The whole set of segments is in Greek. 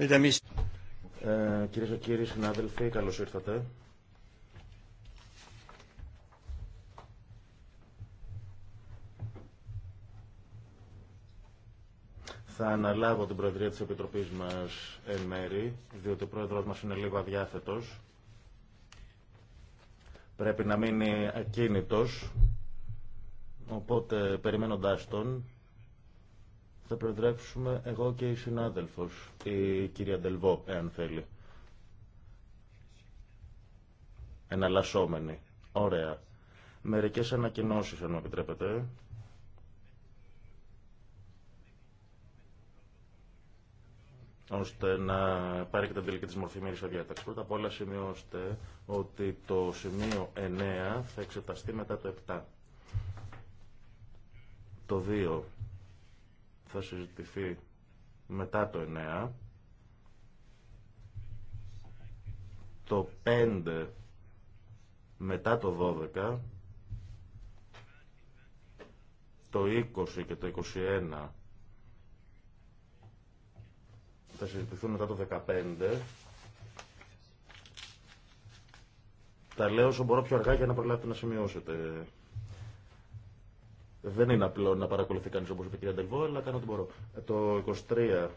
Ε, Κυρίε και κύριοι συνάδελφοι, καλώ ήρθατε. Θα αναλάβω την Προεδρία της Επιτροπής μας εν μέρη, διότι ο Πρόεδρος μας είναι λίγο αδιάθετος. Πρέπει να μείνει ακίνητος, οπότε περιμένοντάς τον θα προεδρεύσουμε εγώ και η συνάδελφος, η κυρία Ντελβό, εάν θέλει. Εναλλασσόμενη. Ωραία. Μερικές ανακοινώσει αν μου επιτρέπετε. ώστε να πάρει και την τελική τη μορφή μερική διάταξη. Πρώτα απ' όλα σημειώστε ότι το σημείο 9 θα εξεταστεί μετά το 7. Το 2 θα συζητηθεί μετά το 9. Το 5 μετά το 12. Το 20 και το 21 θα συζητηθούν μετά το 15. Τα λέω όσο μπορώ πιο αργά για να προλάβετε να σημειώσετε. Δεν είναι απλό να παρακολουθεί κανείς όπως είπε η κυρία Ντελβό, αλλά κάνω ό,τι μπορώ. Ε, το 23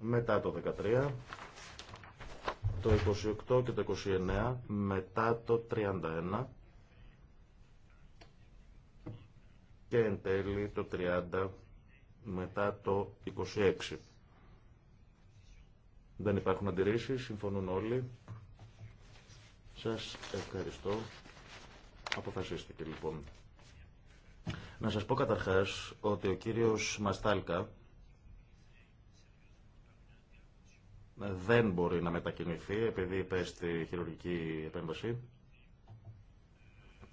μετά το 13, το 28 και το 29 μετά το 31 και εν τέλει το 30 μετά το 26. Δεν υπάρχουν αντιρρήσεις, συμφωνούν όλοι. Σας ευχαριστώ. Αποφασίστηκε λοιπόν. Να σας πω καταρχάς ότι ο κύριος Μαστάλκα δεν μπορεί να μετακινηθεί επειδή υπέστη χειρουργική επέμβαση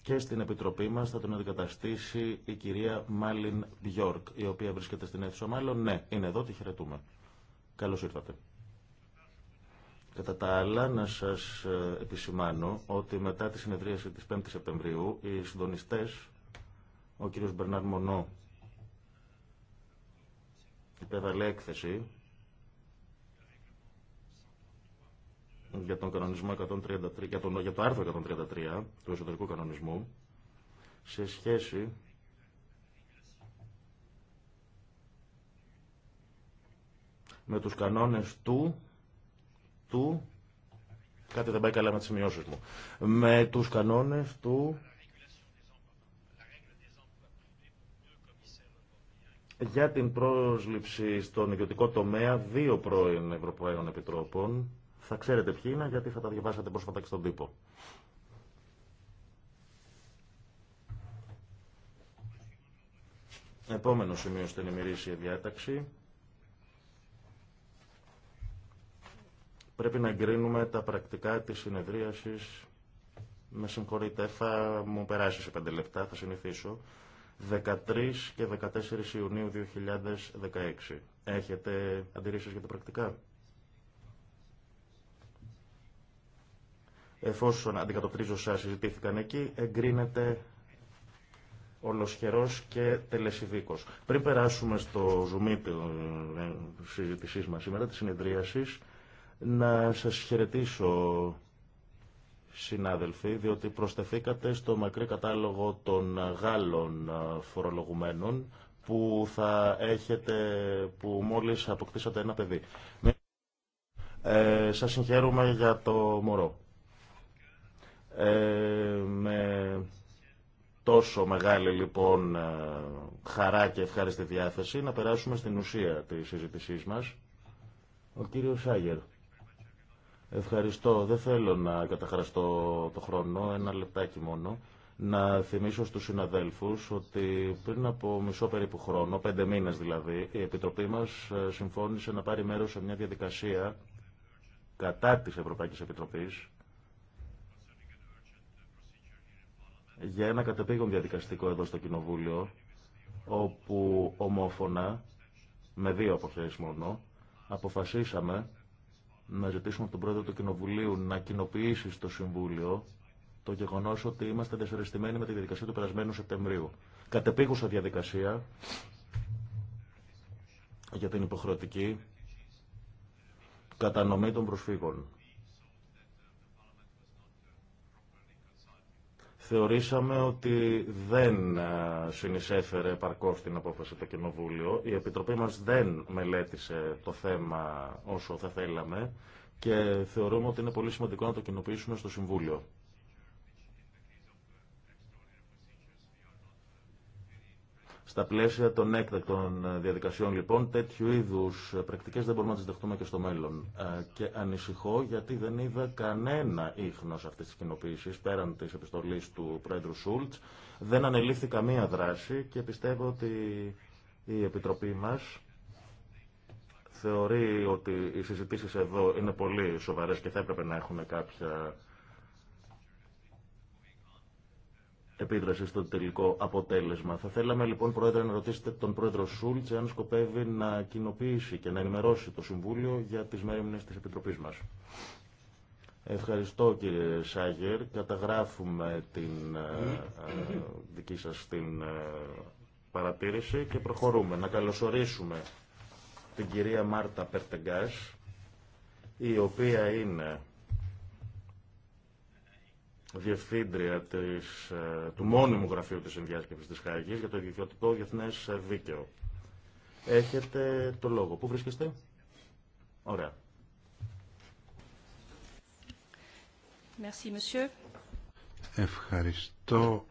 και στην Επιτροπή μας θα τον αντικαταστήσει η κυρία Μάλιν Διόρκ, η οποία βρίσκεται στην αίθουσα. Μάλλον ναι, είναι εδώ, τη χαιρετούμε. Καλώς ήρθατε. Κατά τα άλλα, να σας ε, επισημάνω ότι μετά τη συνεδρίαση της 5ης Σεπτεμβρίου, οι συντονιστές ο κύριος Μπερνάρ Μονό υπέβαλε έκθεση για τον κανονισμό 133, για, τον, για το άρθρο 133 του εσωτερικού κανονισμού σε σχέση με τους κανόνες του, του, κάτι δεν πάει καλά με τις σημειώσεις μου, με τους κανόνες του για την πρόσληψη στον ιδιωτικό τομέα δύο πρώην Ευρωπαίων Επιτρόπων. Θα ξέρετε ποιοι είναι, γιατί θα τα διαβάσατε πρόσφατα και στον τύπο. Επόμενο σημείο στην ημερήσια διάταξη. Πρέπει να εγκρίνουμε τα πρακτικά της συνεδρίασης. Με συγχωρείτε, θα μου περάσει σε πέντε λεπτά, θα συνηθίσω. 13 και 14 Ιουνίου 2016. Έχετε αντιρρήσεις για τα πρακτικά. Εφόσον αντικατοπτρίζω συζητήθηκαν εκεί, εγκρίνεται ολοσχερός και τελεσιδίκος. Πριν περάσουμε στο ζουμί της ε, συζήτησής μας σήμερα, της συνεδρίασης, να σας χαιρετήσω συνάδελφοι, διότι προστεθήκατε στο μακρύ κατάλογο των Γάλλων ε, φορολογουμένων που θα έχετε, που μόλις αποκτήσατε ένα παιδί. Ε, σας συγχαίρουμε για το μωρό. Ε, με τόσο μεγάλη λοιπόν ε, χαρά και ευχάριστη διάθεση να περάσουμε στην ουσία της συζήτησής μας. Ο κύριος Σάγερ. Ευχαριστώ. Δεν θέλω να καταχραστώ το χρόνο, ένα λεπτάκι μόνο. Να θυμίσω στους συναδέλφους ότι πριν από μισό περίπου χρόνο, πέντε μήνες δηλαδή, η Επιτροπή μας ε, συμφώνησε να πάρει μέρος σε μια διαδικασία κατά της Ευρωπαϊκής Επιτροπής για ένα κατεπήγον διαδικαστικό εδώ στο Κοινοβούλιο όπου ομόφωνα, με δύο αποχές μόνο, αποφασίσαμε να ζητήσουμε από τον πρόεδρο του Κοινοβουλίου να κοινοποιήσει στο Συμβούλιο το γεγονό ότι είμαστε δεσμευτημένοι με τη διαδικασία του περασμένου Σεπτεμβρίου. Κατεπίγουσα διαδικασία για την υποχρεωτική κατανομή των προσφύγων. Θεωρήσαμε ότι δεν ε, συνεισέφερε επαρκώς την απόφαση το Κοινοβούλιο. Η Επιτροπή μας δεν μελέτησε το θέμα όσο θα θέλαμε και θεωρούμε ότι είναι πολύ σημαντικό να το κοινοποιήσουμε στο Συμβούλιο. Στα πλαίσια των έκτακτων ε, διαδικασιών, λοιπόν, τέτοιου είδου ε, πρακτικέ δεν μπορούμε να τι δεχτούμε και στο μέλλον. Ε, και ανησυχώ γιατί δεν είδα κανένα ίχνο αυτή τη κοινοποίηση πέραν τη επιστολή του Πρόεδρου Σούλτ. Δεν ανελήφθη καμία δράση και πιστεύω ότι η Επιτροπή μα θεωρεί ότι οι συζητήσει εδώ είναι πολύ σοβαρέ και θα έπρεπε να έχουν κάποια επίδραση στο τελικό αποτέλεσμα. Θα θέλαμε λοιπόν, Πρόεδρε, να ρωτήσετε τον Πρόεδρο Σούλτς αν σκοπεύει να κοινοποιήσει και να ενημερώσει το Συμβούλιο για τις μέριμνές της Επιτροπής μας. Ευχαριστώ κύριε Σάγερ. Καταγράφουμε την ε, ε, δική σας την ε, παρατήρηση και προχωρούμε. Να καλωσορίσουμε την κυρία Μάρτα Περτεγκάς, η οποία είναι διευθύντρια ε, του μόνιμου γραφείου της συνδιάσκεψης της Χαϊκής για το ιδιωτικό διεθνές δίκαιο. Έχετε το λόγο. Πού βρίσκεστε? Ωραία. Ευχαριστώ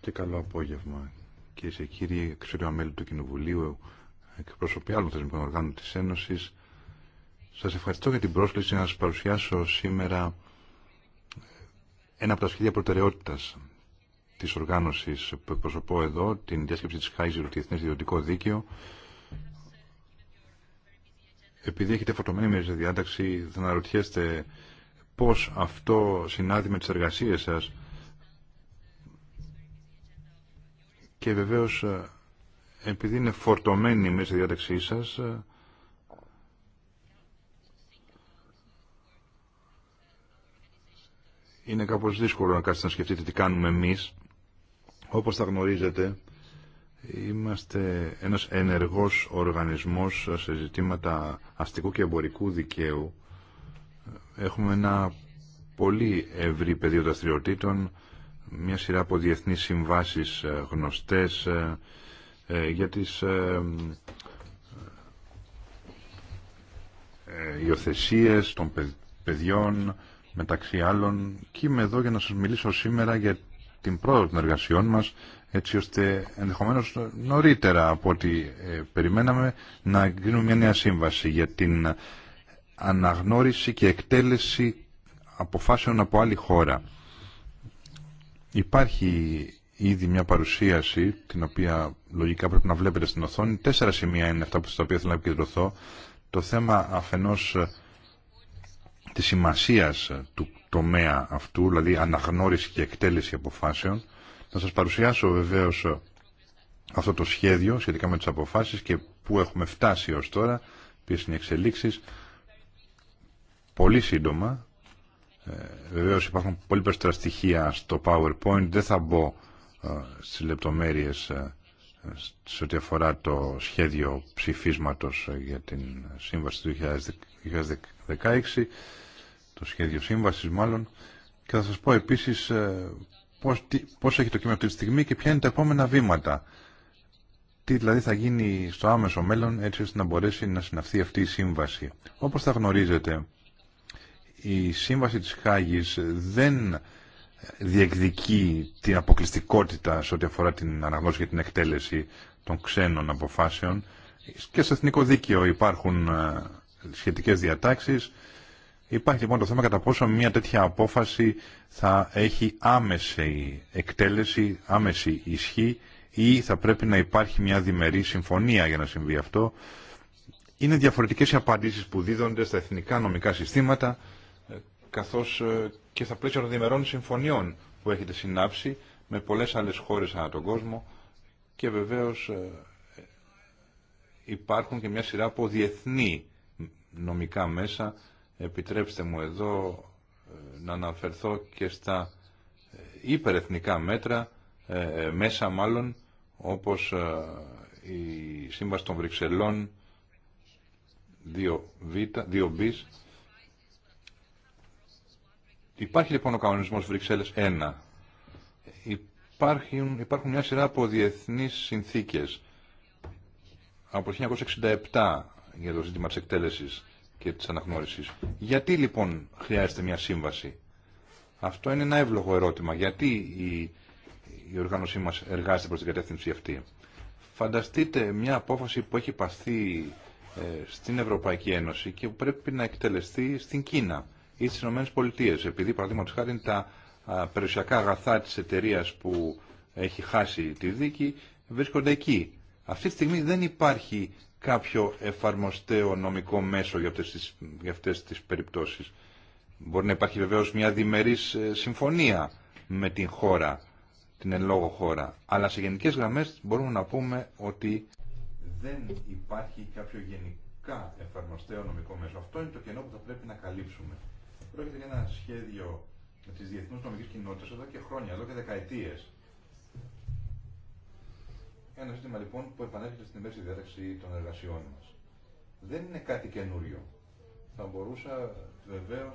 και καλό απόγευμα. Κυρίε και κύριοι, εξωτερικά μέλη του Κοινοβουλίου, εκπρόσωποι άλλων θεσμικών οργάνων της Ένωσης, σας ευχαριστώ για την πρόσκληση να σας παρουσιάσω σήμερα ένα από τα σχέδια προτεραιότητα τη οργάνωση που εκπροσωπώ εδώ, την διάσκεψη τη Χάιζερ του Διεθνέ Δίκαιο. Επειδή έχετε φορτωμένη μέσα διάταξη, θα αναρωτιέστε πώ αυτό συνάδει με τι εργασίε σα. Και βεβαίω, ε, επειδή είναι φορτωμένη μέσα στη διάταξή σα, ε, είναι κάπως δύσκολο να κάτσετε να σκεφτείτε τι κάνουμε εμείς. Όπως θα γνωρίζετε, είμαστε ένας ενεργός οργανισμός σε ζητήματα αστικού και εμπορικού δικαίου. Έχουμε ένα πολύ ευρύ πεδίο δραστηριοτήτων, μια σειρά από διεθνείς συμβάσεις ε, γνωστές ε, ε, για τις υιοθεσίες των παιδιών, μεταξύ άλλων και είμαι εδώ για να σας μιλήσω σήμερα για την πρόοδο των εργασιών μας έτσι ώστε ενδεχομένως νωρίτερα από ό,τι ε, περιμέναμε να γίνουμε μια νέα σύμβαση για την αναγνώριση και εκτέλεση αποφάσεων από άλλη χώρα. Υπάρχει ήδη μια παρουσίαση, την οποία λογικά πρέπει να βλέπετε στην οθόνη. Τέσσερα σημεία είναι αυτά που οποία θέλω να επικεντρωθώ. Το θέμα αφενός τη σημασία του τομέα αυτού, δηλαδή αναγνώριση και εκτέλεση αποφάσεων. Θα σας παρουσιάσω βεβαίως ε, αυτό το σχέδιο σχετικά με τις αποφάσεις και πού έχουμε φτάσει ως τώρα, ποιες είναι οι εξελίξεις. Πολύ σύντομα, ε, βεβαίως υπάρχουν πολύ περισσότερα στοιχεία στο PowerPoint, δεν θα μπω ε, στις λεπτομέρειες ε, σε ό,τι αφορά το σχέδιο ψηφίσματος για την Σύμβαση του 2016 το σχέδιο σύμβασης μάλλον και θα σας πω επίσης ε, πώς, τι, πώς έχει το κείμενο αυτή τη στιγμή και ποια είναι τα επόμενα βήματα. Τι δηλαδή θα γίνει στο άμεσο μέλλον έτσι ώστε να μπορέσει να συναυθεί αυτή η σύμβαση. Όπως θα γνωρίζετε, η σύμβαση της Χάγης δεν διεκδικεί την αποκλειστικότητα σε ό,τι αφορά την αναγνώση και την εκτέλεση των ξένων αποφάσεων και στο εθνικό δίκαιο υπάρχουν ε, σχετικές διατάξεις Υπάρχει λοιπόν το θέμα κατά πόσο μια τέτοια απόφαση θα έχει άμεση εκτέλεση, άμεση ισχύ ή θα πρέπει να υπάρχει μια διμερή συμφωνία για να συμβεί αυτό. Είναι διαφορετικές οι απαντήσεις που δίδονται στα εθνικά νομικά συστήματα καθώς ε, και στα πλαίσια των διμερών συμφωνιών που έχετε συνάψει με πολλές άλλες χώρες ανά τον κόσμο και βεβαίως ε, υπάρχουν και μια σειρά από διεθνή νομικά μέσα Επιτρέψτε μου εδώ ε, να αναφερθώ και στα ε, υπερεθνικά μέτρα, ε, μέσα μάλλον, όπως η Σύμβαση των Βρυξελών 2B. Υπάρχει λοιπόν ο κανονισμός Βρυξέλλες 1. Υπάρχουν, υπάρχουν μια σειρά από διεθνείς συνθήκες από το 1967 για το ζήτημα της εκτέλεσης και της αναγνώρισης. Γιατί λοιπόν χρειάζεται μια σύμβαση. Αυτό είναι ένα εύλογο ερώτημα. Γιατί η, η οργάνωσή μας εργάζεται προς την κατεύθυνση αυτή. Φανταστείτε μια απόφαση που έχει παθεί ε, στην Ευρωπαϊκή Ένωση και που πρέπει να εκτελεστεί στην Κίνα ή στις Ηνωμένες Πολιτείες. Επειδή παραδείγματος χάρη τα περιουσιακά αγαθά της εταιρεία που έχει χάσει τη δίκη βρίσκονται εκεί. Αυτή τη στιγμή δεν υπάρχει κάποιο εφαρμοστέο νομικό μέσο για αυτές τις, για αυτές τις περιπτώσεις. Μπορεί να υπάρχει βεβαίως μια διμερής ε, συμφωνία με την χώρα, την εν λόγω χώρα. Αλλά σε γενικές γραμμές μπορούμε να πούμε ότι δεν υπάρχει κάποιο γενικά εφαρμοστέο νομικό μέσο. Αυτό είναι το κενό που θα πρέπει να καλύψουμε. Πρόκειται για ένα σχέδιο τη διεθνού νομική κοινότητα εδώ και χρόνια, εδώ και δεκαετίες ένα ζήτημα λοιπόν που επανέρχεται στην μέση διάταξη των εργασιών μα. Δεν είναι κάτι καινούριο. Θα μπορούσα βεβαίω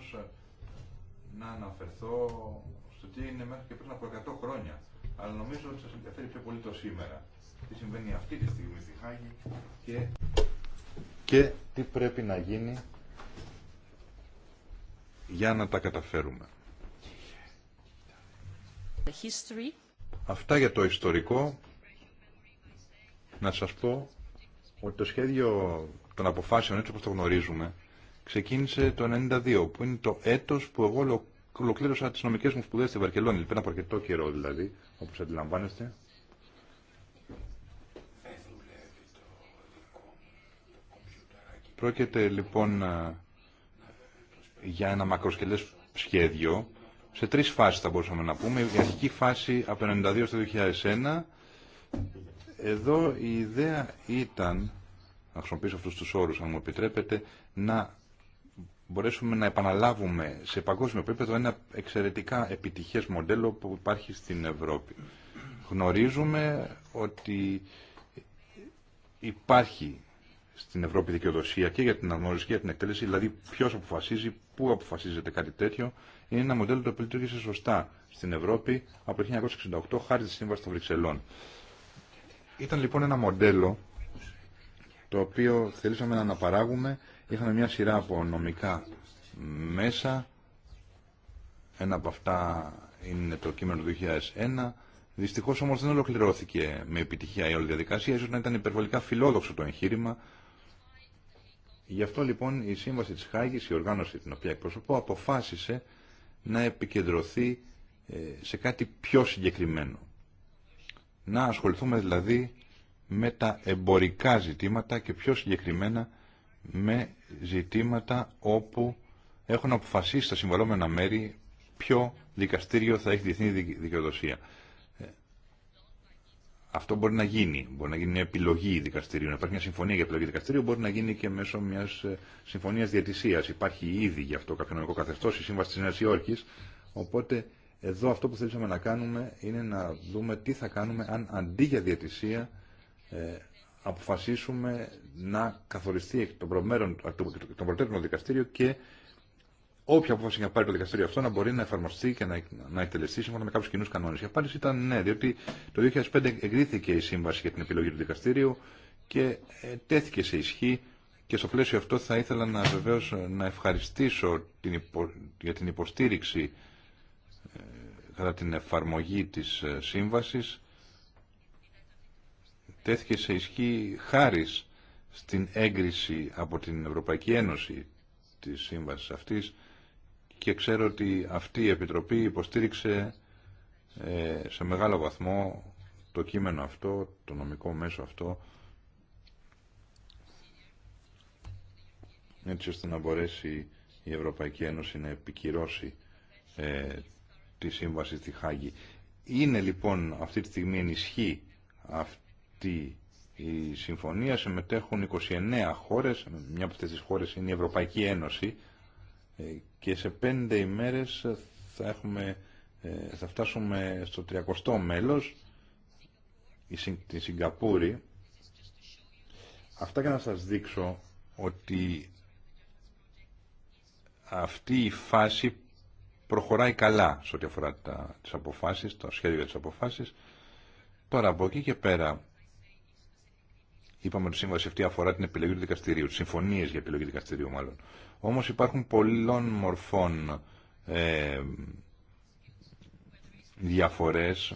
να αναφερθώ στο τι είναι μέχρι και πριν από 100 χρόνια. Αλλά νομίζω ότι σα ενδιαφέρει πιο πολύ το σήμερα. Τι συμβαίνει αυτή τη στιγμή στη Χάγη και, και τι πρέπει να γίνει για να τα καταφέρουμε. Αυτά για το ιστορικό να σας πω ότι το σχέδιο των αποφάσεων έτσι όπως το γνωρίζουμε ξεκίνησε το 1992 που είναι το έτος που εγώ ολοκλήρωσα τις νομικές μου σπουδές στη Βαρκελόνη πριν από αρκετό καιρό δηλαδή όπως αντιλαμβάνεστε Πρόκειται λοιπόν για ένα μακροσκελές σχέδιο σε τρεις φάσεις θα μπορούσαμε να πούμε. Η αρχική φάση από το 1992 στο 2001 εδώ η ιδέα ήταν, να χρησιμοποιήσω αυτούς τους όρους αν μου επιτρέπετε, να μπορέσουμε να επαναλάβουμε σε παγκόσμιο επίπεδο ένα εξαιρετικά επιτυχές μοντέλο που υπάρχει στην Ευρώπη. Γνωρίζουμε ότι υπάρχει στην Ευρώπη δικαιοδοσία και για την αναγνώριση και για την εκτέλεση, δηλαδή ποιο αποφασίζει, πού αποφασίζεται κάτι τέτοιο, είναι ένα μοντέλο το οποίο λειτουργήσε σωστά στην Ευρώπη από το 1968 χάρη στη Σύμβαση των Βρυξελών. Ήταν λοιπόν ένα μοντέλο το οποίο θέλησαμε να αναπαράγουμε. Είχαμε μια σειρά από νομικά μέσα. Ένα από αυτά είναι το κείμενο του 2001. Δυστυχώς όμως δεν ολοκληρώθηκε με επιτυχία η όλη διαδικασία, ίσως να ήταν υπερβολικά φιλόδοξο το εγχείρημα. Γι' αυτό λοιπόν η Σύμβαση της Χάγης, η οργάνωση την οποία εκπροσωπώ, αποφάσισε να επικεντρωθεί ε, σε κάτι πιο συγκεκριμένο. Να ασχοληθούμε δηλαδή με τα εμπορικά ζητήματα και πιο συγκεκριμένα με ζητήματα όπου έχουν αποφασίσει τα συμβαλόμενα μέρη ποιο δικαστήριο θα έχει διεθνή δικαιοδοσία. Ε, αυτό μπορεί να γίνει. Μπορεί να γίνει μια επιλογή δικαστηρίου. Να υπάρχει μια συμφωνία για επιλογή δικαστηρίου. Μπορεί να γίνει και μέσω μια ε, συμφωνία διατησία. Υπάρχει ήδη γι' αυτό κάποιο νομικό καθεστώ, η Σύμβαση τη Νέα Υόρκη. Οπότε εδώ αυτό που θέλησαμε να κάνουμε είναι να δούμε τι θα κάνουμε αν αντί για διατησία ε, αποφασίσουμε να καθοριστεί εκ των προτέρων το δικαστήριο και όποια απόφαση να πάρει το δικαστήριο αυτό να μπορεί να εφαρμοστεί και να, να εκτελεστεί σύμφωνα με κάποιου κοινού κανόνε. Η απάντηση ήταν ναι, διότι το 2005 εγκρίθηκε η σύμβαση για την επιλογή του δικαστήριου και ε, τέθηκε σε ισχύ και στο πλαίσιο αυτό θα ήθελα να βεβαίω να ευχαριστήσω την για την υποστήριξη ε, κατά την εφαρμογή της ε, σύμβασης τέθηκε σε ισχύ χάρη στην έγκριση από την Ευρωπαϊκή Ένωση της σύμβασης αυτής και ξέρω ότι αυτή η Επιτροπή υποστήριξε ε, σε μεγάλο βαθμό το κείμενο αυτό, το νομικό μέσο αυτό έτσι ώστε να μπορέσει η Ευρωπαϊκή Ένωση να επικυρώσει τη σύμβαση στη Χάγη. Είναι λοιπόν αυτή τη στιγμή ενισχύ αυτή η συμφωνία, συμμετέχουν 29 χώρες, μια από αυτές τις χώρες είναι η Ευρωπαϊκή Ένωση ε, και σε πέντε ημέρες θα, έχουμε, ε, θα φτάσουμε στο 30ο μέλος, τη Σιγκαπούρη. Αυτά για να σας δείξω ότι αυτή η φάση προχωράει καλά σε ό,τι αφορά τα, τις αποφάσεις, το σχέδιο για τις αποφάσεις. Τώρα από εκεί και πέρα είπαμε ότι η σύμβαση αυτή αφορά την επιλογή του δικαστηρίου, τις συμφωνίες για επιλογή δικαστηρίου μάλλον. Όμως υπάρχουν πολλών μορφών ε, διαφορές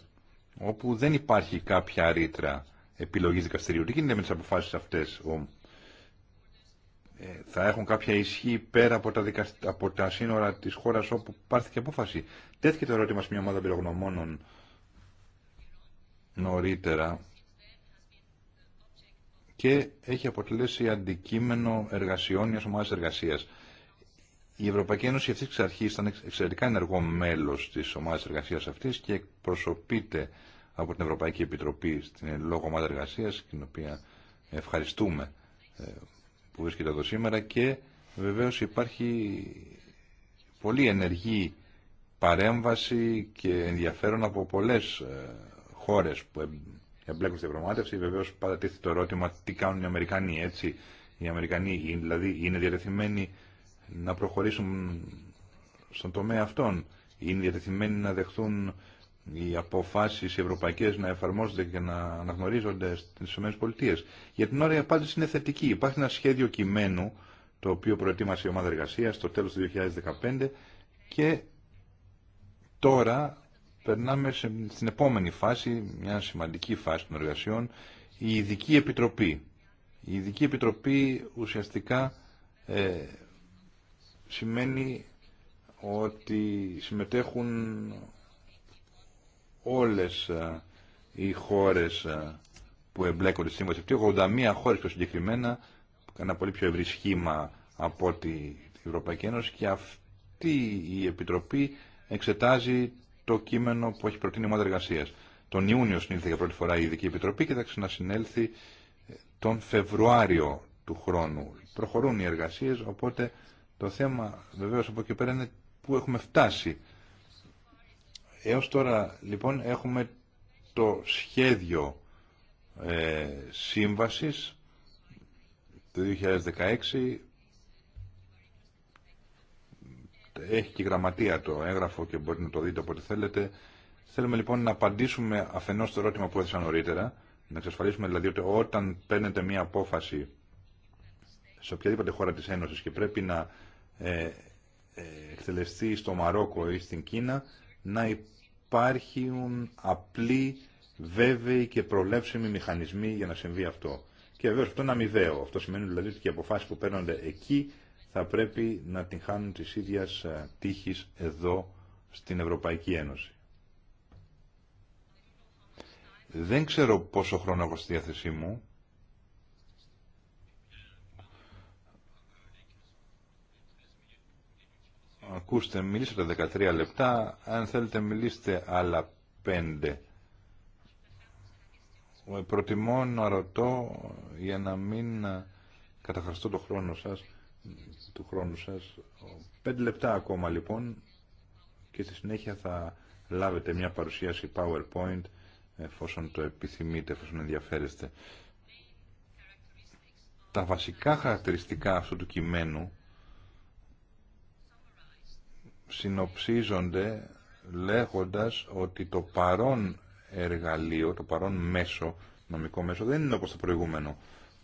όπου δεν υπάρχει κάποια ρήτρα επιλογής δικαστηρίου. Τι γίνεται με τις αποφάσεις αυτές ε, θα έχουν κάποια ισχύ πέρα από τα, από τα σύνορα της χώρας όπου πάρθηκε απόφαση. Τέθηκε το ερώτημα σε μια ομάδα πυρογνωμόνων νωρίτερα και έχει αποτελέσει αντικείμενο εργασιών μιας ομάδας εργασίας. Η Ευρωπαϊκή Ένωση αυτή της αρχή ήταν εξαιρετικά ενεργό μέλος τη ομάδα εργασία αυτή και εκπροσωπείται από την Ευρωπαϊκή Επιτροπή στην λόγω ομάδα εργασία, την οποία ευχαριστούμε ε, που βρίσκεται εδώ σήμερα και βεβαίως υπάρχει πολύ ενεργή παρέμβαση και ενδιαφέρον από πολλές ε, χώρες που εμπλέκουν στην διαπραγμάτευση. Βεβαίως πάντα το ερώτημα τι κάνουν οι Αμερικανοί έτσι. Οι Αμερικανοί δηλαδή είναι διατεθειμένοι να προχωρήσουν στον τομέα αυτόν. Είναι διατεθειμένοι να δεχθούν οι αποφάσεις ευρωπαϊκές να εφαρμόζονται και να αναγνωρίζονται στις ΗΠΑ. Για την ώρα η απάντηση είναι θετική. Υπάρχει ένα σχέδιο κειμένου το οποίο προετοίμασε η ομάδα εργασίας στο τέλος του 2015 και τώρα περνάμε στην επόμενη φάση, μια σημαντική φάση των εργασιών, η Ειδική Επιτροπή. Η Ειδική Επιτροπή ουσιαστικά ε, σημαίνει ότι συμμετέχουν όλες ε, οι χώρες ε, που εμπλέκονται στη σύμβαση αυτή, 81 χώρες πιο συγκεκριμένα, που ένα πολύ πιο ευρύ σχήμα από την Ευρωπαϊκή Ένωση και αυτή η Επιτροπή εξετάζει το κείμενο που έχει προτείνει η ομάδα εργασία. Τον Ιούνιο συνήλθε για πρώτη φορά η Ειδική Επιτροπή και θα ξανασυνέλθει ε, τον Φεβρουάριο του χρόνου. Προχωρούν οι εργασίες, οπότε το θέμα βεβαίως από εκεί πέρα είναι πού έχουμε φτάσει Έως τώρα λοιπόν έχουμε το σχέδιο ε, σύμβασης το 2016 έχει και γραμματεία το έγγραφο και μπορείτε να το δείτε όποτε θέλετε. Θέλουμε λοιπόν να απαντήσουμε αφενός στο ερώτημα που έθεσα νωρίτερα, να εξασφαλίσουμε δηλαδή ότι όταν παίρνετε μία απόφαση σε οποιαδήποτε χώρα της Ένωσης και πρέπει να ε, ε εκτελεστεί στο Μαρόκο ή στην Κίνα, να υπάρχουν απλοί, βέβαιοι και προλέψιμοι μηχανισμοί για να συμβεί αυτό. Και βέβαια αυτό είναι αμοιβαίο. Αυτό σημαίνει δηλαδή ότι και οι αποφάσει που παίρνονται εκεί θα πρέπει να την χάνουν τη ίδια ε, τύχη εδώ στην Ευρωπαϊκή Ένωση. Δεν ξέρω πόσο χρόνο έχω στη διάθεσή μου. Ακούστε, μιλήσατε 13 λεπτά, αν θέλετε μιλήστε άλλα 5. Προτιμώ να ρωτώ για να μην καταχαριστώ το χρόνο σας, του χρόνου σας. 5 λεπτά ακόμα λοιπόν και στη συνέχεια θα λάβετε μια παρουσίαση PowerPoint εφόσον το επιθυμείτε, εφόσον ενδιαφέρεστε. Τα βασικά χαρακτηριστικά αυτού του κειμένου συνοψίζονται λέγοντας ότι το παρόν εργαλείο, το παρόν μέσο, νομικό μέσο, δεν είναι όπως το προηγούμενο,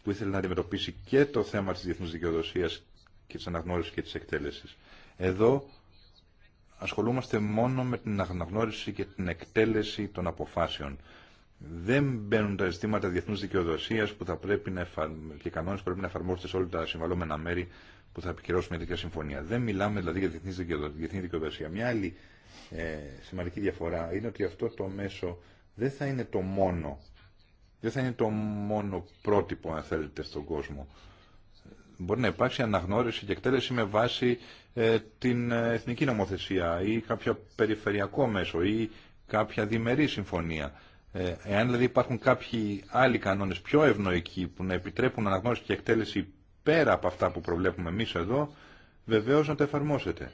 που ήθελε να αντιμετωπίσει και το θέμα της διεθνούς δικαιοδοσίας και της αναγνώρισης και της εκτέλεσης. Εδώ ασχολούμαστε μόνο με την αναγνώριση και την εκτέλεση των αποφάσεων. Δεν μπαίνουν τα ζητήματα διεθνούς δικαιοδοσίας που θα πρέπει να και κανόνες που πρέπει να εφαρμόζονται σε όλα τα συμβαλόμενα μέρη που θα επικυρώσουν μια τέτοια συμφωνία. Δεν μιλάμε δηλαδή για διεθνή δικαιοδοσία. Μια άλλη ε, σημαντική διαφορά είναι ότι αυτό το μέσο δεν θα είναι το μόνο δεν θα είναι το μόνο πρότυπο αν θέλετε στον κόσμο. Μπορεί να υπάρξει αναγνώριση και εκτέλεση με βάση ε, την ε, εθνική νομοθεσία ή κάποιο περιφερειακό μέσο ή κάποια διμερή συμφωνία. Ε, εάν δηλαδή υπάρχουν κάποιοι άλλοι κανόνες πιο ευνοϊκοί που να επιτρέπουν αναγνώριση και εκτέλεση πέρα από αυτά που προβλέπουμε εμείς εδώ, βεβαίως να τα εφαρμόσετε.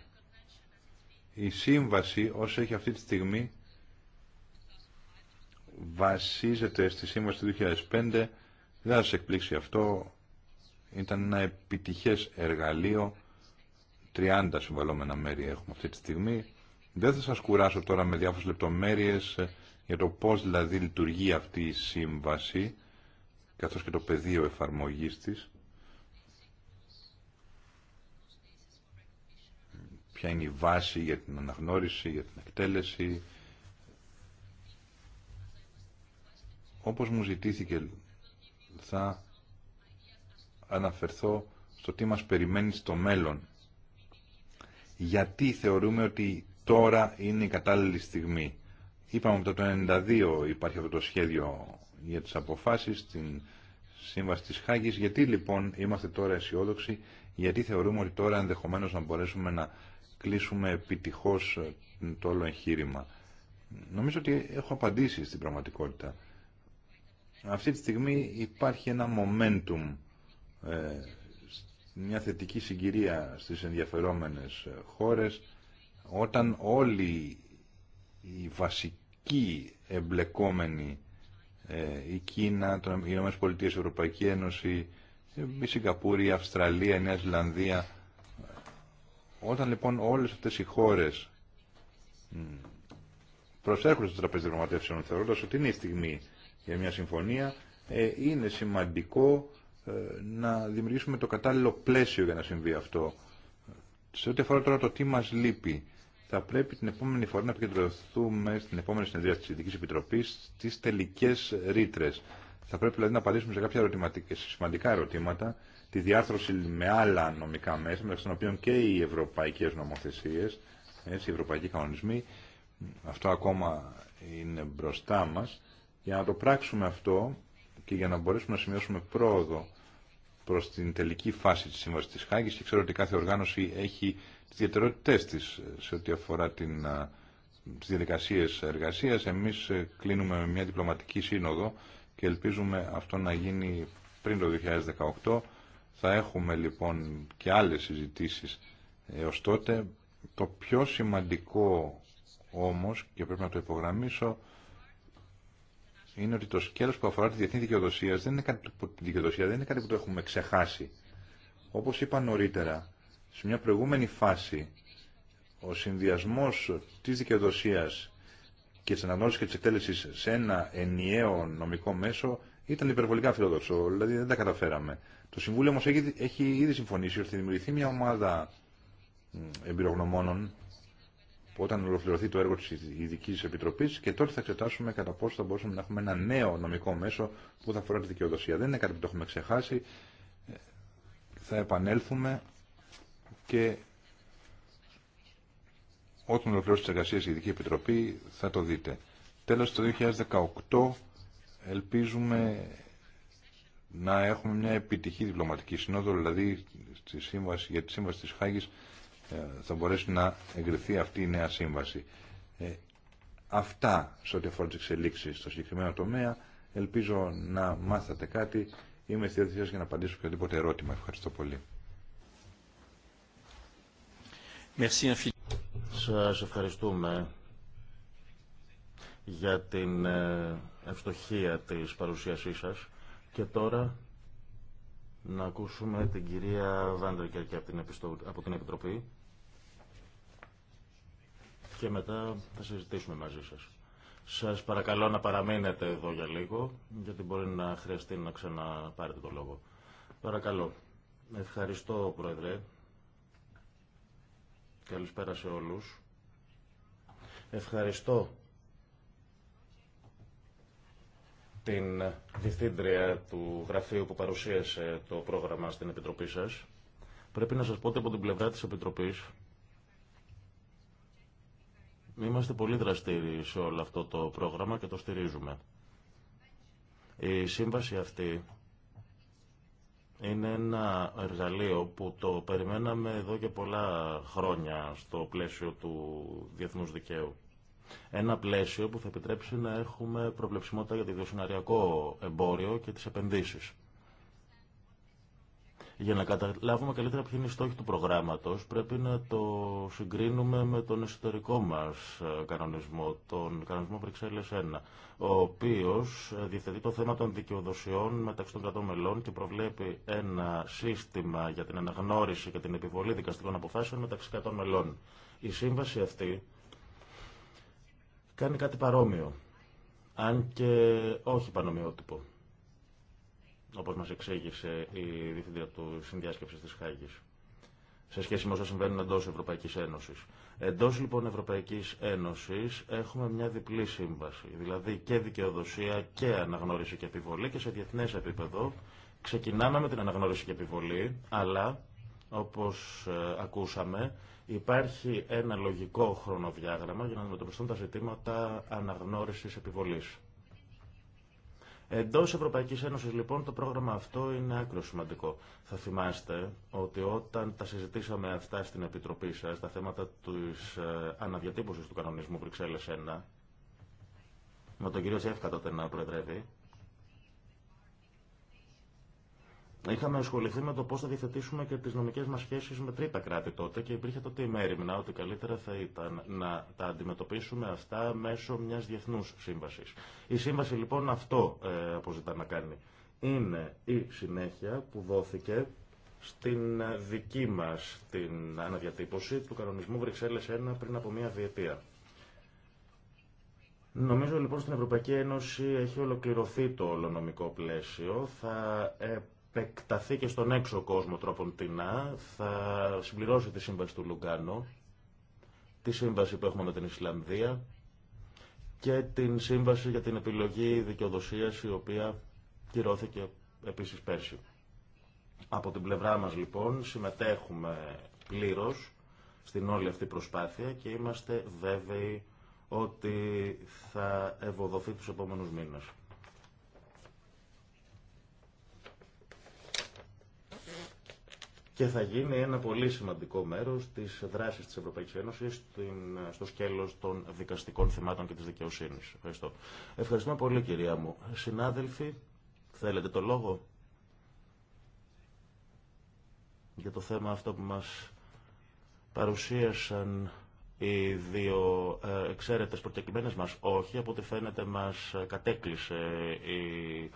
Η σύμβαση όσο έχει αυτή τη στιγμή βασίζεται στη σύμβαση του 2005, δεν θα σας εκπλήξει αυτό, ήταν ένα επιτυχές εργαλείο, 30 συμβαλόμενα μέρη έχουμε αυτή τη στιγμή. Δεν θα σας κουράσω τώρα με διάφορες λεπτομέρειες για το πώς δηλαδή λειτουργεί αυτή η σύμβαση, καθώς και το πεδίο εφαρμογής της. ποια είναι η βάση για την αναγνώριση, για την εκτέλεση. Όπως μου ζητήθηκε θα αναφερθώ στο τι μας περιμένει στο μέλλον. Γιατί θεωρούμε ότι τώρα είναι η κατάλληλη στιγμή. Είπαμε ότι το 1992 υπάρχει αυτό το σχέδιο για τις αποφάσεις την Σύμβαση της Χάγης. Γιατί λοιπόν είμαστε τώρα αισιόδοξοι, γιατί θεωρούμε ότι τώρα ενδεχομένως να μπορέσουμε να κλείσουμε επιτυχώς ε, το όλο εγχείρημα. Νομίζω ότι έχω απαντήσει στην πραγματικότητα. Αυτή τη στιγμή υπάρχει ένα momentum, ε, μια θετική συγκυρία στις ενδιαφερόμενες ε, χώρες, όταν όλοι οι βασικοί εμπλεκόμενοι, η Κίνα, οι ΗΠΑ, η Ευρωπαϊκή Ένωση, η Σιγκαπούρη, η Αυστραλία, η Νέα Ζηλανδία, όταν λοιπόν όλες αυτές οι χώρες προσέρχονται στο τραπέζι διαπραγματεύσεων θεωρώντας ότι είναι η στιγμή για μια συμφωνία, ε, είναι σημαντικό ε, να δημιουργήσουμε το κατάλληλο πλαίσιο για να συμβεί αυτό. Σε ό,τι αφορά τώρα το τι μας λείπει, θα πρέπει την επόμενη φορά να επικεντρωθούμε στην επόμενη συνεδρία της Ειδικής Επιτροπής στις τελικές ρήτρε. Θα πρέπει δηλαδή να απαντήσουμε σε κάποια ερωτηματικά, σημαντικά ερωτήματα τη διάρθρωση με άλλα νομικά μέσα, μεταξύ των οποίων και οι Ευρωπαϊκέ Νομοθεσίε, οι ευρωπαϊκοί κανονισμοί. Αυτό ακόμα είναι μπροστά μα. Για να το πράξουμε αυτό και για να μπορέσουμε να σημειώσουμε πρόοδο προ την τελική φάση τη Σύμβαση τη Χάγη. και ξέρω ότι κάθε οργάνωση έχει τι ιδιαιτερότητέ τη σε ό,τι αφορά την, τις διαδικασίες εργασίας. Εμείς ε, κλείνουμε με μια διπλωματική σύνοδο και ελπίζουμε αυτό να γίνει πριν το 2018 θα έχουμε λοιπόν και άλλες συζητήσεις έως ε, τότε. Το πιο σημαντικό όμως, και πρέπει να το υπογραμμίσω, είναι ότι το σκέλος που αφορά τη διεθνή δικαιοδοσία δεν, είναι κάτι, δεν είναι κάτι που το έχουμε ξεχάσει. Όπως είπα νωρίτερα, σε μια προηγούμενη φάση, ο συνδυασμός της δικαιοδοσία και της αναγνώρισης και της εκτέλεσης σε ένα ενιαίο νομικό μέσο ήταν υπερβολικά φιλόδοξο, δηλαδή δεν τα καταφέραμε. Το Συμβούλιο όμω έχει, έχει ήδη συμφωνήσει ότι θα δημιουργηθεί μια ομάδα εμπειρογνωμόνων όταν ολοκληρωθεί το έργο τη Ειδική Επιτροπή και τότε θα εξετάσουμε κατά πόσο θα μπορούσαμε να έχουμε ένα νέο νομικό μέσο που θα αφορά τη δικαιοδοσία. Δεν είναι κάτι που το έχουμε ξεχάσει. Ε, θα επανέλθουμε και όταν ολοκληρώσει τι εργασίε η Ειδική Επιτροπή θα το δείτε. Τέλο, το 2018 Ελπίζουμε να έχουμε μια επιτυχή διπλωματική συνόδο, δηλαδή στη σύμβαση, για τη σύμβαση της Χάγης ε, θα μπορέσει να εγκριθεί αυτή η νέα σύμβαση. Ε, αυτά σε ό,τι αφορά τις εξελίξεις στο συγκεκριμένο τομέα. Ελπίζω να μάθατε κάτι. Είμαι στη διάθεσή για να απαντήσω οποιοδήποτε ερώτημα. Ευχαριστώ πολύ. Σα ευχαριστούμε για την ε, ευστοχία της παρουσίασής σας και τώρα να ακούσουμε την κυρία Βάντερκερ και από την Επιτροπή και μετά θα συζητήσουμε μαζί σας. Σας παρακαλώ να παραμείνετε εδώ για λίγο, γιατί μπορεί να χρειαστεί να ξαναπάρετε το λόγο. Παρακαλώ. Ευχαριστώ, Πρόεδρε. Καλησπέρα σε όλους. Ευχαριστώ την διευθύντρια του γραφείου που παρουσίασε το πρόγραμμα στην Επιτροπή σας. Πρέπει να σας πω ότι από την πλευρά της Επιτροπής είμαστε πολύ δραστήριοι σε όλο αυτό το πρόγραμμα και το στηρίζουμε. Η σύμβαση αυτή είναι ένα εργαλείο που το περιμέναμε εδώ και πολλά χρόνια στο πλαίσιο του διεθνούς δικαίου. Ένα πλαίσιο που θα επιτρέψει να έχουμε προβλεψιμότητα για το ιδιοσυναριακό εμπόριο και τις επενδύσεις. Για να καταλάβουμε καλύτερα ποιοι είναι οι στόχοι του προγράμματος, πρέπει να το συγκρίνουμε με τον εσωτερικό μας ε, κανονισμό, τον κανονισμό Βρυξέλλες 1, ο οποίος ε, διευθετεί το θέμα των δικαιοδοσιών μεταξύ των κρατών μελών και προβλέπει ένα σύστημα για την αναγνώριση και την επιβολή δικαστικών αποφάσεων μεταξύ κρατών μελών. Η σύμβαση αυτή κάνει κάτι παρόμοιο, αν και όχι πανομοιότυπο, όπως μας εξήγησε η διευθύντρια του συνδιάσκεψης της Χάγης, σε σχέση με όσα συμβαίνουν εντός Ευρωπαϊκής Ένωσης. Εντός λοιπόν Ευρωπαϊκής Ένωσης έχουμε μια διπλή σύμβαση, δηλαδή και δικαιοδοσία και αναγνώριση και επιβολή και σε διεθνέ επίπεδο ξεκινάμε με την αναγνώριση και επιβολή, αλλά όπω ε, ακούσαμε Υπάρχει ένα λογικό χρονοδιάγραμμα για να αντιμετωπιστούν τα ζητήματα αναγνώρισης επιβολής. Εντό Ευρωπαϊκή Ένωση, λοιπόν, το πρόγραμμα αυτό είναι άκρο σημαντικό. Θα θυμάστε ότι όταν τα συζητήσαμε αυτά στην Επιτροπή σα, τα θέματα τη ε, αναδιατύπωση του κανονισμού Βρυξέλλε 1, με τον κύριο Ζεύκα τότε να προεδρεύει, Είχαμε ασχοληθεί με το πώ θα διαθετήσουμε και τι νομικέ μα σχέσει με τρίτα κράτη τότε και υπήρχε τότε η μέρημνα ότι καλύτερα θα ήταν να τα αντιμετωπίσουμε αυτά μέσω μια διεθνού σύμβαση. Η σύμβαση λοιπόν αυτό ε, αποζητά να κάνει. Είναι η συνέχεια που δόθηκε στην δική μα την αναδιατύπωση του κανονισμού Βρυξέλλες 1 πριν από μία διετία. Νομίζω λοιπόν στην Ευρωπαϊκή Ένωση έχει ολοκληρωθεί το ολονομικό πλαίσιο. Θα επεκταθεί και στον έξω κόσμο τρόπον Α, θα συμπληρώσει τη σύμβαση του Λουγκάνο, τη σύμβαση που έχουμε με την Ισλανδία και την σύμβαση για την επιλογή δικαιοδοσίας η οποία κυρώθηκε επίσης πέρσι. Από την πλευρά μας λοιπόν συμμετέχουμε πλήρως στην όλη αυτή προσπάθεια και είμαστε βέβαιοι ότι θα ευοδοθεί τους επόμενους μήνες. και θα γίνει ένα πολύ σημαντικό μέρος της δράσης της Ευρωπαϊκής Ένωσης στο σκέλος των δικαστικών θεμάτων και της δικαιοσύνης. Ευχαριστώ. Ευχαριστούμε πολύ κυρία μου. Συνάδελφοι, θέλετε το λόγο για το θέμα αυτό που μας παρουσίασαν οι δύο ε, εξαίρετες προκεκριμένες μας. Όχι, από ό,τι φαίνεται μας κατέκλυσε η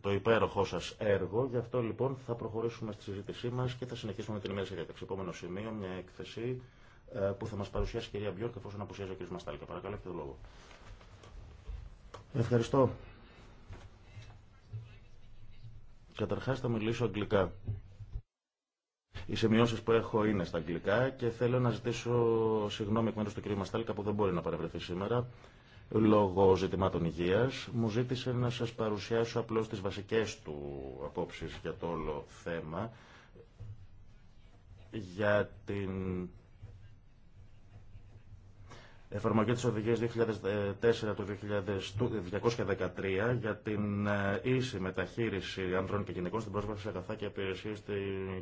το υπέροχό σα έργο. Γι' αυτό λοιπόν θα προχωρήσουμε στη συζήτησή μα και θα συνεχίσουμε με την ημέρα διάταξη. Επόμενο σημείο, μια έκθεση ε, που θα μα παρουσιάσει η κυρία Μπιόρκ εφόσον απουσιάζει ο κ. Μαστάλικα. Παρακαλώ, έχετε το λόγο. Ευχαριστώ. Καταρχά θα μιλήσω αγγλικά. Οι σημειώσει που έχω είναι στα αγγλικά και θέλω να ζητήσω συγγνώμη εκ μέρου του κ. Μαστάλικα που δεν μπορεί να παρευρεθεί σήμερα λόγω ζητημάτων υγείας, μου ζήτησε να σας παρουσιάσω απλώς τις βασικές του απόψεις για το όλο θέμα, για την εφαρμογή της οδηγίας 2004 του για την ε, ίση μεταχείριση ανδρών και γυναικών στην πρόσβαση σε αγαθά και υπηρεσίες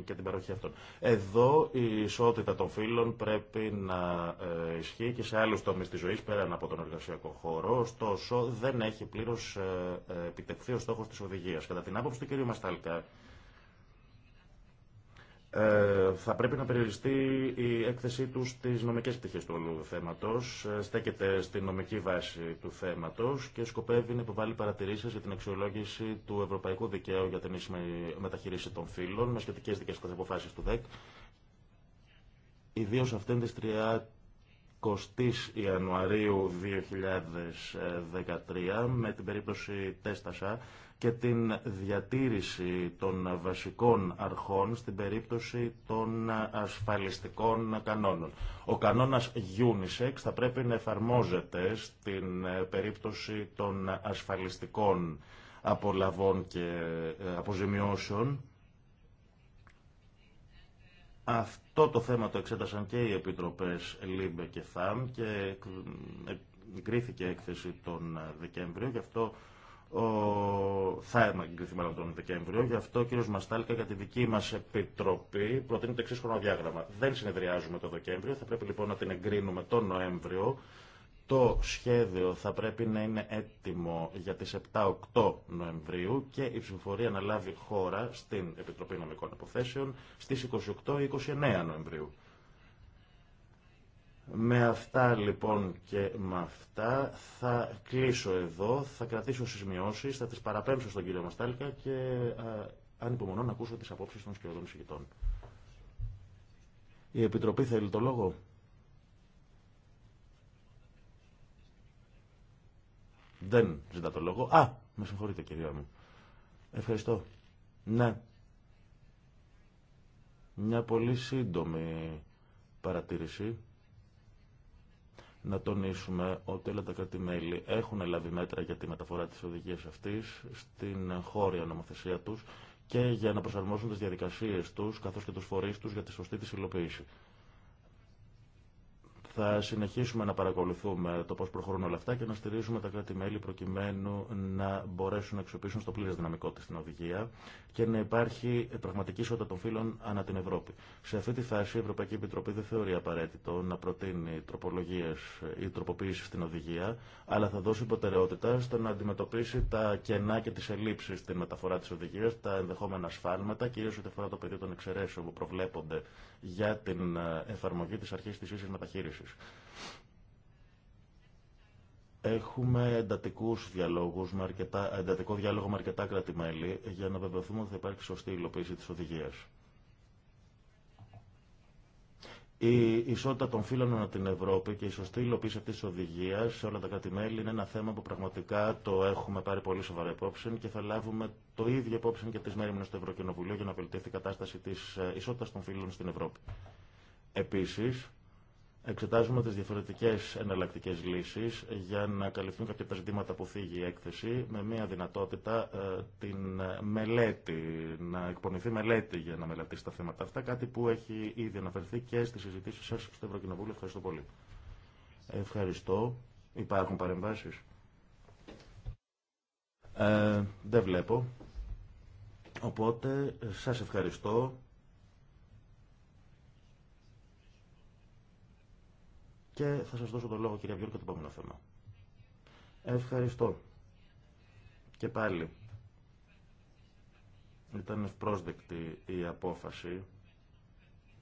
και την παροχή αυτών. Εδώ η ισότητα των φύλων πρέπει να ε, ισχύει και σε άλλους τομείς της ζωής πέραν από τον εργασιακό χώρο, ωστόσο δεν έχει πλήρως ε, επιτευχθεί ο στόχος της οδηγίας. Κατά την άποψη του κ. Μαστάλκα, ε, θα πρέπει να περιοριστεί η έκθεσή του στι νομικέ πτυχέ του όλου θέματο. Ε, στέκεται στη νομική βάση του θέματο και σκοπεύει να υποβάλει παρατηρήσει για την αξιολόγηση του Ευρωπαϊκού Δικαίου για την ίσιμη μεταχείριση των φύλων με σχετικές δικαστικέ αποφάσει του ΔΕΚ. Ιδίω αυτήν τη 30η Ιανουαρίου 2013 με την περίπτωση Τέστασα και την διατήρηση των βασικών αρχών στην περίπτωση των ασφαλιστικών κανόνων. Ο κανόνας UNISEX θα πρέπει να εφαρμόζεται στην περίπτωση των ασφαλιστικών απολαβών και αποζημιώσεων. Αυτό το θέμα το εξέτασαν και οι Επιτροπές ΛΥΜΠΕ και ΘΑΜ και κρίθηκε έκθεση τον Δεκέμβριο, γι' αυτό ο... θα εγκριθεί μέλλον τον Δεκέμβριο. Γι' αυτό ο κύριο Μαστάλκα για τη δική μα επιτροπή προτείνει το εξή χρονοδιάγραμμα. Δεν συνεδριάζουμε το Δεκέμβριο, θα πρέπει λοιπόν να την εγκρίνουμε τον Νοέμβριο. Το σχέδιο θα πρέπει να είναι έτοιμο για τις 7-8 Νοεμβρίου και η ψηφοφορία να λάβει χώρα στην Επιτροπή Νομικών Αποθέσεων στις 28-29 Νοεμβρίου. Με αυτά λοιπόν και με αυτά θα κλείσω εδώ, θα κρατήσω σημειώσεις, θα τις παραπέμψω στον κύριο Μαστάλικα και α, αν υπομονώ να ακούσω τις απόψεις των σχεδόν Η Επιτροπή θέλει το λόγο. Δεν ζητά το λόγο. Α, με συγχωρείτε κυρία μου. Ευχαριστώ. Ναι. Μια πολύ σύντομη παρατήρηση να τονίσουμε ότι όλα τα κράτη-μέλη έχουν λάβει μέτρα για τη μεταφορά της οδηγίας αυτής στην χώρια νομοθεσία τους και για να προσαρμόσουν τις διαδικασίες τους καθώς και τους φορείς τους για τη σωστή της υλοποίηση. Θα συνεχίσουμε να παρακολουθούμε το πώς προχωρούν όλα αυτά και να στηρίζουμε τα κράτη-μέλη προκειμένου να μπορέσουν να αξιοποιήσουν στο πλήρες δυναμικό της την οδηγία και να υπάρχει πραγματική ισότητα των φύλων ανά την Ευρώπη. Σε αυτή τη φάση η Ευρωπαϊκή Επιτροπή δεν θεωρεί απαραίτητο να προτείνει τροπολογίες ή τροποποίηση στην οδηγία, αλλά θα δώσει προτεραιότητα στο να αντιμετωπίσει τα κενά και τις ελλείψεις στην μεταφορά της οδηγία, τα ενδεχόμενα σφάλματα, κυρίως ό,τι αφορά το πεδίο των εξαιρέσεων που προβλέπονται για την ε, εφαρμογή της αρχής της ίσης μεταχείρισης. Έχουμε εντατικούς διαλόγους, εντατικό διάλογο με αρκετά κράτη-μέλη για να βεβαιωθούμε ότι θα υπάρχει σωστή υλοποίηση της οδηγίας. Η ισότητα των φύλων από την Ευρώπη και η σωστή υλοποίηση αυτή τη οδηγία σε όλα τα κράτη-μέλη είναι ένα θέμα που πραγματικά το έχουμε πάρει πολύ σοβαρά υπόψη και θα λάβουμε το ίδιο υπόψη και τι μέρημνε στο Ευρωκοινοβουλίου για να βελτιωθεί η κατάσταση τη ε, ισότητα των φύλων στην Ευρώπη. Επίση, Εξετάζουμε τις διαφορετικές εναλλακτικές λύσεις για να καλυφθούν κάποια τα ζητήματα που θίγει η έκθεση με μια δυνατότητα ε, την μελέτη, να εκπονηθεί μελέτη για να μελετήσει τα θέματα αυτά, κάτι που έχει ήδη αναφερθεί και στις συζητήσεις σας στο Ευρωκοινοβούλιο. Ευχαριστώ πολύ. Ευχαριστώ. Υπάρχουν παρεμβάσεις. Ε, δεν βλέπω. Οπότε σας ευχαριστώ. Και θα σας δώσω το λόγο κυρία βιόρκα για το επόμενο θέμα. Ευχαριστώ. Και πάλι. Ήταν ευπρόσδεκτη η απόφαση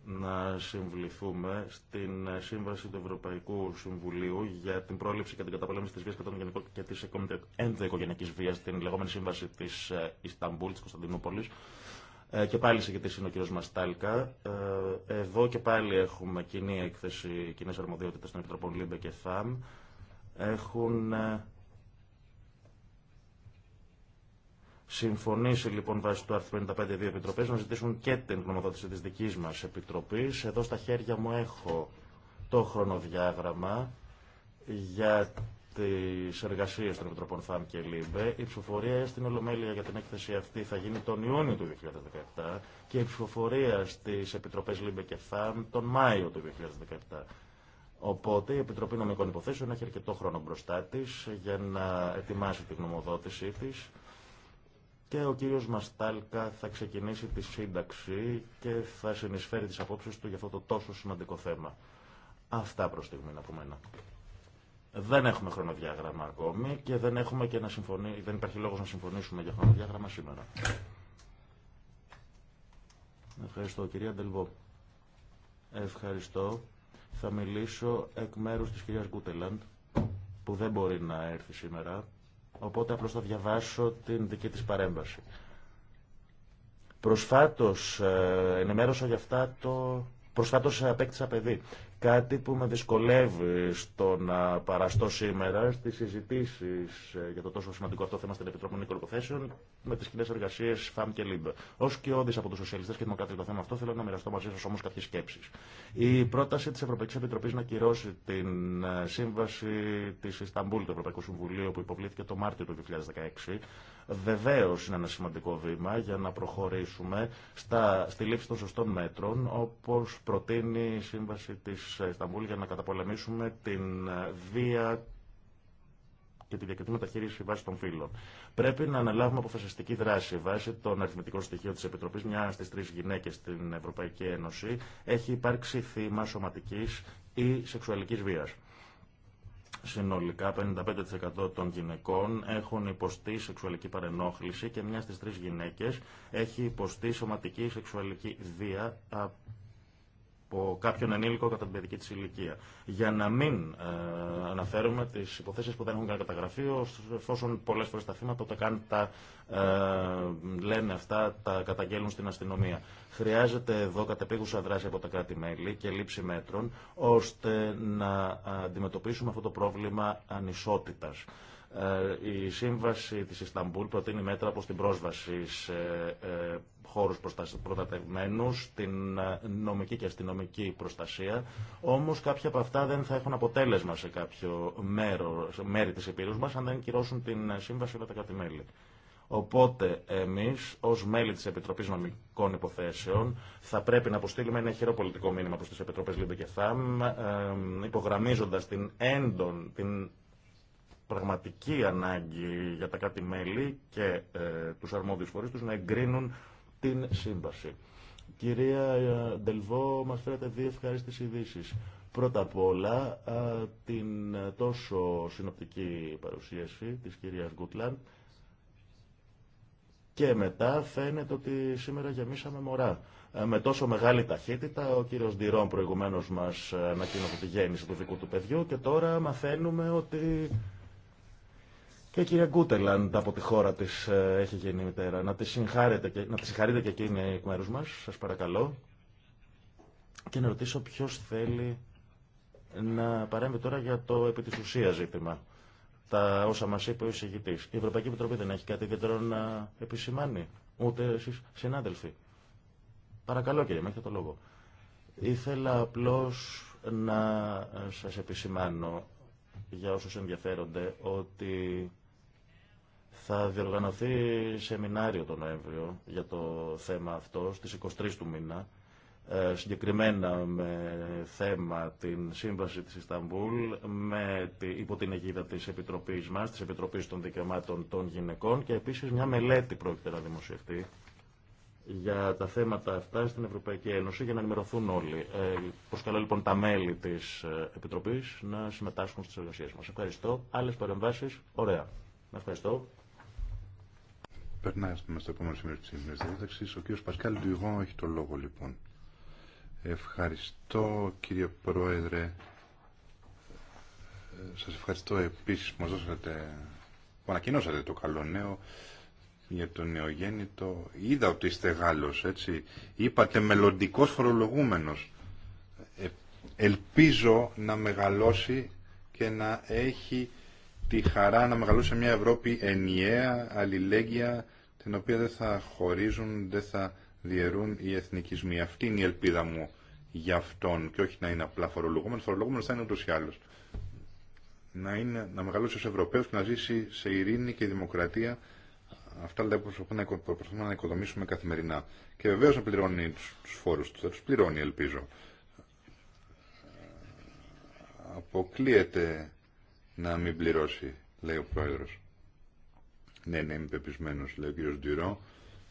να συμβληθούμε στην Σύμβαση του Ευρωπαϊκού Συμβουλίου για την πρόληψη και την καταπολέμηση τη βία κατά των γενικών και τη ενδοοικογενειακή βία, την λεγόμενη Σύμβαση της ε, Ισταμπούλ, της Κωνσταντινούπολη, ε, και πάλι συγκεκριτής είναι ο κ. Μαστάλκα. Ε, εδώ και πάλι έχουμε κοινή έκθεση κοινέ αρμοδιότητες των Επιτροπών ΛΥΜΠΕ και ΘΑΜ. Έχουν ε, συμφωνήσει λοιπόν βάσει του άρθρου 55 δύο επιτροπές να ζητήσουν και την γνωμοδότηση τη δική μα επιτροπή. Εδώ στα χέρια μου έχω το χρονοδιάγραμμα για τη εργασίες των Επιτροπών ΦΑΜ και ΛΥΜΠΕ. Η ψηφοφορία στην Ολομέλεια για την έκθεση αυτή θα γίνει τον Ιούνιο του 2017 και η ψηφοφορία στις Επιτροπές ΛΥΜΠΕ και ΦΑΜ τον Μάιο του 2017. Οπότε η Επιτροπή Νομικών Υποθέσεων έχει αρκετό χρόνο μπροστά τη για να ετοιμάσει την γνωμοδότησή τη και ο κύριος Μαστάλκα θα ξεκινήσει τη σύνταξη και θα συνεισφέρει τις απόψεις του για αυτό το τόσο σημαντικό θέμα. Αυτά προς στιγμή από μένα. Δεν έχουμε χρονοδιάγραμμα ακόμη και δεν, έχουμε και να συμφωνή, δεν υπάρχει λόγος να συμφωνήσουμε για χρονοδιάγραμμα σήμερα. Ευχαριστώ κυρία Ντελβό. Ευχαριστώ. Θα μιλήσω εκ μέρους της κυρίας Γκούτελαντ που δεν μπορεί να έρθει σήμερα οπότε απλώς θα διαβάσω την δική της παρέμβαση. Προσφάτως ε, ενημέρωσα για αυτά το... Προσφάτως ε, απέκτησα παιδί Κάτι που με δυσκολεύει στο να παραστώ σήμερα στις συζητήσεις ε, για το τόσο σημαντικό αυτό θέμα στην Επιτροπή Νίκολικοθέσεων με τι κοινέ εργασίε ΦΑΜ και ΛΥΜΠΕ. Ω και όδη από του σοσιαλιστέ και δημοκράτε το θέμα αυτό, θέλω να μοιραστώ μαζί σα όμω κάποιε σκέψει. Η πρόταση τη Ευρωπαϊκή Επιτροπή να κυρώσει την ε, σύμβαση τη Ισταμπούλ του Ευρωπαϊκού Συμβουλίου που υποβλήθηκε το Μάρτιο του 2016 βεβαίω είναι ένα σημαντικό βήμα για να προχωρήσουμε στα, στη λήψη των σωστών μέτρων όπω προτείνει η σύμβαση τη Ισταμπούλ για να καταπολεμήσουμε την ε, βία και τη διακριτή μεταχείριση βάσει των φύλων. Πρέπει να αναλάβουμε αποφασιστική δράση βάσει των αριθμητικών στοιχείων τη Επιτροπή. Μια στι τρει γυναίκε στην Ευρωπαϊκή Ένωση έχει υπάρξει θύμα σωματική ή σεξουαλική βία. Συνολικά 55% των γυναικών έχουν υποστεί σεξουαλική παρενόχληση και μια στις τρεις γυναίκες έχει υποστεί σωματική ή σεξουαλική βία από κάποιον ενήλικο κατά την παιδική τη ηλικία. Για να μην ε, αναφέρουμε τι υποθέσει που δεν έχουν καν καταγραφεί, εφόσον πολλέ φορέ τα θύματα όταν καν τα ε, λένε αυτά, τα καταγγέλνουν στην αστυνομία. Χρειάζεται εδώ κατεπίγουσα δράση από τα κράτη-μέλη και λήψη μέτρων, ώστε να αντιμετωπίσουμε αυτό το πρόβλημα ανισότητα. Ε, η σύμβαση της Ισταμπούλ προτείνει μέτρα προς την πρόσβαση σε χώρου προστατευμένου, την ε, νομική και αστυνομική προστασία. Όμω κάποια από αυτά δεν θα έχουν αποτέλεσμα σε κάποιο μέρο, μέρη τη Επίρου μα αν δεν κυρώσουν την ε, σύμβαση με τα κάτι μελη Οπότε εμεί, ω μέλη τη Επιτροπή Νομικών Υποθέσεων, θα πρέπει να αποστείλουμε ένα χειρόπολιτικό πολιτικό μήνυμα προ τι Επιτροπέ Λίμπε και ΘΑΜ, ε, υπογραμμίζοντα την έντον, την πραγματική ανάγκη για τα κάτι μέλη και ε, τους αρμόδιους φορείς να εγκρίνουν την σύμβαση. Κυρία ε, Ντελβό, μας φέρετε δύο ευχαριστήσεις ειδήσει. Πρώτα απ' όλα, ε, την ε, τόσο συνοπτική παρουσίαση της κυρίας Γκούτλαντ και μετά φαίνεται ότι σήμερα γεμίσαμε μωρά. Με τόσο μεγάλη ταχύτητα, ο κύριος Ντυρόν προηγουμένως μας ανακοίνωσε τη γέννηση του δικού του παιδιού και τώρα μαθαίνουμε ότι και η κυρία Γκούτελαντ από τη χώρα της ε, έχει γίνει μητέρα. Να τη συγχαρείτε και, να τη εκείνη εκ μέρου μας, σας παρακαλώ. Και να ρωτήσω ποιο θέλει να παρέμβει τώρα για το επί τη ουσία ζήτημα. Τα όσα μα είπε ο εισηγητή. Η Ευρωπαϊκή Επιτροπή δεν έχει κάτι ιδιαίτερο να επισημάνει. Ούτε εσεί συνάδελφοι. Παρακαλώ κύριε, έχετε το λόγο. Ήθελα απλώ να σα επισημάνω για όσους ενδιαφέρονται ότι θα διοργανωθεί σεμινάριο τον Νοέμβριο για το θέμα αυτό στις 23 του μήνα ε, συγκεκριμένα με θέμα την σύμβαση της Ισταμπούλ με, υπό την αιγίδα της Επιτροπής μας, της Επιτροπής των Δικαιωμάτων των Γυναικών και επίσης μια μελέτη πρόκειται να δημοσιευτεί για τα θέματα αυτά στην Ευρωπαϊκή Ένωση για να ενημερωθούν όλοι. Ε, προσκαλώ λοιπόν τα μέλη της ε, Επιτροπής να συμμετάσχουν στις εργασίες μας. Ευχαριστώ. Άλλες παρεμβάσεις. Ωραία. Ευχαριστώ. Περνάμε στο επόμενο σημείο της σημερινής διάταξης. Ο κύριος Πασκάλ Ντουιγόν έχει το λόγο λοιπόν. Ευχαριστώ κύριε Πρόεδρε. Σας ευχαριστώ επίσης που μας δώσατε, που ανακοινώσατε το καλό νέο για το νεογέννητο. Είδα ότι είστε Γάλλος, έτσι. Είπατε μελλοντικό φορολογούμενος. Ε, ελπίζω να μεγαλώσει και να έχει τη χαρά να μεγαλούσε μια Ευρώπη ενιαία, αλληλέγγυα, την οποία δεν θα χωρίζουν, δεν θα διαιρούν οι εθνικισμοί. Αυτή είναι η ελπίδα μου για αυτόν και όχι να είναι απλά φορολογούμενος. Φορολογούμενος θα είναι ούτως ή άλλως. Να, είναι, να μεγαλώσει ως Ευρωπαίος και να ζήσει σε ειρήνη και δημοκρατία. Αυτά τα προσπαθούμε να οικοδομήσουμε καθημερινά. Και βεβαίως να πληρώνει τους φόρους του. Θα τους πληρώνει ελπίζω. Αποκλείεται να μην πληρώσει, λέει ο πρόεδρο. Ναι, ναι, είμαι πεπισμένο, λέει ο κύριο Ντυρό.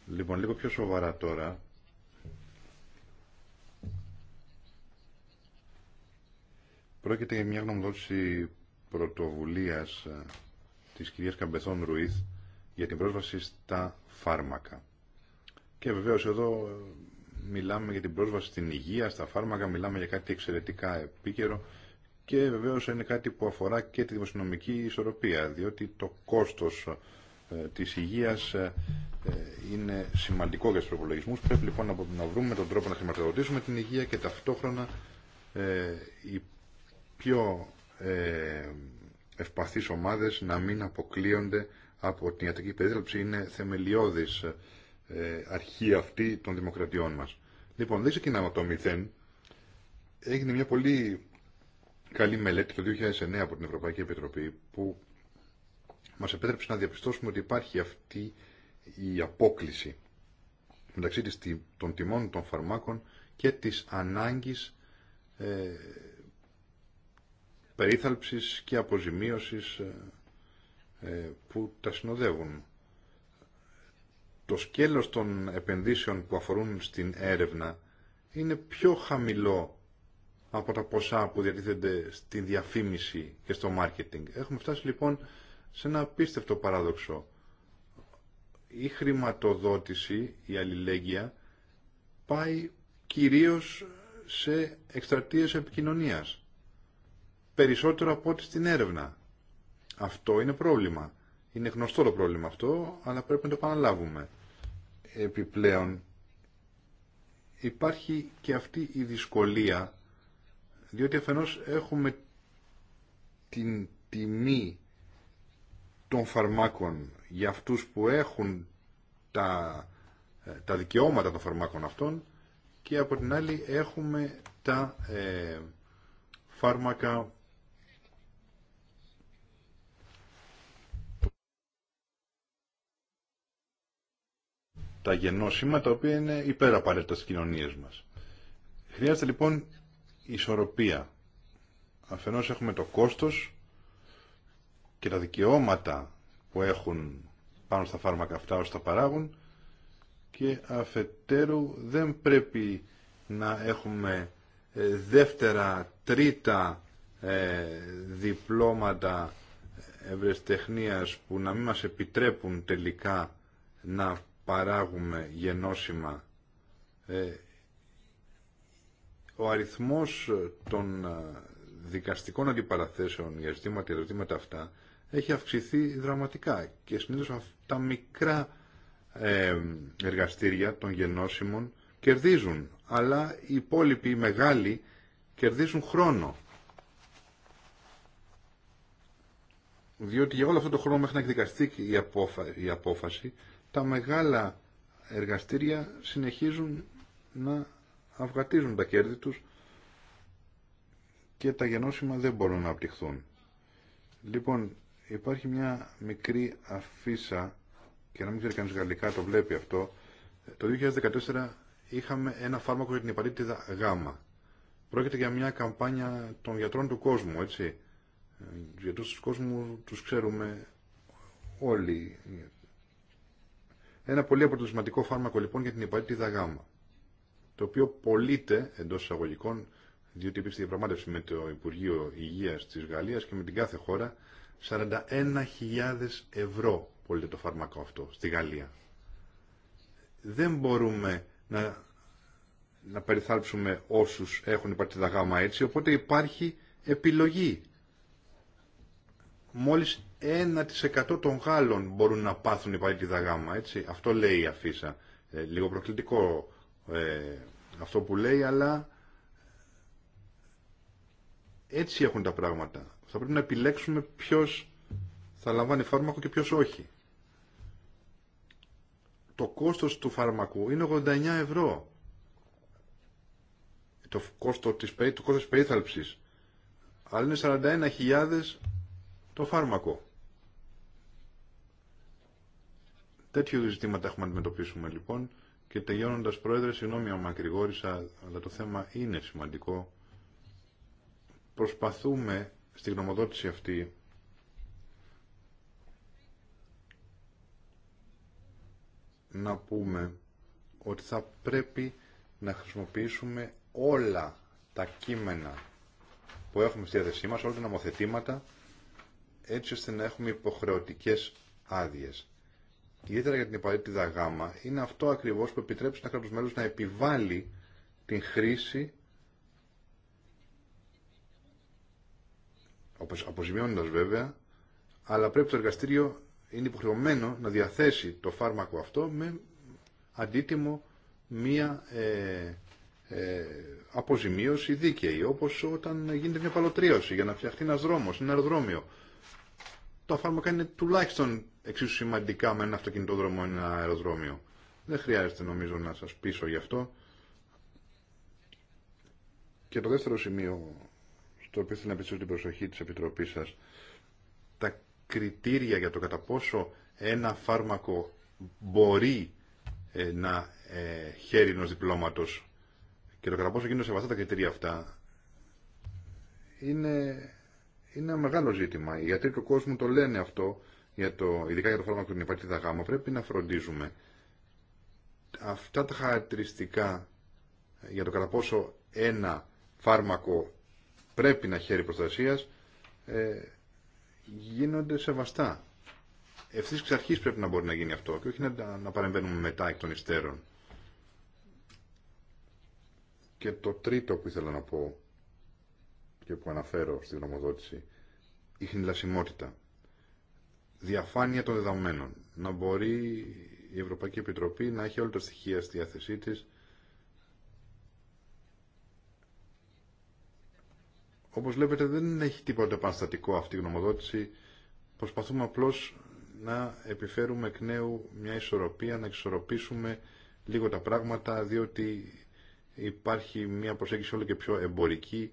Λοιπόν, λίγο πιο σοβαρά τώρα. Πρόκειται για μια γνωμοδότηση πρωτοβουλίας ε, της κυρίας Καμπεθών Ρουίθ για την πρόσβαση στα φάρμακα. Και βεβαίως εδώ ε, μιλάμε για την πρόσβαση στην υγεία, στα φάρμακα, μιλάμε για κάτι εξαιρετικά επίκαιρο και βεβαίω είναι κάτι που αφορά και τη δημοσιονομική ισορροπία, διότι το κόστος ε, της υγείας ε, ε, είναι σημαντικό για του προπολογισμού. Πρέπει λοιπόν να βρούμε τον τρόπο να χρηματοδοτήσουμε την υγεία και ταυτόχρονα οι πιο ευπαθείς ομάδες να μην αποκλείονται από την ιατρική περίθαλψη. Είναι θεμελιώδης αρχή αυτή των δημοκρατιών μας. Λοιπόν, δεν ξεκινάμε από το μηδέν. Έγινε μια πολύ καλή μελέτη το 2009 από την Ευρωπαϊκή Επιτροπή που μας επέτρεψε να διαπιστώσουμε ότι υπάρχει αυτή η απόκληση μεταξύ της, των τιμών των φαρμάκων και της ανάγκης ε, περίθαλψης και αποζημίωσης ε, ε, που τα συνοδεύουν. Το σκέλος των επενδύσεων που αφορούν στην έρευνα είναι πιο χαμηλό από τα ποσά που διατίθενται στη διαφήμιση και στο μάρκετινγκ. Έχουμε φτάσει λοιπόν σε ένα απίστευτο παράδοξο. Η χρηματοδότηση, η αλληλέγγυα, πάει κυρίως σε εκστρατείες επικοινωνίας. Περισσότερο από ό,τι στην έρευνα. Αυτό είναι πρόβλημα. Είναι γνωστό το πρόβλημα αυτό, αλλά πρέπει να το επαναλάβουμε. Επιπλέον, υπάρχει και αυτή η δυσκολία διότι αφενός έχουμε την τιμή των φαρμάκων για αυτούς που έχουν τα, ε, τα δικαιώματα των φαρμάκων αυτών και από την άλλη έχουμε τα ε, φάρμακα τα γενώσιμα τα οποία είναι υπεραπαραίτητα στις κοινωνίες μας. Χρειάζεται λοιπόν ισορροπία. Αφενός έχουμε το κόστος και τα δικαιώματα που έχουν πάνω στα φάρμακα αυτά όσο τα παράγουν και αφετέρου δεν πρέπει να έχουμε ε, δεύτερα, τρίτα ε, διπλώματα ευρεστεχνίας που να μην μας επιτρέπουν τελικά να παράγουμε γενώσιμα ε, ο αριθμός των ε, δικαστικών αντιπαραθέσεων για ζητήματα αυτά έχει αυξηθεί δραματικά και συνήθω αυτά μικρά ε, εργαστήρια των γενώσιμων κερδίζουν, αλλά οι υπόλοιποι, οι μεγάλοι, κερδίζουν χρόνο. Διότι για όλο αυτό το χρόνο μέχρι να εκδικαστεί απόφα η απόφαση, τα μεγάλα εργαστήρια συνεχίζουν να αυγατίζουν τα κέρδη τους και τα γενώσιμα δεν μπορούν να απτυχθούν. Λοιπόν, υπάρχει μια μικρή αφίσα και να μην ξέρει κανείς γαλλικά, το βλέπει αυτό. Το 2014 είχαμε ένα φάρμακο για την υπαρήτητα ΓΑΜΑ. Πρόκειται για μια καμπάνια των γιατρών του κόσμου, έτσι. Ε, γιατρούς του κόσμου τους ξέρουμε όλοι. Ένα πολύ αποτελεσματικό φάρμακο λοιπόν για την υπαρήτητα Γ το οποίο πωλείται εντό εισαγωγικών, διότι υπήρξε διαπραγμάτευση με το Υπουργείο Υγεία τη Γαλλία και με την κάθε χώρα, 41.000 ευρώ πωλείται το φάρμακο αυτό στη Γαλλία. Δεν μπορούμε να, να περιθάλψουμε όσους έχουν υπάρξει γάμα έτσι, οπότε υπάρχει επιλογή. Μόλις 1% των Γάλλων μπορούν να πάθουν υπαρτίδα γάμα, έτσι. Αυτό λέει η Αφίσα. Ε, λίγο προκλητικό ε, αυτό που λέει, αλλά έτσι έχουν τα πράγματα. Θα πρέπει να επιλέξουμε ποιος θα λαμβάνει φάρμακο και ποιος όχι. Το κόστος του φάρμακου είναι 89 ευρώ. Το κόστος της, το κόστος της περίθαλψης. Αλλά είναι 41.000 το φάρμακο. Τέτοιου ζητήματα έχουμε να αντιμετωπίσουμε λοιπόν. Και τελειώνοντας, Πρόεδρε, συγγνώμη αν μακρηγόρησα, αλλά το θέμα είναι σημαντικό. Προσπαθούμε στη γνωμοδότηση αυτή να πούμε ότι θα πρέπει να χρησιμοποιήσουμε όλα τα κείμενα που έχουμε στη διάθεσή μας, όλα τα νομοθετήματα, έτσι ώστε να έχουμε υποχρεωτικές άδειες ιδιαίτερα για την υπαρήτηδα Γ, είναι αυτό ακριβώς που επιτρέπει στα κράτος μέλος να επιβάλλει την χρήση αποζημιώνοντας βέβαια, αλλά πρέπει το εργαστήριο είναι υποχρεωμένο να διαθέσει το φάρμακο αυτό με αντίτιμο μία ε, ε, αποζημίωση δίκαιη, όπως όταν γίνεται μια παλωτρίωση για να φτιαχτεί ένας δρόμος, ένα αεροδρόμιο. Το φάρμακα είναι τουλάχιστον εξίσου σημαντικά με ένα αυτοκινητόδρομο ή ένα αεροδρόμιο. Δεν χρειάζεται νομίζω να σας πείσω γι' αυτό. Και το δεύτερο σημείο στο οποίο θέλω να πείσω την προσοχή της Επιτροπής σας, τα κριτήρια για το κατά πόσο ένα φάρμακο μπορεί ε, να ε, χαίρει ενός διπλώματος και το κατά πόσο γίνονται σεβαστά τα κριτήρια αυτά είναι είναι ένα μεγάλο ζήτημα. Οι γιατροί του κόσμου το λένε αυτό, για το, ειδικά για το φάρμακο την υπαρτίδα Γ. Πρέπει να φροντίζουμε αυτά τα χαρακτηριστικά για το κατά πόσο ένα φάρμακο πρέπει να χέρει προστασία ε, γίνονται σεβαστά. Ευθύ εξ αρχή πρέπει να μπορεί να γίνει αυτό και όχι να, να παρεμβαίνουμε μετά εκ των υστέρων. Και το τρίτο που ήθελα να πω και που αναφέρω στη γνωμοδότηση, η χνηλασιμότητα, διαφάνεια των δεδομένων, να μπορεί η Ευρωπαϊκή Επιτροπή να έχει όλα τα στοιχεία στη διάθεσή της, Όπως βλέπετε δεν έχει τίποτα επαναστατικό αυτή η γνωμοδότηση. Προσπαθούμε απλώς να επιφέρουμε εκ νέου μια ισορροπία, να εξορροπήσουμε λίγο τα πράγματα, διότι υπάρχει μια προσέγγιση όλο και πιο εμπορική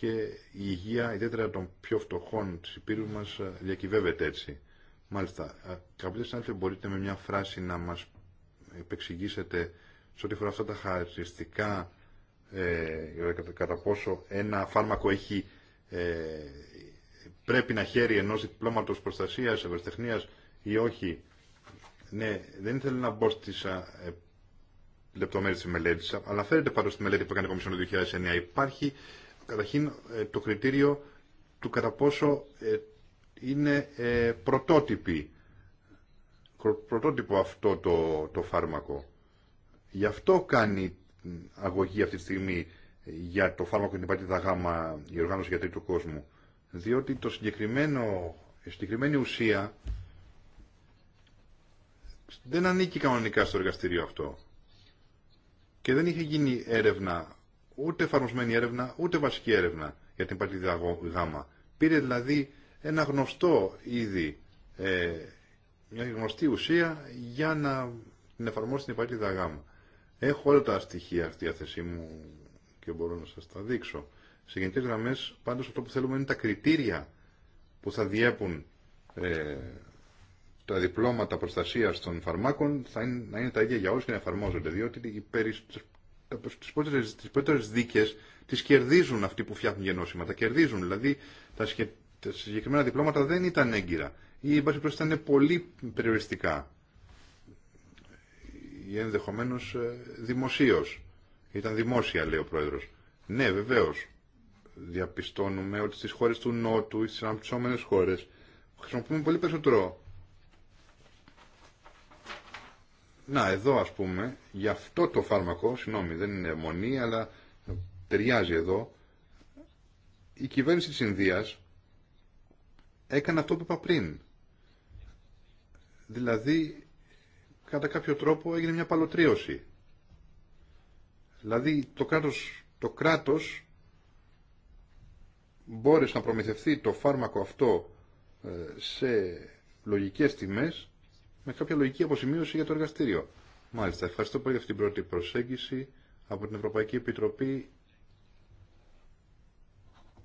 και η υγεία, ιδιαίτερα των πιο φτωχών της Υπήρου μας, διακυβεύεται έτσι. Μάλιστα, αγαπητέ συνάδελφοι, μπορείτε με μια φράση να μας επεξηγήσετε σε ό,τι φορά αυτά τα χαρακτηριστικά ε, κατά, πόσο ένα φάρμακο έχει, ε, πρέπει να χέρει ενός διπλώματος προστασίας, ευαισθητεχνίας ή όχι. Ναι, δεν ήθελα να μπω στις ε, λεπτομέρειες της μελέτης, αλλά φέρετε πάντως στη μελέτη που έκανε η Κομισιόν το 2009. Υπάρχει Καταρχήν ε, το κριτήριο του κατά πόσο ε, είναι ε, πρωτότυπη, πρωτότυπο αυτό το, το φάρμακο. Γι' αυτό κάνει αγωγή αυτή τη στιγμή για το φάρμακο την υπάτητα γάμα η οργάνωση γιατρή του κόσμου. Διότι το συγκεκριμένο, η συγκεκριμένη ουσία δεν ανήκει κανονικά στο εργαστήριο αυτό. Και δεν είχε γίνει έρευνα ούτε εφαρμοσμένη έρευνα, ούτε βασική έρευνα για την Πατρίδα γάμα. Πήρε δηλαδή ένα γνωστό ήδη, ε, μια γνωστή ουσία για να την εφαρμόσει την υπατήδα Γ. Έχω όλα τα στοιχεία στη διάθεσή μου και μπορώ να σας τα δείξω. Σε γενικές γραμμές πάντως αυτό που θέλουμε είναι τα κριτήρια που θα διέπουν ε, τα διπλώματα προστασία των φαρμάκων θα είναι, να είναι τα ίδια για όλου και να εφαρμόζονται. Διότι τις πρώτερες, τις τι δίκες τις κερδίζουν αυτοί που φτιάχνουν γενώσιμα. Τα κερδίζουν. Δηλαδή τα, τα συγκεκριμένα διπλώματα δεν ήταν έγκυρα. Ή εν ήταν πολύ περιοριστικά. Ή ενδεχομένω ε, δημοσίω. Ήταν δημόσια, λέει ο πρόεδρο. Ναι, βεβαίω. Διαπιστώνουμε ότι στι χώρε του Νότου ή στι αναπτυσσόμενε χώρε χρησιμοποιούμε πολύ περισσότερο να εδώ ας πούμε, για αυτό το φάρμακο, συγγνώμη δεν είναι μονή, αλλά ταιριάζει εδώ, η κυβέρνηση της Ινδίας έκανε αυτό που είπα πριν. Δηλαδή, κατά κάποιο τρόπο έγινε μια παλωτρίωση. Δηλαδή, το κράτος, το κράτος μπόρεσε να προμηθευτεί το φάρμακο αυτό ε, σε λογικές τιμές με κάποια λογική αποσημείωση για το εργαστήριο. Μάλιστα, ευχαριστώ πολύ για αυτή την πρώτη προσέγγιση από την Ευρωπαϊκή Επιτροπή.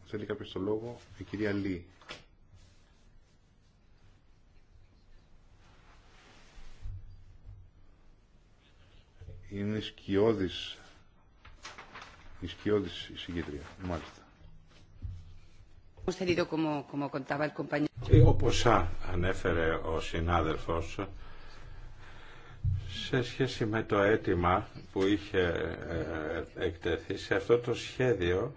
Θέλει κάποιο το λόγο, η κυρία Λί. Είναι σκιώδης η συγκέντρια, μάλιστα. Όπως ανέφερε ο συνάδελφος, σε σχέση με το αίτημα που είχε ε, εκτεθεί σε αυτό το σχέδιο,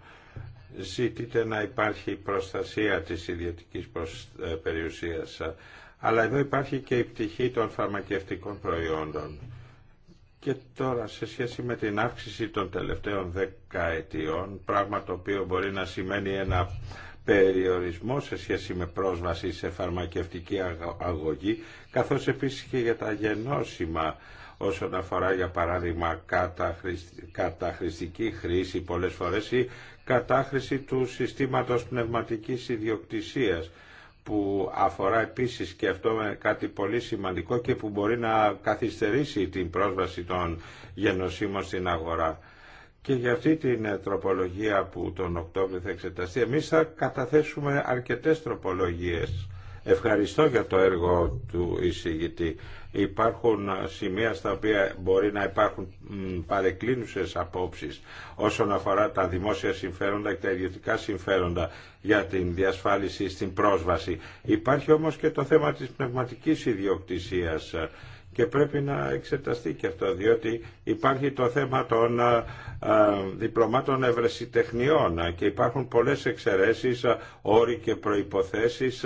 ζητείται να υπάρχει προστασία της ιδιωτικής ε, περιουσίας. Αλλά εδώ υπάρχει και η πτυχή των φαρμακευτικών προϊόντων. Και τώρα σε σχέση με την αύξηση των τελευταίων δεκαετιών, πράγμα το οποίο μπορεί να σημαίνει ένα περιορισμό σε σχέση με πρόσβαση σε φαρμακευτική αγωγή, καθώς επίσης και για τα γενώσιμα όσον αφορά για παράδειγμα καταχρηστική χρήση πολλές φορές ή κατάχρηση του συστήματος πνευματικής ιδιοκτησίας που αφορά επίσης και αυτό κάτι πολύ σημαντικό και που μπορεί να καθυστερήσει την πρόσβαση των γενοσύμων στην αγορά. Και για αυτή την ε, τροπολογία που τον Οκτώβριο θα εξεταστεί, Εμεί θα καταθέσουμε αρκετέ τροπολογίες. Ευχαριστώ για το έργο του εισηγητή. Υπάρχουν ε, σημεία στα οποία μπορεί να υπάρχουν παρεκκλίνουσες απόψεις όσον αφορά τα δημόσια συμφέροντα και τα ιδιωτικά συμφέροντα για την διασφάλιση στην πρόσβαση. Υπάρχει όμως και το θέμα της πνευματικής ιδιοκτησίας και πρέπει να εξεταστεί και αυτό, διότι υπάρχει το θέμα των διπλωμάτων ευρεσιτεχνιών και υπάρχουν πολλές εξαιρέσεις, όροι και προϋποθέσεις,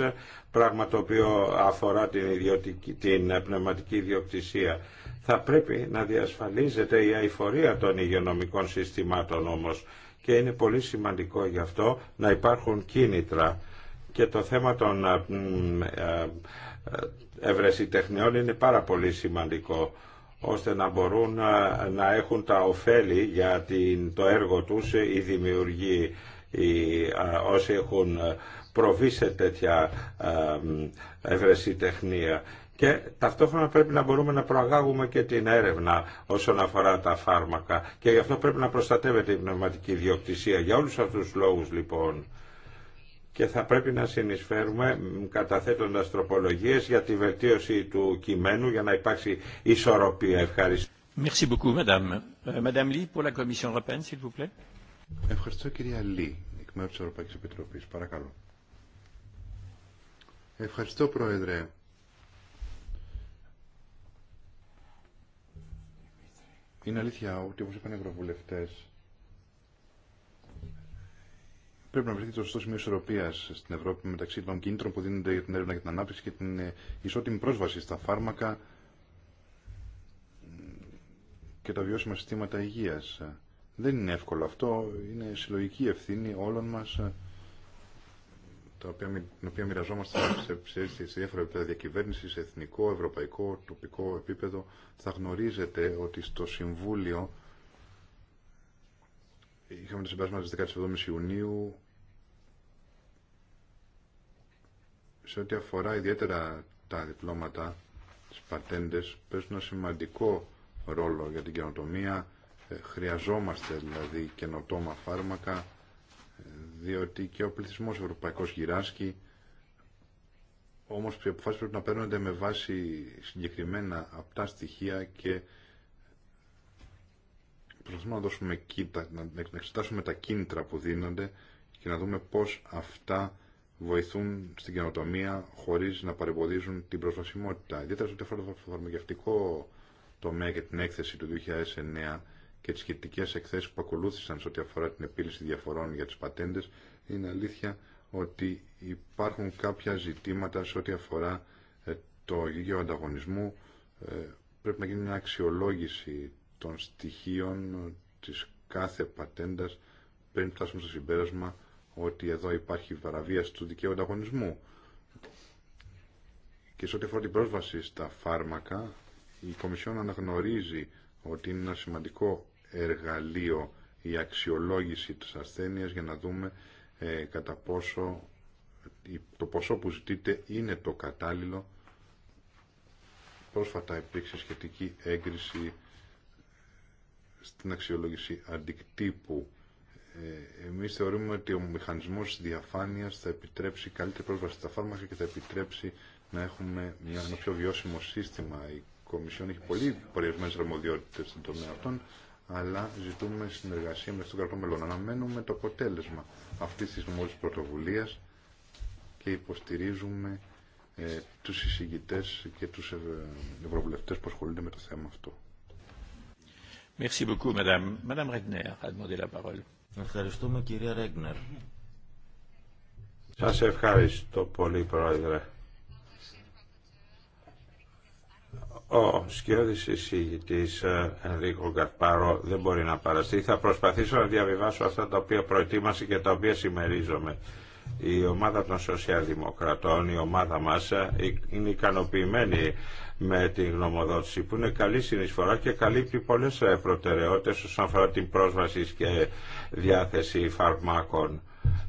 πράγμα το οποίο αφορά την, ιδιωτική, την πνευματική ιδιοκτησία. Θα πρέπει να διασφαλίζεται η αηφορία των υγειονομικών συστημάτων όμως και είναι πολύ σημαντικό γι' αυτό να υπάρχουν κίνητρα και το θέμα των ευρεσιτεχνιών είναι πάρα πολύ σημαντικό ώστε να μπορούν να έχουν τα ωφέλη για το έργο τους ε, οι δημιουργοί οι, όσοι έχουν ε, προβεί σε τέτοια ευρεσιτεχνία. Και ταυτόχρονα πρέπει να μπορούμε να προαγάγουμε και την έρευνα όσον αφορά τα φάρμακα. Και γι' αυτό πρέπει να προστατεύεται η πνευματική ιδιοκτησία. Για όλους αυτούς τους λόγους λοιπόν και θα πρέπει να συνεισφέρουμε καταθέτοντας τροπολογίες για τη βελτίωση του κειμένου για να υπάρξει ισορροπία. Ευχαριστώ. Merci beaucoup, madame. Euh, madame Lee, pour la Commission européenne, s'il vous plaît. Ευχαριστώ, κυρία Λί, εκ μέρους της Ευρωπαϊκής Επιτροπής. Παρακαλώ. Ευχαριστώ, Πρόεδρε. Είναι αλήθεια ότι, όπως είπαν οι ευρωβουλευτές, Πρέπει να βρεθεί το σωστό σημείο ισορροπία στην Ευρώπη μεταξύ των κινήτρων που δίνονται για την έρευνα και την ανάπτυξη και την ε, ισότιμη πρόσβαση στα φάρμακα και τα βιώσιμα συστήματα υγεία. Δεν είναι εύκολο αυτό. Είναι συλλογική ευθύνη όλων μα, την οποία μοιραζόμαστε σε, σε, σε διάφορα επίπεδα διακυβέρνηση, εθνικό, ευρωπαϊκό, τοπικό επίπεδο. Θα γνωρίζετε ότι στο Συμβούλιο Είχαμε το συμπέρασμα της 17ης Ιουνίου σε ό,τι αφορά ιδιαίτερα τα διπλώματα, τις πατέντε, παίζουν ένα σημαντικό ρόλο για την καινοτομία. Ε, χρειαζόμαστε δηλαδή καινοτόμα φάρμακα, ε, διότι και ο πληθυσμό Ευρωπαϊκό γυράσκει, όμω οι αποφάσει πρέπει να παίρνονται με βάση συγκεκριμένα αυτά στοιχεία και προσπαθούμε να δώσουμε κίτα, να εξετάσουμε τα κίνητρα που δίνονται και να δούμε πώς αυτά βοηθούν στην καινοτομία χωρίς να παρεμποδίζουν την προσβασιμότητα. Ιδιαίτερα σε ό,τι αφορά το φαρμακευτικό τομέα και την έκθεση του 2009 και τις σχετικέ εκθέσεις που ακολούθησαν σε ό,τι αφορά την επίλυση διαφορών για τις πατέντες, είναι αλήθεια ότι υπάρχουν κάποια ζητήματα σε ό,τι αφορά ε, το γηγείο ανταγωνισμού. Ε, πρέπει να γίνει μια αξιολόγηση των στοιχείων της κάθε πατέντας πριν φτάσουμε στο συμπέρασμα ότι εδώ υπάρχει παραβίαση του δικαίου ανταγωνισμού. Και σε ό,τι αφορά την πρόσβαση στα φάρμακα, η Κομισιόν αναγνωρίζει ότι είναι ένα σημαντικό εργαλείο η αξιολόγηση της ασθένειας για να δούμε ε, κατά πόσο το ποσό που ζητείτε είναι το κατάλληλο. Πρόσφατα υπήρξε σχετική έγκριση στην αξιολόγηση αντικτύπου. Ε, εμείς θεωρούμε ότι ο μηχανισμός διαφάνειας θα επιτρέψει καλύτερη πρόσβαση στα φάρμακα και θα επιτρέψει να έχουμε μια, ένα πιο βιώσιμο σύστημα. Η Κομισιόν έχει πολύ περιορισμένες αρμοδιότητες στον τομέα αυτών, αλλά ζητούμε συνεργασία με τον κρατό μελών. Αναμένουμε το αποτέλεσμα αυτής της μόλι πρωτοβουλίας και υποστηρίζουμε ε, τους εισηγητές και τους ευρωβουλευτές που ασχολούνται με το θέμα αυτό. Merci beaucoup, madame. Madame Regner la parole. Ευχαριστούμε, κυρία Ρέγνερ. Σας ευχαριστώ πολύ, Πρόεδρε. Ο σκιώδης εισηγητής ε, Ενρίκο Γκαρπάρο δεν μπορεί να παραστεί. Θα προσπαθήσω να διαβιβάσω αυτά τα οποία προετοίμασε και τα οποία συμμερίζομαι. Η ομάδα των Σοσιαλδημοκρατών, η ομάδα μας ε, ε, είναι ικανοποιημένη με την γνωμοδότηση που είναι καλή συνεισφορά και καλύπτει πολλές ε, προτεραιότητες όσον αφορά την πρόσβαση και διάθεση φαρμάκων.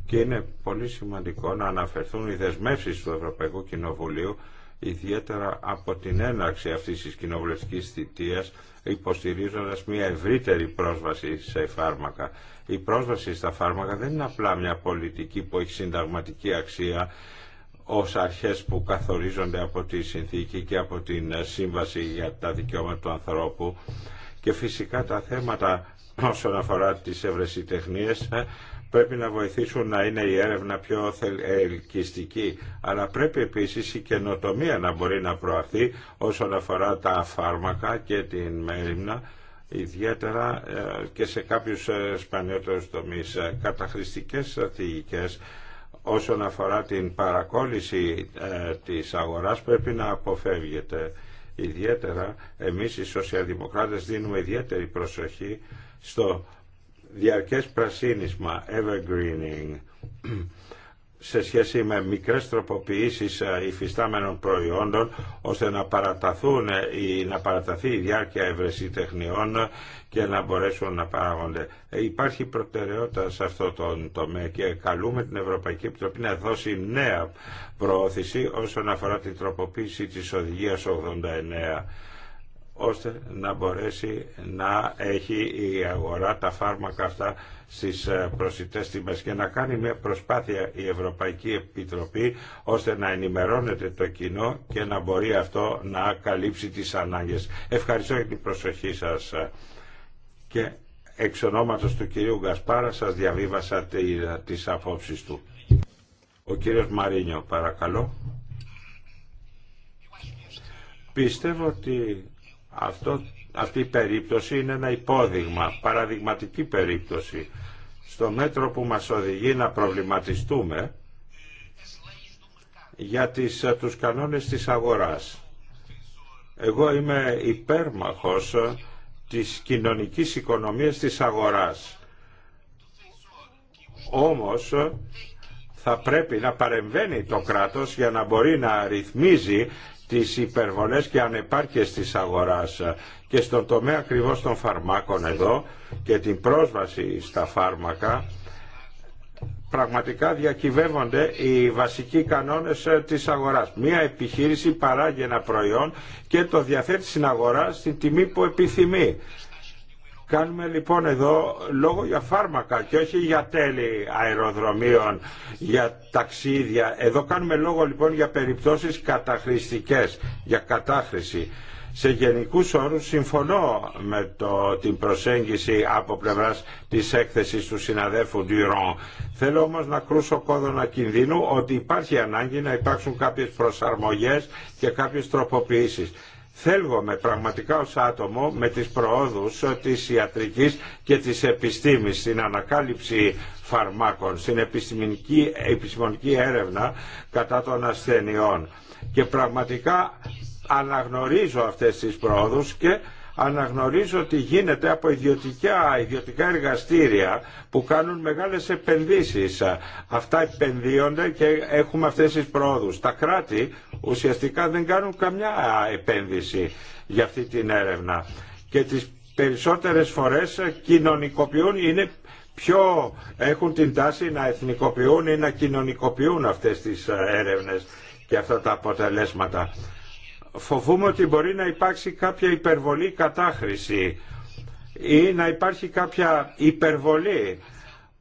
Και είναι πολύ σημαντικό να αναφερθούν οι δεσμεύσεις του Ευρωπαϊκού Κοινοβουλίου ιδιαίτερα από την έναρξη αυτής της κοινοβουλευτικής θητείας υποστηρίζοντας μια ευρύτερη πρόσβαση σε φάρμακα. Η πρόσβαση στα φάρμακα δεν είναι απλά μια πολιτική που έχει συνταγματική αξία ως αρχές που καθορίζονται από τη συνθήκη και από την Σύμβαση για τα Δικαιώματα του Ανθρώπου και φυσικά τα θέματα όσον αφορά τις ευρεσιτεχνίες ε, πρέπει να βοηθήσουν να είναι η έρευνα πιο ελκυστική. Αλλά πρέπει επίσης η καινοτομία να μπορεί να προαχθεί όσον αφορά τα φάρμακα και την μέρημνα, ιδιαίτερα ε, και σε κάποιους ε, σπανιότερους τομείς. Καταχρηστικές στρατηγικές όσον αφορά την παρακόλληση ε, της αγοράς πρέπει να αποφεύγεται. Ιδιαίτερα εμείς οι σοσιαλδημοκράτες δίνουμε ιδιαίτερη προσοχή στο διαρκές πρασίνισμα, evergreening σε σχέση με μικρές τροποποιήσεις ε, υφιστάμενων προϊόντων ώστε να, παραταθούν, ή να παραταθεί η διάρκεια διαρκεια τεχνιών και να μπορέσουν να παράγονται. Ε, υπάρχει προτεραιότητα σε αυτό το τομέα και καλούμε την Ευρωπαϊκή Επιτροπή να δώσει νέα προώθηση όσον αφορά την τροποποίηση της οδηγίας 89 ώστε να μπορέσει να έχει η αγορά τα φάρμακα αυτά στις ε, προσιτές τιμές και να κάνει μια προσπάθεια η Ευρωπαϊκή Επιτροπή ώστε να ενημερώνεται το κοινό και να μπορεί αυτό να καλύψει τις ανάγκες. Ευχαριστώ για την προσοχή σας και εξ του κυρίου Γκασπάρα σας διαβίβασα ε, τις αφόψεις του. Ο κύριος Μαρίνιο παρακαλώ. Πιστεύω ότι αυτό, αυτή η περίπτωση είναι ένα υπόδειγμα, παραδειγματική περίπτωση. Στο μέτρο που μας οδηγεί να προβληματιστούμε για τις, τους κανόνες της αγοράς. Εγώ είμαι υπέρμαχος της κοινωνικής οικονομίας της αγοράς. Όμως θα πρέπει να παρεμβαίνει το κράτος για να μπορεί να ρυθμίζει τις υπερβολές και ανεπάρκειες της αγοράς και στον τομέα ακριβώς των φαρμάκων εδώ και την πρόσβαση στα φάρμακα πραγματικά διακυβεύονται οι βασικοί κανόνες ε, της αγοράς. Μία επιχείρηση παράγει ένα προϊόν και το διαθέτει στην αγορά στην τιμή που επιθυμεί. Κάνουμε λοιπόν εδώ λόγο για φάρμακα και όχι για τέλη αεροδρομίων, για ταξίδια. Εδώ κάνουμε λόγο λοιπόν για περιπτώσεις καταχρηστικές, για κατάχρηση. Σε γενικούς όρους συμφωνώ με το, την προσέγγιση από πλευράς της έκθεσης του συναδέλφου Ντυρόν. Θέλω όμως να κρούσω κόδωνα κινδύνου ότι υπάρχει ανάγκη να υπάρξουν κάποιες προσαρμογές και κάποιες τροποποιήσεις θέλουμε πραγματικά ως άτομο με τις προόδους της ιατρικής και της επιστήμης στην ανακάλυψη φαρμάκων, στην επιστημονική, επιστημονική έρευνα κατά των ασθενειών. Και πραγματικά αναγνωρίζω αυτές τις προόδους και αναγνωρίζω ότι γίνεται από ιδιωτικά, ιδιωτικά εργαστήρια που κάνουν μεγάλες επενδύσεις. Αυτά επενδύονται και έχουμε αυτές τις πρόοδους. Τα κράτη ουσιαστικά δεν κάνουν καμιά επένδυση για αυτή την έρευνα και τις περισσότερες φορές κοινωνικοποιούν, είναι πιο έχουν την τάση να εθνικοποιούν ή να κοινωνικοποιούν αυτές τις έρευνες και αυτά τα αποτελέσματα φοβούμαι ότι μπορεί να υπάρξει κάποια υπερβολή κατάχρηση ή να υπάρχει κάποια υπερβολή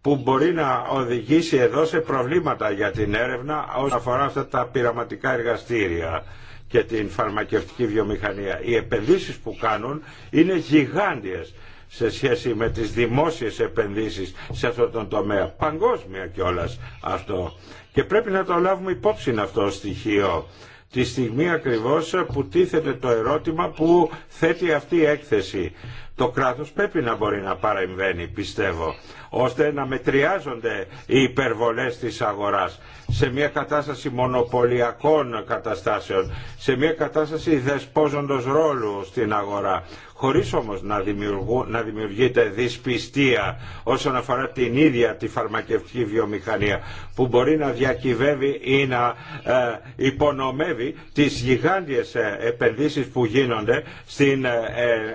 που μπορεί να οδηγήσει εδώ σε προβλήματα για την έρευνα όσον αφορά αυτά τα πειραματικά εργαστήρια και την φαρμακευτική βιομηχανία. Οι επενδύσεις που κάνουν είναι γιγάντιες σε σχέση με τις δημόσιες επενδύσεις σε αυτόν τον τομέα. Παγκόσμια κιόλας αυτό. Και πρέπει να το λάβουμε υπόψη αυτό το στοιχείο τη στιγμή ακριβώς που τίθεται το ερώτημα που θέτει αυτή η έκθεση. Το κράτος πρέπει να μπορεί να παρεμβαίνει, πιστεύω, ώστε να μετριάζονται οι υπερβολές της αγοράς σε μια κατάσταση μονοπωλιακών καταστάσεων, σε μια κατάσταση δεσπόζοντος ρόλου στην αγορά, χωρίς όμως να, να δημιουργείται δυσπιστία όσον αφορά την ίδια τη φαρμακευτική βιομηχανία που μπορεί να διακυβεύει ή να ε, υπονομεύει τις γιγάντιες ε, επενδύσεις που γίνονται στην ε,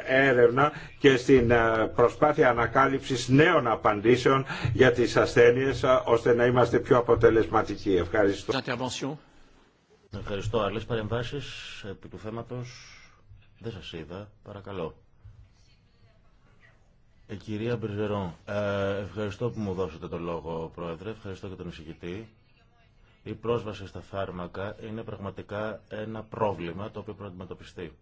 έρευνα και στην προσπάθεια ανακάλυψης νέων απαντήσεων για τις ασθένειες ώστε να είμαστε πιο αποτελεσματικοί. Ευχαριστώ. Ευχαριστώ. Άλλες παρεμβάσεις του θέματος. Δεν σας είδα. Παρακαλώ. Ε κυρία Μπριζερόν, ε, ευχαριστώ που μου δώσετε το λόγο, Πρόεδρε. Ευχαριστώ και τον εισηγητή. Η πρόσβαση στα φάρμακα είναι πραγματικά ένα πρόβλημα το οποίο πρέπει να αντιμετωπιστεί.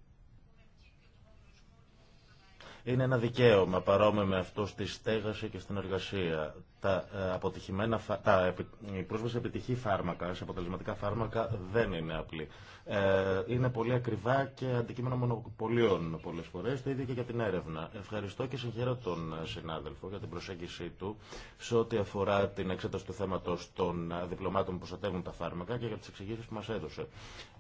Είναι ένα δικαίωμα παρόμοιο με αυτό στη στέγαση και στην εργασία τα ε, αποτυχημένα, τα, η πρόσβαση επιτυχή φάρμακα, σε αποτελεσματικά φάρμακα δεν είναι απλή. Ε, είναι πολύ ακριβά και αντικείμενα μονοπωλίων πολλές φορές, το ίδιο και για την έρευνα. Ευχαριστώ και συγχαίρω τον συνάδελφο για την προσέγγιση του σε ό,τι αφορά την εξέταση του θέματος των διπλωμάτων που προστατεύουν τα φάρμακα και για τις εξηγήσεις που μας έδωσε.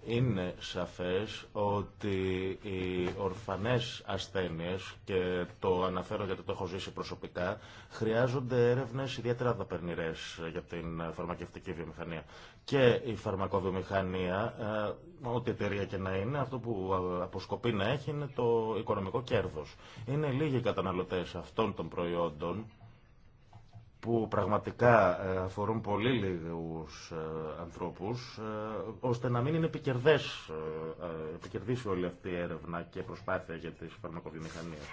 Είναι σαφές ότι οι ορφανές ασθένειες, και το αναφέρω γιατί το έχω ζήσει προσωπικά, χρειάζονται έρευνε ιδιαίτερα δαπερνηρέ ε, για την ε, φαρμακευτική βιομηχανία. Και η φαρμακοβιομηχανία, ε, ό,τι εταιρεία και να είναι, αυτό που αποσκοπεί να έχει είναι το οικονομικό κέρδο. Είναι λίγοι οι καταναλωτέ αυτών των προϊόντων που πραγματικά αφορούν πολύ λίγους ανθρώπους, ώστε να μην είναι επικερδές, επικερδίσει όλη αυτή η έρευνα και προσπάθεια για τις φαρμακοβιομηχανίες.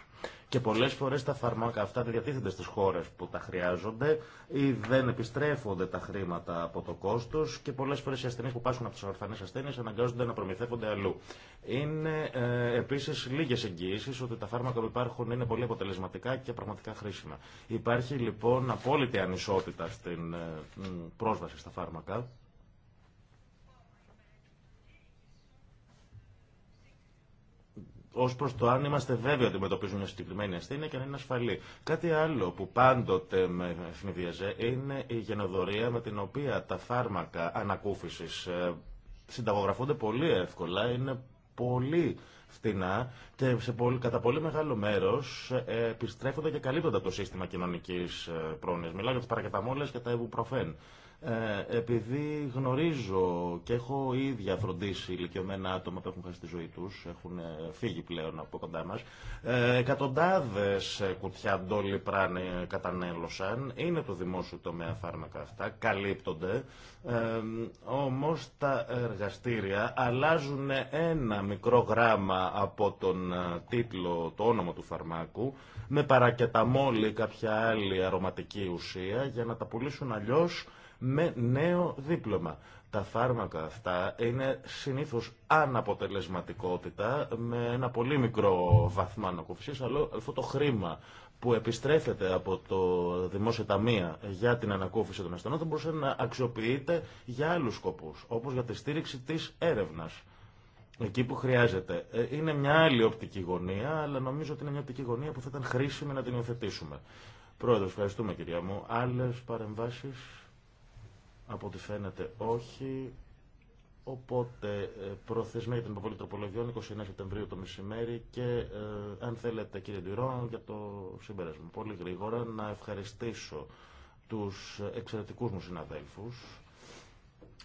Και πολλέ φορέ τα φάρμακα αυτά δεν διατίθενται στι χώρε που τα χρειάζονται ή δεν επιστρέφονται τα χρήματα από το κόστο και πολλέ φορέ οι ασθενεί που πάσχουν από τι ορφανέ ασθένειε αναγκάζονται να προμηθεύονται αλλού. Είναι ε, επίση λίγε εγγυήσει ότι τα φάρμακα που υπάρχουν είναι πολύ αποτελεσματικά και πραγματικά χρήσιμα. Υπάρχει λοιπόν απόλυτη ανισότητα στην ε, πρόσβαση στα φάρμακα ω προ το αν είμαστε βέβαιοι ότι αντιμετωπίζουν μια συγκεκριμένη ασθένεια και να είναι ασφαλή. Κάτι άλλο που πάντοτε με ευνηδίαζε είναι η γενοδορία με την οποία τα φάρμακα ανακούφιση ε, συνταγογραφούνται πολύ εύκολα, είναι πολύ φτηνά και σε πολύ, κατά πολύ μεγάλο μέρο ε, επιστρέφονται και καλύπτονται από το σύστημα κοινωνική ε, πρόνοια. Μιλάω για τι παρακεταμόλε και τα ευουπροφέν. Ε, επειδή γνωρίζω και έχω ήδη φροντίσει ηλικιωμένα άτομα που έχουν χάσει ζωή τους, έχουν ε, φύγει πλέον από κοντά μας, ε, εκατοντάδες ε, κουτιά ντόλι κατανέλωσαν, είναι το δημόσιο τομέα φάρμακα αυτά, καλύπτονται, ε, όμως τα εργαστήρια αλλάζουν ένα μικρό γράμμα από τον τίτλο, το όνομα του φαρμάκου, με παρακεταμόλη κάποια άλλη αρωματική ουσία για να τα πουλήσουν αλλιώς με νέο δίπλωμα. Τα φάρμακα αυτά είναι συνήθως αναποτελεσματικότητα με ένα πολύ μικρό βαθμό ανακούφισης, αλλά αυτό το χρήμα που επιστρέφεται από το δημόσιο ταμείο για την ανακούφιση των ασθενών θα μπορούσε να αξιοποιείται για άλλους σκοπούς, όπως για τη στήριξη της έρευνας. Εκεί που χρειάζεται. Ε, είναι μια άλλη οπτική γωνία, αλλά νομίζω ότι είναι μια οπτική γωνία που θα ήταν χρήσιμη να την υιοθετήσουμε. Πρόεδρος, ευχαριστούμε κυρία μου. Άλλε παρεμβάσει. Από ό,τι φαίνεται όχι. Οπότε ε, προθεσμία για την υποβολή τροπολογιών 29 Σεπτεμβρίου το μεσημέρι και ε, αν θέλετε κύριε Ντυρό για το συμπέρασμα. Πολύ γρήγορα να ευχαριστήσω τους εξαιρετικούς μου συναδέλφους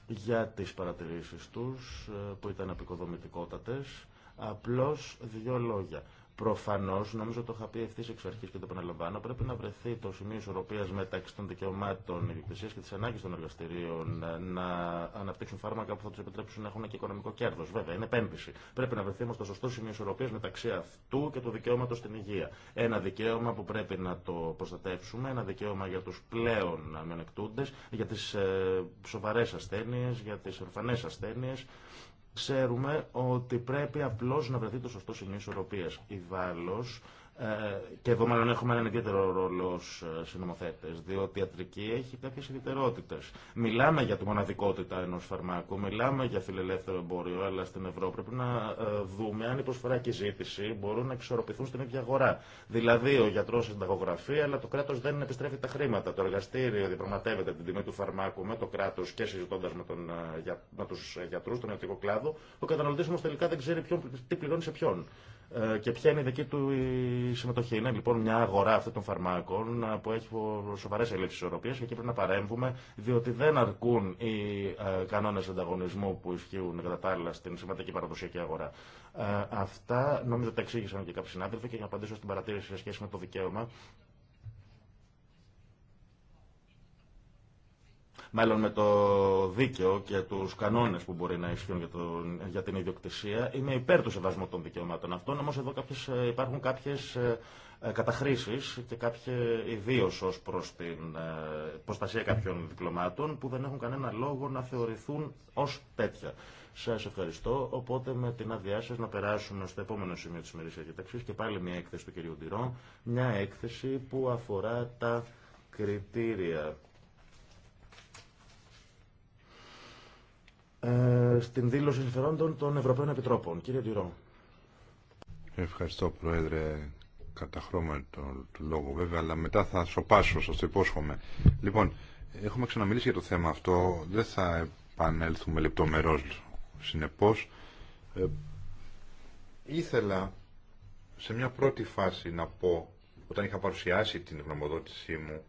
για τις παρατηρήσεις τους ε, που ήταν απεικοδομητικότατες. Απλώς δύο λόγια. Προφανώ, νομίζω το είχα πει ευθύ εξ αρχή και το επαναλαμβάνω, πρέπει να βρεθεί το σημείο ισορροπία μεταξύ των δικαιωμάτων ιδιοκτησία και τη ανάγκη των εργαστηρίων ε, να αναπτύξουν φάρμακα που θα του επιτρέψουν να έχουν και οικονομικό κέρδο. Βέβαια, είναι επένδυση. Πρέπει να βρεθεί όμω το σωστό σημείο ισορροπία μεταξύ αυτού και του δικαιώματο στην υγεία. Ένα δικαίωμα που πρέπει να το προστατεύσουμε, ένα δικαίωμα για του πλέον μειονεκτούντε, για τι ε, σοβαρέ ασθένειε, για τι εμφανέ ασθένειε Ξέρουμε ότι πρέπει απλώς να βρεθεί το σωστό σημείο ισορροπίας. Η Βάλος ε, και εδώ μάλλον έχουμε έναν ιδιαίτερο ρόλο ως ε, συνομοθέτες, διότι η ιατρική έχει κάποιε ιδιαιτερότητε. Μιλάμε για τη μοναδικότητα ενός φαρμάκου, μιλάμε για φιλελεύθερο εμπόριο, αλλά στην Ευρώπη πρέπει να ε, δούμε αν η προσφορά και η ζήτηση μπορούν να εξορροπηθούν στην ίδια αγορά. Δηλαδή, ο γιατρό συνταγογραφεί, αλλά το κράτος δεν επιστρέφει τα χρήματα. Το εργαστήριο διαπραγματεύεται την τιμή του φαρμάκου με το κράτο και συζητώντα με, τον, με του γιατρού, τον ιατρικό κλάδο. Ο καταναλωτής όμως τελικά δεν ξέρει ποιον, τι πληρώνει σε ποιον. Ε, και ποια είναι η δική του η συμμετοχή. Είναι λοιπόν μια αγορά αυτών των φαρμάκων ε, που έχει σοβαρέ ελλείψει ισορροπία και εκεί πρέπει να παρέμβουμε, διότι δεν αρκούν οι ε, κανόνε ανταγωνισμού που ισχύουν κατά τα άλλα στην σημαντική παραδοσιακή αγορά. Αυτά νομίζω τα εξήγησαν και κάποιοι συνάδελφοι και για να απαντήσω στην παρατήρηση σε σχέση με το δικαίωμα μάλλον με το δίκαιο και του κανόνε που μπορεί να ισχύουν για, τον, για την ιδιοκτησία. Είμαι υπέρ του σεβασμού των δικαιωμάτων αυτών, όμω εδώ ε, υπάρχουν κάποιε ε, καταχρήσει και κάποια ιδίω ω προ την ε, προστασία κάποιων διπλωμάτων που δεν έχουν κανένα λόγο να θεωρηθούν ω τέτοια. Σα ευχαριστώ. Οπότε με την άδειά σα να περάσουμε στο επόμενο σημείο τη ημερήσια διαταξή και πάλι μια έκθεση του κ. Ντυρό. Μια έκθεση που αφορά τα κριτήρια Ε, στην δήλωση συμφερόντων των Ευρωπαίων Επιτρόπων. Κύριε Τυρό. Ευχαριστώ Πρόεδρε κατά χρώμα του βέβαια, αλλά μετά θα σοπάσω, σας το υπόσχομαι. Λοιπόν, έχουμε ξαναμιλήσει για το θέμα αυτό, δεν θα επανέλθουμε λεπτομερώς συνεπώς. Ε, ήθελα σε μια πρώτη φάση να πω, όταν είχα παρουσιάσει την γνωμοδότησή μου,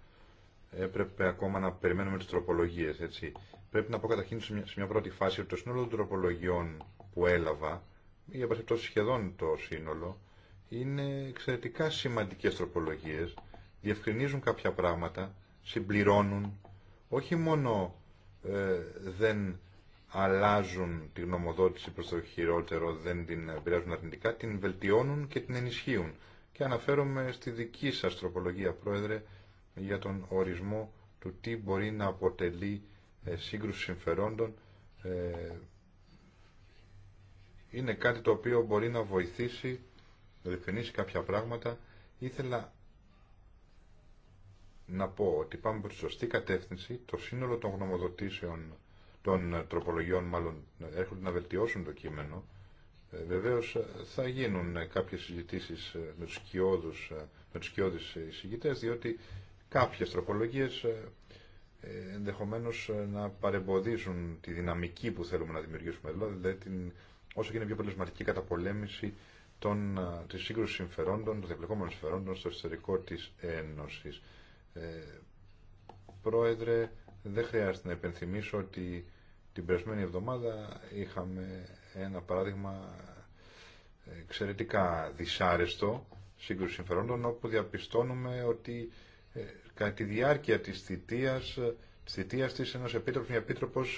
έπρεπε ακόμα να περιμένουμε τις τροπολογίες, έτσι. Πρέπει να πω καταρχήν σε μια, μια πρώτη φάση ότι το σύνολο των τροπολογιών που έλαβα, ή αυτό σχεδόν το σύνολο, είναι εξαιρετικά σημαντικές τροπολογίες, διευκρινίζουν κάποια πράγματα, συμπληρώνουν, όχι μόνο ε, δεν αλλάζουν τη γνωμοδότηση προς το χειρότερο, δεν την επηρεάζουν αρνητικά, την βελτιώνουν και την ενισχύουν. Και αναφέρομαι στη δική σας τροπολογία, Πρόεδρε, για τον ορισμό του τι μπορεί να αποτελεί ε, σύγκρουση συμφερόντων ε, είναι κάτι το οποίο μπορεί να βοηθήσει να διευκρινίσει κάποια πράγματα. Ήθελα να πω ότι πάμε προς τη σωστή κατεύθυνση. Το σύνολο των γνωμοδοτήσεων των τροπολογιών μάλλον έρχονται να βελτιώσουν το κείμενο. Ε, βεβαίως θα γίνουν κάποιες συζητήσεις με τους κοιόδους, με διότι κάποιες τροπολογίες ε, ενδεχομένως ε, να παρεμποδίζουν τη δυναμική που θέλουμε να δημιουργήσουμε εδώ, δηλαδή την, όσο γίνεται πιο πολεσματική καταπολέμηση των, ε, της σύγκρουση συμφερόντων, των διαπλεκόμενων συμφερόντων στο εσωτερικό της Ένωσης. Ε, πρόεδρε, δεν χρειάζεται να υπενθυμίσω ότι την περασμένη εβδομάδα είχαμε ένα παράδειγμα εξαιρετικά δυσάρεστο σύγκρουση συμφερόντων, όπου διαπιστώνουμε ότι κατά τη διάρκεια της θητείας, ε, της θητείας της ενός επίτροπος, μια επίτροπος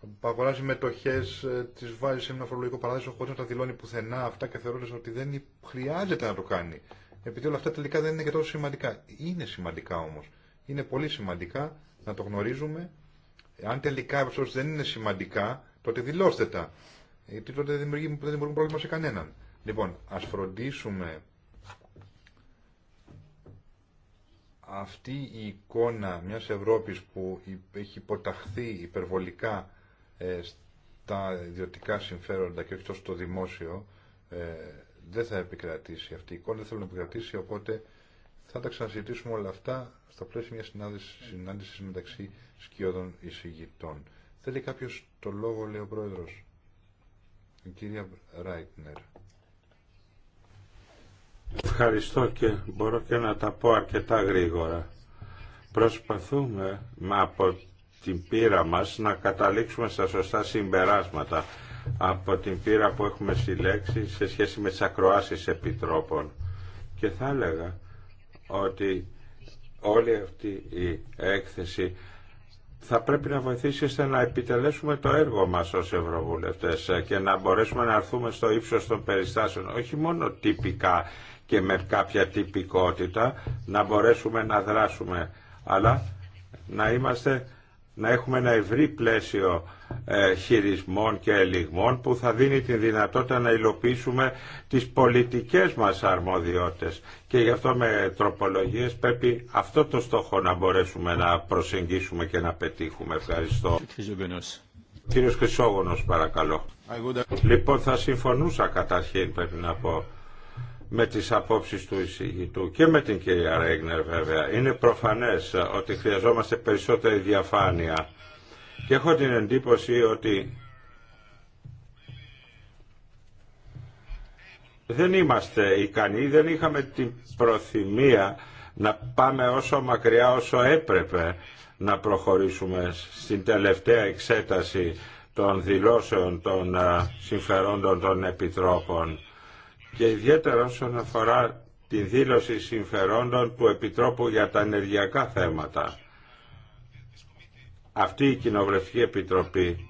που ε, αγοράζει μετοχές, ε, τις βάζει σε ένα φορολογικό παράδεισο χωρίς να τα δηλώνει πουθενά αυτά και θεωρώντας ότι δεν χρειάζεται να το κάνει. Επειδή όλα αυτά τελικά δεν είναι και τόσο σημαντικά. Είναι σημαντικά όμως. Είναι πολύ σημαντικά να το γνωρίζουμε. Αν τελικά δεν είναι σημαντικά, τότε δηλώστε τα. Γιατί τότε δεν δημιουργούμε πρόβλημα σε κανέναν. Λοιπόν, ας φροντίσουμε αυτή η εικόνα μιας Ευρώπης που έχει υποταχθεί υπερβολικά ε, στα ιδιωτικά συμφέροντα και όχι τόσο στο δημόσιο ε, δεν θα επικρατήσει αυτή η εικόνα, δεν θέλω να επικρατήσει οπότε θα τα ξαναζητήσουμε όλα αυτά στα πλαίσια μιας συνάντησης μεταξύ σκιώδων εισηγητών. Θέλει κάποιος το λόγο, λέει ο Πρόεδρος. Η κυρία Ράιτνερ. Ευχαριστώ και μπορώ και να τα πω αρκετά γρήγορα. Προσπαθούμε από την πείρα μας να καταλήξουμε στα σωστά συμπεράσματα από την πείρα που έχουμε συλλέξει σε σχέση με τις ακροάσεις επιτρόπων. Και θα έλεγα ότι όλη αυτή η έκθεση θα πρέπει να βοηθήσει ώστε να επιτελέσουμε το έργο μας ως Ευρωβουλευτές και να μπορέσουμε να έρθουμε στο ύψος των περιστάσεων, όχι μόνο τυπικά και με κάποια τυπικότητα να μπορέσουμε να δράσουμε. Αλλά να, είμαστε, να έχουμε ένα ευρύ πλαίσιο ε, χειρισμών και ελιγμών που θα δίνει τη δυνατότητα να υλοποιήσουμε τις πολιτικές μας αρμοδιότητες και γι' αυτό με τροπολογίες πρέπει αυτό το στόχο να μπορέσουμε να προσεγγίσουμε και να πετύχουμε. Ευχαριστώ. Κύριος Χρυσόγονος παρακαλώ. Λοιπόν θα συμφωνούσα καταρχήν πρέπει να πω με τις απόψεις του εισηγητού και με την κυρία Ρέγνερ βέβαια. Είναι προφανές ότι χρειαζόμαστε περισσότερη διαφάνεια και έχω την εντύπωση ότι δεν είμαστε ικανοί, δεν είχαμε την προθυμία να πάμε όσο μακριά όσο έπρεπε να προχωρήσουμε στην τελευταία εξέταση των δηλώσεων των συμφερόντων των επιτρόπων και ιδιαίτερα όσον αφορά τη δήλωση συμφερόντων του Επιτρόπου για τα ενεργειακά θέματα. Αυτή η Κοινοβουλευτική Επιτροπή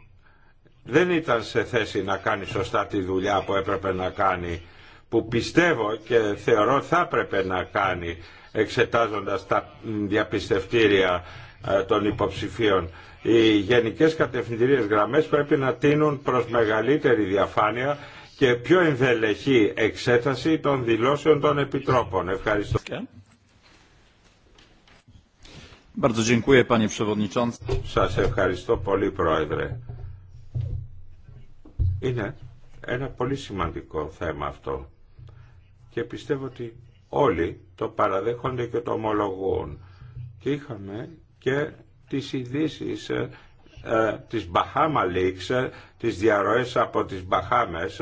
δεν ήταν σε θέση να κάνει σωστά τη δουλειά που έπρεπε να κάνει, που πιστεύω και θεωρώ θα έπρεπε να κάνει, εξετάζοντας τα διαπιστευτήρια ε, των υποψηφίων. Οι γενικές κατευθυντηρίες γραμμές πρέπει να τίνουν προς μεγαλύτερη διαφάνεια και πιο ενδελεχή εξέταση των δηλώσεων των επιτρόπων. Ευχαριστώ. Σας ευχαριστώ πολύ, Πρόεδρε. Είναι ένα πολύ σημαντικό θέμα αυτό και πιστεύω ότι όλοι το παραδέχονται και το ομολογούν. Και είχαμε και τις ειδήσει ε, ε, της Bahama Leaks, ε, τις διαρροές από τις Μπαχάμες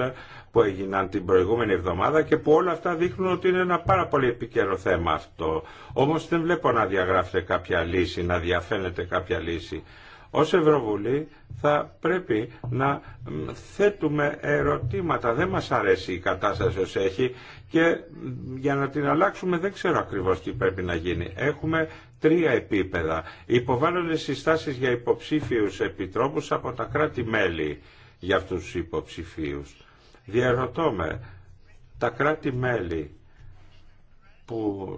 που έγιναν την προηγούμενη εβδομάδα και που όλα αυτά δείχνουν ότι είναι ένα πάρα πολύ επικαιρό θέμα αυτό. Όμως δεν βλέπω να διαγράφεται κάποια λύση, να διαφαίνεται κάποια λύση ως Ευρωβουλή θα πρέπει να θέτουμε ερωτήματα. Δεν μας αρέσει η κατάσταση ως έχει και για να την αλλάξουμε δεν ξέρω ακριβώς τι πρέπει να γίνει. Έχουμε τρία επίπεδα. Υποβάλλονται συστάσεις για υποψήφιους επιτρόπους από τα κράτη-μέλη για αυτούς τους υποψηφίους. Διαρωτώ με, τα κράτη-μέλη που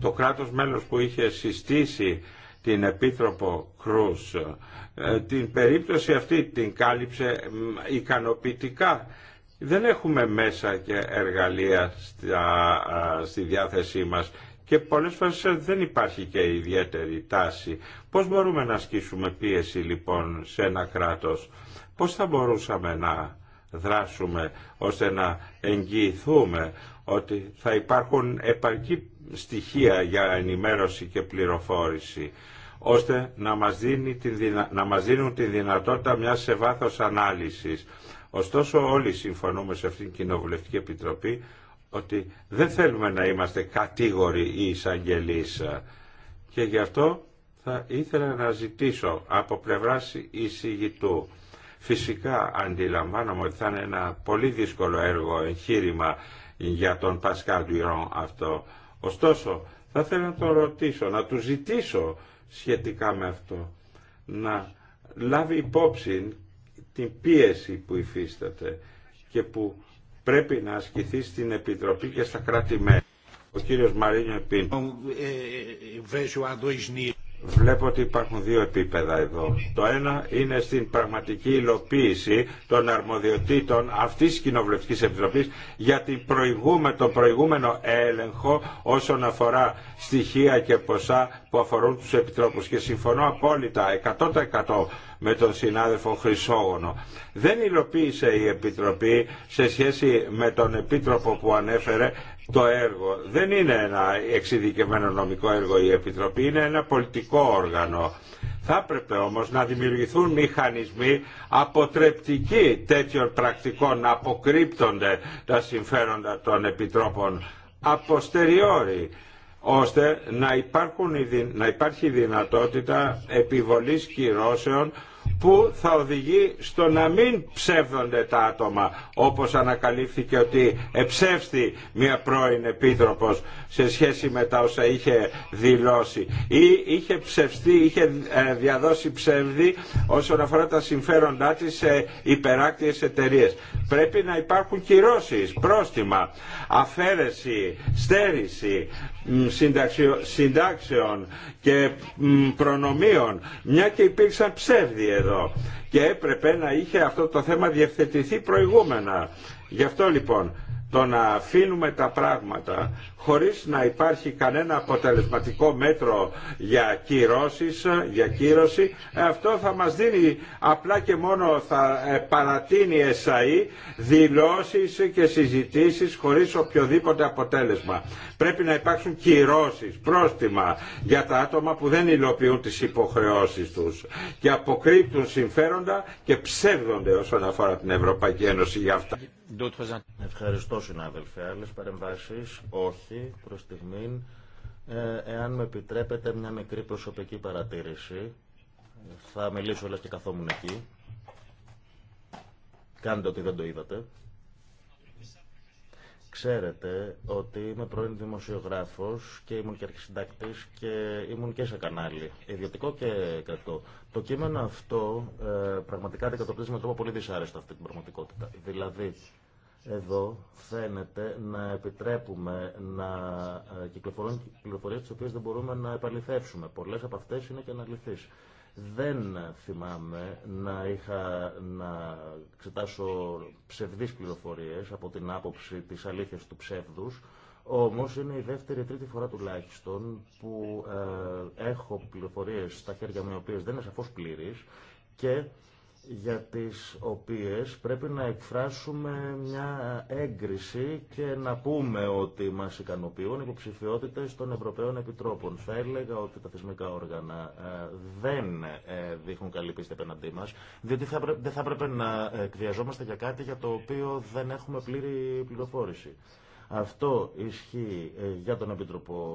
το κράτος μέλος που είχε συστήσει την Επίτροπο Κρούς. Ε, την περίπτωση αυτή την κάλυψε ικανοποιητικά. Δεν έχουμε μέσα και εργαλεία στα, στη διάθεσή μας και πολλές φορές ε, δεν υπάρχει και ιδιαίτερη τάση. Πώς μπορούμε να ασκήσουμε πίεση λοιπόν σε ένα κράτος. Πώς θα μπορούσαμε να δράσουμε ώστε να εγγυηθούμε ότι θα υπάρχουν επαρκή στοιχεία για ενημέρωση και πληροφόρηση ώστε να μας, δίνει τη να μας δίνουν τη δυνατότητα μιας σε βάθος ανάλυσης. Ωστόσο όλοι συμφωνούμε σε αυτήν την Κοινοβουλευτική Επιτροπή ότι δεν θέλουμε να είμαστε κατήγοροι ή εισαγγελείς και γι' αυτό θα ήθελα να ζητήσω από πλευράς εισηγητού. Φυσικά αντιλαμβάνομαι ότι θα είναι ένα πολύ δύσκολο έργο, εγχείρημα για τον Πασκάλ Ντουιρόν αυτό. Ωστόσο, θα ήθελα να τον ναι. ρωτήσω, να του ζητήσω σχετικά με αυτό, να λάβει υπόψη την πίεση που υφίσταται και που πρέπει να ασκηθεί στην Επιτροπή και στα κράτη-μέλη. Ο κύριος Μαρίνιο Πίν. Ε, ε, ε, Βλέπω ότι υπάρχουν δύο επίπεδα εδώ. Το ένα είναι στην πραγματική υλοποίηση των αρμοδιοτήτων αυτής της Κοινοβουλευτική Επιτροπής για την τον προηγούμενο έλεγχο όσον αφορά στοιχεία και ποσά που αφορούν τους Επιτρόπους Και συμφωνώ απόλυτα 100% με τον συνάδελφο Χρυσόγωνο. Δεν υλοποίησε η Επιτροπή σε σχέση με τον Επίτροπο που ανέφερε το έργο δεν είναι ένα εξειδικευμένο νομικό έργο η Επιτροπή, είναι ένα πολιτικό όργανο. Θα έπρεπε όμως να δημιουργηθούν μηχανισμοί αποτρεπτικοί τέτοιων πρακτικών να αποκρύπτονται τα συμφέροντα των Επιτρόπων αποστεριόρι ώστε να, υπάρχουν, να υπάρχει δυνατότητα επιβολής κυρώσεων που θα οδηγεί στο να μην ψεύδονται τα άτομα όπως ανακαλύφθηκε ότι εψεύστη μια πρώην επίτροπος σε σχέση με τα όσα είχε δηλώσει ή είχε ψευστεί, είχε ε, διαδώσει ψεύδι όσον αφορά τα συμφέροντά της σε υπεράκτιες εταιρείε. Πρέπει να υπάρχουν κυρώσεις, πρόστιμα, αφαίρεση, στέρηση συντάξεων και προνομίων μια και υπήρξαν ψεύδι εδώ και έπρεπε να είχε αυτό το θέμα διευθετηθεί προηγούμενα. Γι' αυτό λοιπόν το να αφήνουμε τα πράγματα χωρίς να υπάρχει κανένα αποτελεσματικό μέτρο για κυρώσεις, για κύρωση, ε, αυτό θα μας δίνει απλά και μόνο θα ε, παρατείνει εσαΐ δηλώσεις και συζητήσεις χωρίς οποιοδήποτε αποτέλεσμα. Πρέπει να υπάρξουν κυρώσεις, πρόστιμα για τα άτομα που δεν υλοποιούν τις υποχρεώσεις τους και αποκρύπτουν συμφέροντα και ψεύδονται όσον αφορά την Ευρωπαϊκή Ένωση για αυτά. Ευχαριστώ συνάδελφε. Άλλε παρεμβάσει όχι προ στιγμή. Ε, εάν με επιτρέπετε μια μικρή προσωπική παρατήρηση, θα μιλήσω όλε και καθόμουν εκεί. Κάντε ότι δεν το είδατε. Ξέρετε ότι είμαι πρώην δημοσιογράφος και ήμουν και αρχισυντάκτης και ήμουν και σε κανάλι, ιδιωτικό και κρατικό. Το κείμενο αυτό ε, πραγματικά αντικατοπτρίζει με τρόπο πολύ δυσάρεστο αυτή την πραγματικότητα. Δηλαδή, εδώ φαίνεται να επιτρέπουμε να ε, κυκλοφορούν πληροφορίες τις οποίες δεν μπορούμε να επαληθεύσουμε. Πολλές από αυτές είναι και αναλυθείς. Δεν θυμάμαι να είχα να εξετάσω ψευδείς πληροφορίες από την άποψη της αλήθειας του ψεύδους, όμως είναι η δεύτερη ή τρίτη φορά τουλάχιστον που ε, έχω πληροφορίες στα χέρια μου οι οποίες δεν είναι σαφώς πλήρεις και για τις οποίες πρέπει να εκφράσουμε μια έγκριση και να πούμε ότι μας ικανοποιούν υποψηφιότητε των Ευρωπαίων Επιτρόπων. Θα έλεγα ότι τα θεσμικά όργανα ε, δεν ε, δείχνουν καλή πίστη απέναντί μας, διότι δεν θα έπρεπε να εκβιαζόμαστε για κάτι για το οποίο δεν έχουμε πλήρη πληροφόρηση. Αυτό ισχύει ε, για τον Επίτροπο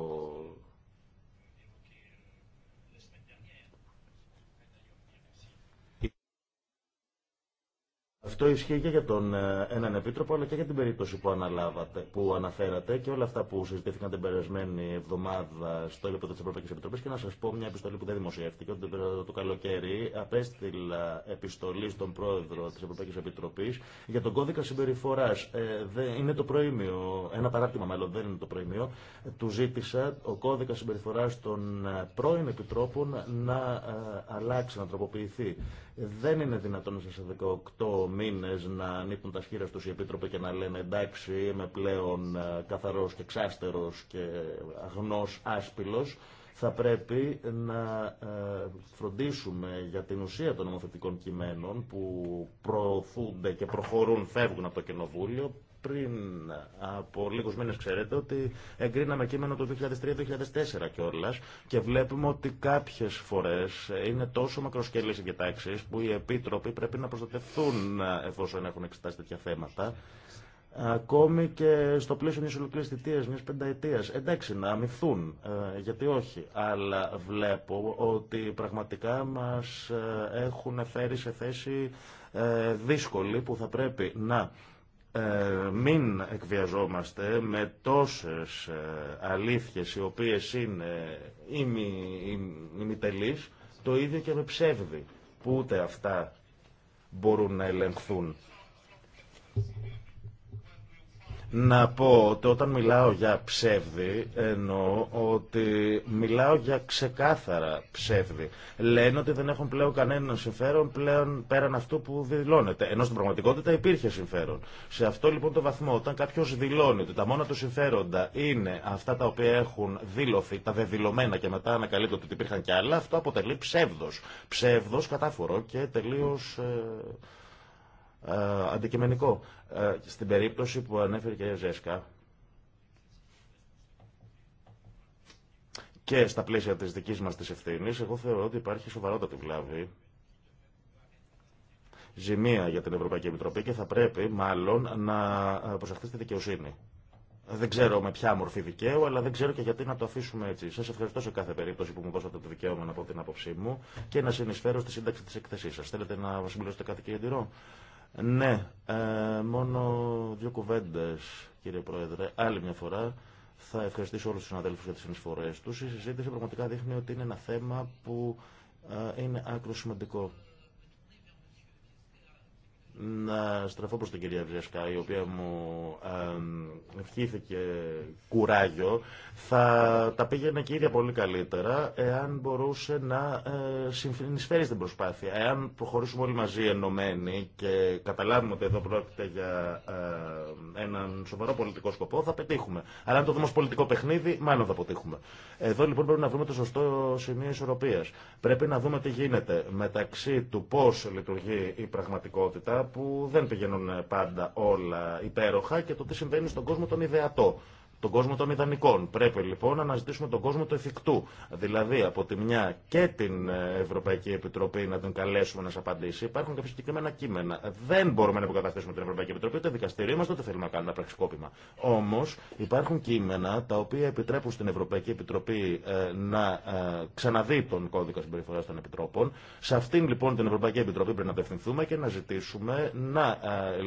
Αυτό ισχύει και για τον ε, έναν επίτροπο, αλλά και για την περίπτωση που, αναλάβατε, που αναφέρατε και όλα αυτά που συζητήθηκαν την περασμένη εβδομάδα στο επίπεδο τη Ευρωπαϊκή Επιτροπή. Και να σα πω μια επιστολή που δεν δημοσιεύτηκε. Ότι το καλοκαίρι απέστειλα επιστολή στον πρόεδρο τη Ευρωπαϊκή Επιτροπή για τον κώδικα συμπεριφορά. Ε, είναι το προήμιο, ένα παράρτημα μάλλον, δεν είναι το προήμιο. Ε, του ζήτησα ο κώδικα συμπεριφορά των πρώην επιτρόπων να αλλάξει, να τροποποιηθεί δεν είναι δυνατόν σε 18 μήνες να ανοίγουν τα σχήρα του οι επίτροποι και να λένε εντάξει είμαι πλέον ε, καθαρός και ξάστερος και αγνός άσπυλο. Θα πρέπει να ε, φροντίσουμε για την ουσία των νομοθετικών κειμένων που προωθούνται και προχωρούν, φεύγουν από το Κοινοβούλιο, πριν από λίγου μήνε, ξέρετε, ότι εγκρίναμε κείμενο το 2003-2004 κιόλα και βλέπουμε ότι κάποιε φορέ είναι τόσο μακροσκελής η κοιτάξει που οι επίτροποι πρέπει να προστατευτούν εφόσον έχουν εξετάσει τέτοια θέματα. Ακόμη και στο πλαίσιο μια ολοκλήρωση θητεία, μια πενταετία. Εντάξει, να αμυθούν, ε, γιατί όχι. Αλλά βλέπω ότι πραγματικά μα ε, έχουν φέρει σε θέση ε, δύσκολη που θα πρέπει να ε, μην εκβιαζόμαστε με τόσες ε, αλήθειες οι οποίες είναι ημιτελείς, το ίδιο και με ψεύδι, που ούτε αυτά μπορούν να ελεγχθούν. Να πω ότι όταν μιλάω για ψεύδι, εννοώ ότι μιλάω για ξεκάθαρα ψεύδι. Λένε ότι δεν έχουν πλέον κανένα συμφέρον πλέον πέραν αυτού που δηλώνεται. Ενώ στην πραγματικότητα υπήρχε συμφέρον. Σε αυτό λοιπόν το βαθμό, όταν κάποιο δηλώνει ότι τα μόνα του συμφέροντα είναι αυτά τα οποία έχουν δήλωθει, τα δεδηλωμένα και μετά ανακαλύπτω ότι υπήρχαν κι άλλα, αυτό αποτελεί ψεύδο. Ψεύδο κατάφορο και τελείω. Ε, ε, αντικειμενικό. Ε, στην περίπτωση που ανέφερε και η Ζέσκα και στα πλαίσια της δικής μας της ευθύνης, εγώ θεωρώ ότι υπάρχει σοβαρότατη βλάβη ζημία για την Ευρωπαϊκή Επιτροπή και θα πρέπει μάλλον να προσεχθεί στη δικαιοσύνη. Δεν ξέρω με ποια μορφή δικαίου, αλλά δεν ξέρω και γιατί να το αφήσουμε έτσι. Σα ευχαριστώ σε κάθε περίπτωση που μου δώσατε το δικαίωμα να πω την άποψή μου και να συνεισφέρω στη σύνταξη τη εκθεσή σα. Θέλετε να συμπληρώσετε κάτι, κύριε ναι, ε, μόνο δύο κουβέντε, κύριε Πρόεδρε. Άλλη μια φορά θα ευχαριστήσω όλου του συναδέλφου για τι συνεισφορέ του. Η συζήτηση πραγματικά δείχνει ότι είναι ένα θέμα που ε, είναι άκρο σημαντικό να στραφώ προς την κυρία Βριασκά, η οποία μου ευχήθηκε κουράγιο, θα τα πήγαινε και ίδια πολύ καλύτερα εάν μπορούσε ε, να συνεισφέρει στην προσπάθεια. Εάν προχωρήσουμε όλοι μαζί ενωμένοι και καταλάβουμε ότι εδώ πρόκειται για ε, έναν σοβαρό πολιτικό σκοπό, θα πετύχουμε. Αλλά αν το δούμε ως πολιτικό παιχνίδι, μάλλον θα αποτύχουμε. Εδώ λοιπόν πρέπει να βρούμε το σωστό σημείο ισορροπίας. Πρέπει να δούμε τι γίνεται μεταξύ του πώς λειτουργεί η πραγματικότητα, που δεν πηγαίνουν πάντα όλα υπέροχα και το τι συμβαίνει στον κόσμο τον ιδεατό τον κόσμο των ιδανικών. Πρέπει λοιπόν να αναζητήσουμε τον κόσμο του εφικτού. Δηλαδή από τη μια και την ε, Ευρωπαϊκή Επιτροπή να την καλέσουμε να σα απαντήσει. Υπάρχουν κάποια συγκεκριμένα κείμενα. Δεν μπορούμε να υποκαταστήσουμε την Ευρωπαϊκή Επιτροπή, ούτε δικαστηρίο μα, ούτε θέλουμε να κάνουμε ένα πραξικόπημα. Όμω υπάρχουν κείμενα τα οποία επιτρέπουν στην Ευρωπαϊκή Επιτροπή ε, να ε, ξαναδεί τον κώδικα συμπεριφορά των επιτρόπων. Σε αυτήν λοιπόν την Ευρωπαϊκή Επιτροπή πρέπει να απευθυνθούμε και να ζητήσουμε να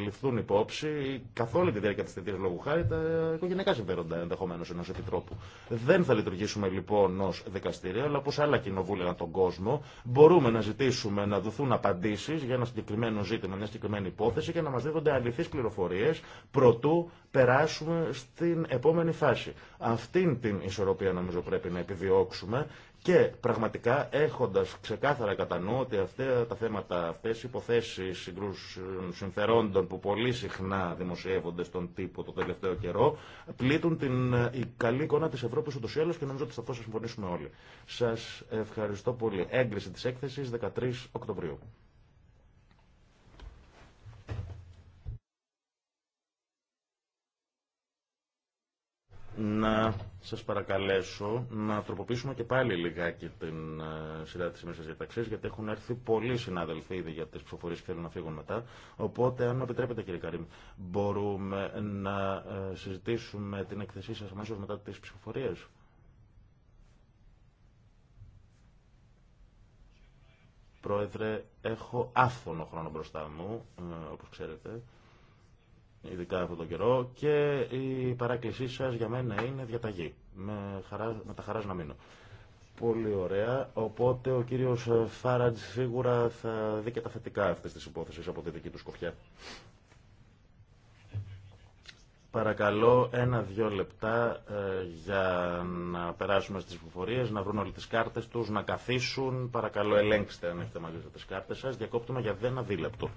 ληφθούν υπόψη καθ' όλη τη διάρκεια τη θητεία λόγου χάρη τα οικογενειακά συμφέροντα ενδεχομένω ενό επιτρόπου. Δεν θα λειτουργήσουμε λοιπόν ω δικαστήριο, αλλά όπω άλλα κοινοβούλια ανά τον κόσμο, μπορούμε να ζητήσουμε να δοθούν απαντήσει για ένα συγκεκριμένο ζήτημα, μια συγκεκριμένη υπόθεση και να μα δίδονται αληθεί πληροφορίε προτού περάσουμε στην επόμενη φάση. Αυτήν την ισορροπία νομίζω πρέπει να επιδιώξουμε και πραγματικά έχοντα ξεκάθαρα κατά νου ότι αυτά τα θέματα, αυτέ οι υποθέσει συγκρούσεων συμφερόντων που πολύ συχνά δημοσιεύονται στον τύπο το τελευταίο καιρό, πλήττουν την η καλή εικόνα τη Ευρώπη ούτω ή άλλω και νομίζω ότι σε αυτό θα συμφωνήσουμε όλοι. Σα ευχαριστώ πολύ. Έγκριση τη έκθεση 13 Οκτωβρίου. να σας παρακαλέσω να τροποποιήσουμε και πάλι λιγάκι την ε, σειρά της ημέρας διαταξής, γιατί έχουν έρθει πολλοί συνάδελφοι ήδη για τις ψηφοφορίες και θέλουν να φύγουν μετά. Οπότε, αν με επιτρέπετε κύριε Καρύμ, μπορούμε να ε, συζητήσουμε την εκθεσή σας αμέσω μετά τις ψηφοφορίες. Πρόεδρε, έχω άφθονο χρόνο μπροστά μου, ε, όπως ξέρετε ειδικά αυτόν τον καιρό και η παράκλησή σας για μένα είναι διαταγή. Με, χαρά, με τα χαρά να μείνω. Πολύ ωραία. Οπότε ο κύριος Φάραντ σίγουρα θα δει και τα θετικά αυτή τη υπόθεση από τη δική του σκοπιά. Παρακαλώ ένα-δυο λεπτά ε, για να περάσουμε στις ψηφοφορίες, να βρουν όλες τις κάρτες τους, να καθίσουν. Παρακαλώ ελέγξτε αν έχετε μαζί τις κάρτες σας. Διακόπτουμε για δένα δίλεπτο.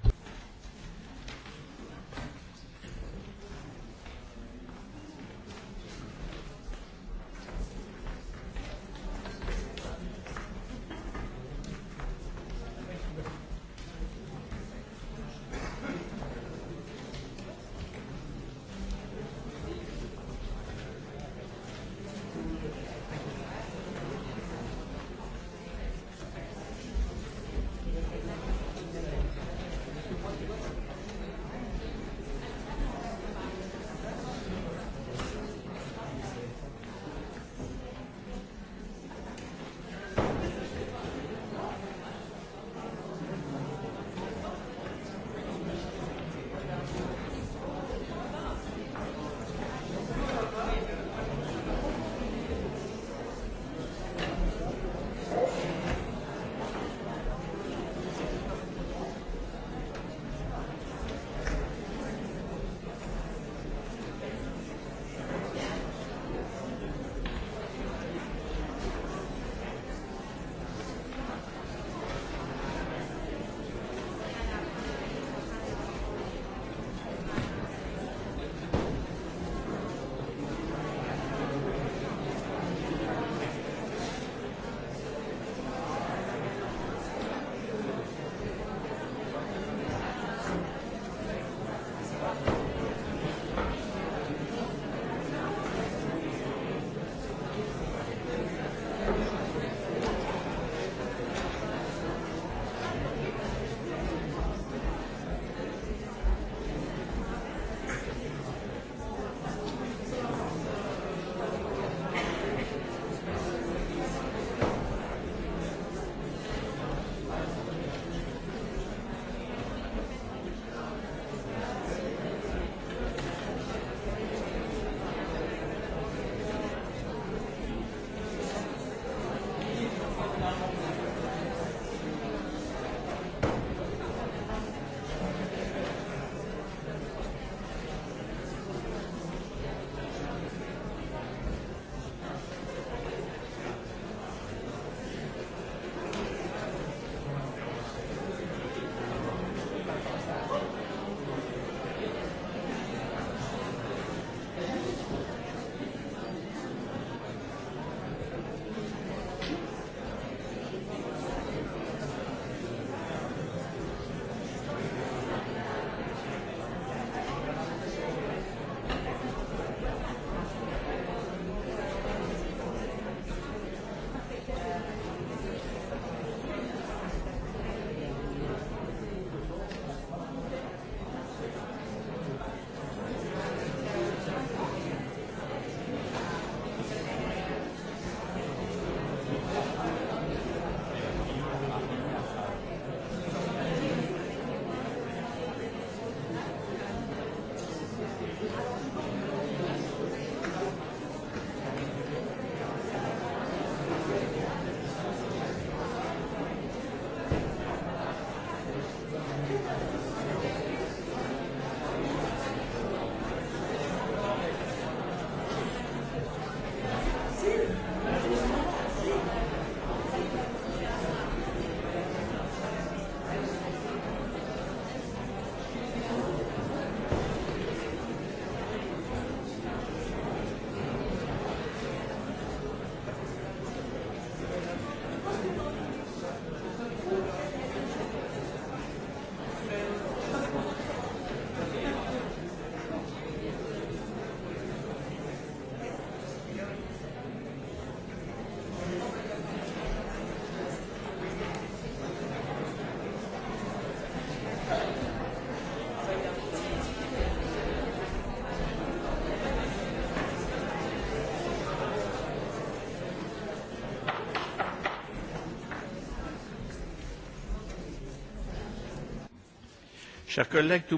Συνάδελφοι,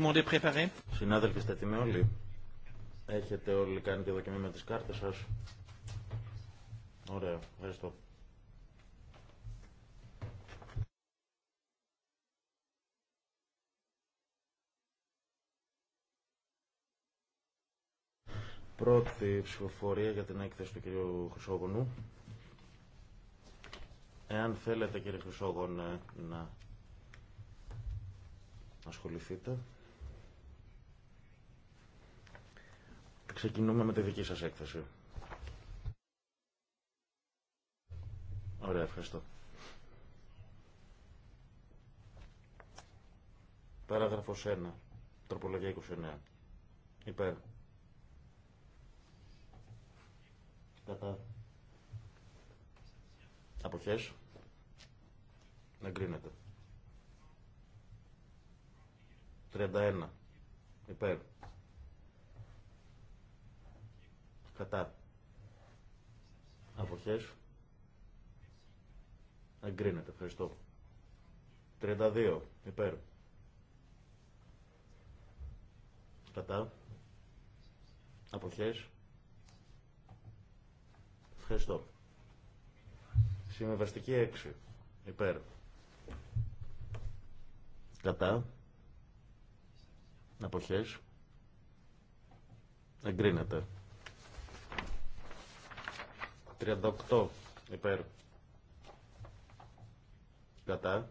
είστε έτοιμοι όλοι. Έχετε όλοι κάνει τη δοκιμή με τις κάρτες σας. Ωραία, ευχαριστώ. Πρώτη ψηφοφορία για την έκθεση του κυρίου Χρυσόγονου. Εάν θέλετε κύριε Χρυσόγονε να ασχοληθείτε. Ξεκινούμε με τη δική σας έκθεση. Ωραία, ευχαριστώ. Παράγραφος 1. Τροπολογία 29. Υπέρ. Κατά. Αποχές. Εγκρίνεται. 31. Υπέρ. Κατά. Αποχές. Εγκρίνεται. Ευχαριστώ. 32. Υπέρ. Κατά. Αποχές. Ευχαριστώ. Συμμεβαστική 6. Υπέρ. Κατά εποχές Εγκρίνεται. 38 υπέρ. Κατά.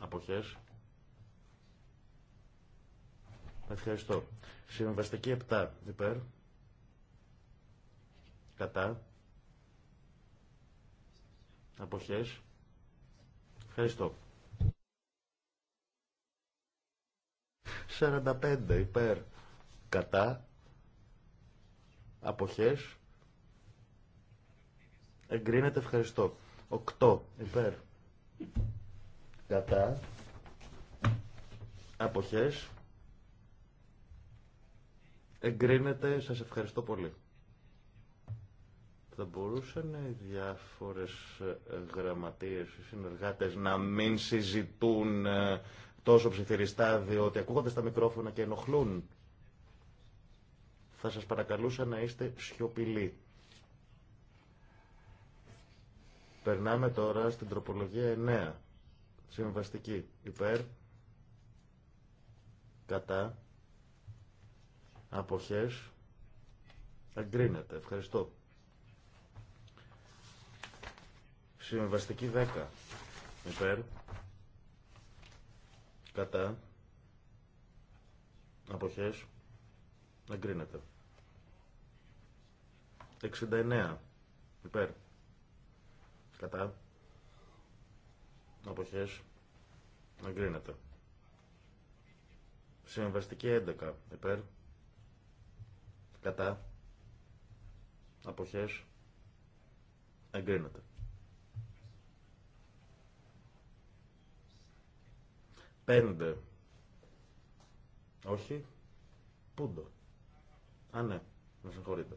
Αποχές. Ευχαριστώ. Συμβαστική 7 υπέρ. Κατά. Αποχές. Ευχαριστώ. 45 υπέρ κατά αποχές εγκρίνεται ευχαριστώ 8 υπέρ κατά αποχές εγκρίνεται σας ευχαριστώ πολύ θα μπορούσαν οι διάφορες ε, γραμματείες, οι συνεργάτες να μην συζητούν ε, τόσο ψιθυριστά διότι ακούγονται στα μικρόφωνα και ενοχλούν. Θα σας παρακαλούσα να είστε σιωπηλοί. Περνάμε τώρα στην τροπολογία 9. Συμβαστική υπέρ, κατά, αποχές, εγκρίνεται. Ευχαριστώ. Συμβαστική 10. Υπέρ, κατά αποχές εγκρίνεται 69 υπέρ κατά αποχές εγκρίνεται συμβαστική 11 υπέρ κατά αποχές εγκρίνεται Πέντε. Όχι. Πούντο. Α, ναι. Με συγχωρείτε.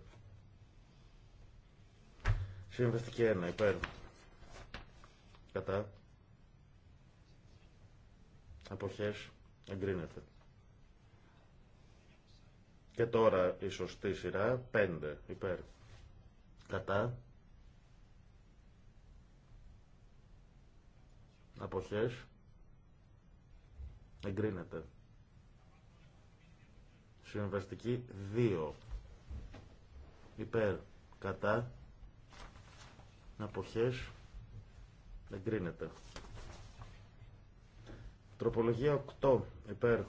Συμβαστική 1. Υπέρ. Κατά. Αποχές. Εγκρίνεται. Και τώρα η σωστή σειρά. 5. Υπέρ. Κατά. Αποχές. Εγκρίνεται. Συμβαστική 2. Υπέρ. Κατά. Αποχές. Εγκρίνεται. Τροπολογία 8. Υπέρ.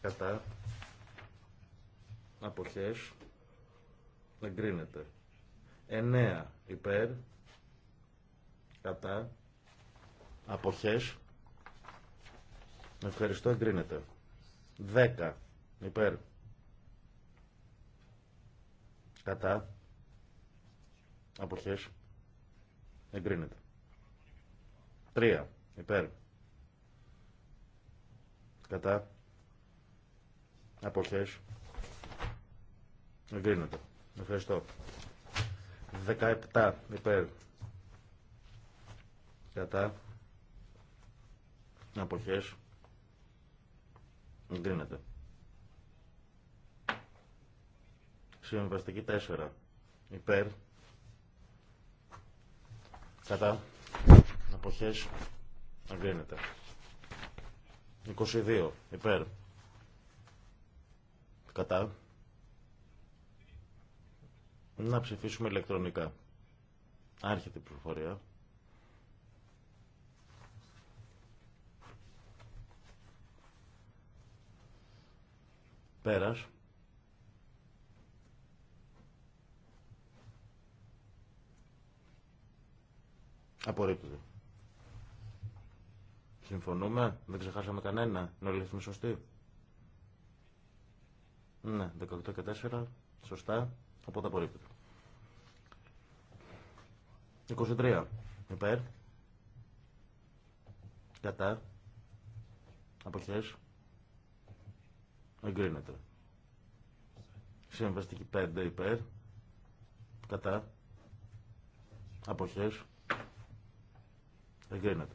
Κατά. Αποχές. Εγκρίνεται. 9. Υπέρ. Κατά. Αποχές. Ευχαριστώ, εγκρίνεται. 10. Υπέρ. Κατά. Αποχές. Εγκρίνεται. 3. Υπέρ. Κατά. Αποχές. Εγκρίνεται. Ευχαριστώ. 17. Υπέρ. Κατά. Αποχές. Εγκρίνεται. Συμβαστική 4. Υπέρ. Κατά. Αποχές. Εγκρίνεται. 22. Υπέρ. Κατά. Να ψηφίσουμε ηλεκτρονικά. Άρχεται η πληροφορία. Πέρας. Απορρίπτεται. Συμφωνούμε, δεν ξεχάσαμε κανένα, να λυθούμε σωστοί. Ναι, 18 και 4, σωστά, οπότε απορρίπτεται. 23, υπέρ, κατά, αποχές, Εγκρίνεται. Συμβαστική 5 υπέρ. Κατά. Αποχές. Εγκρίνεται.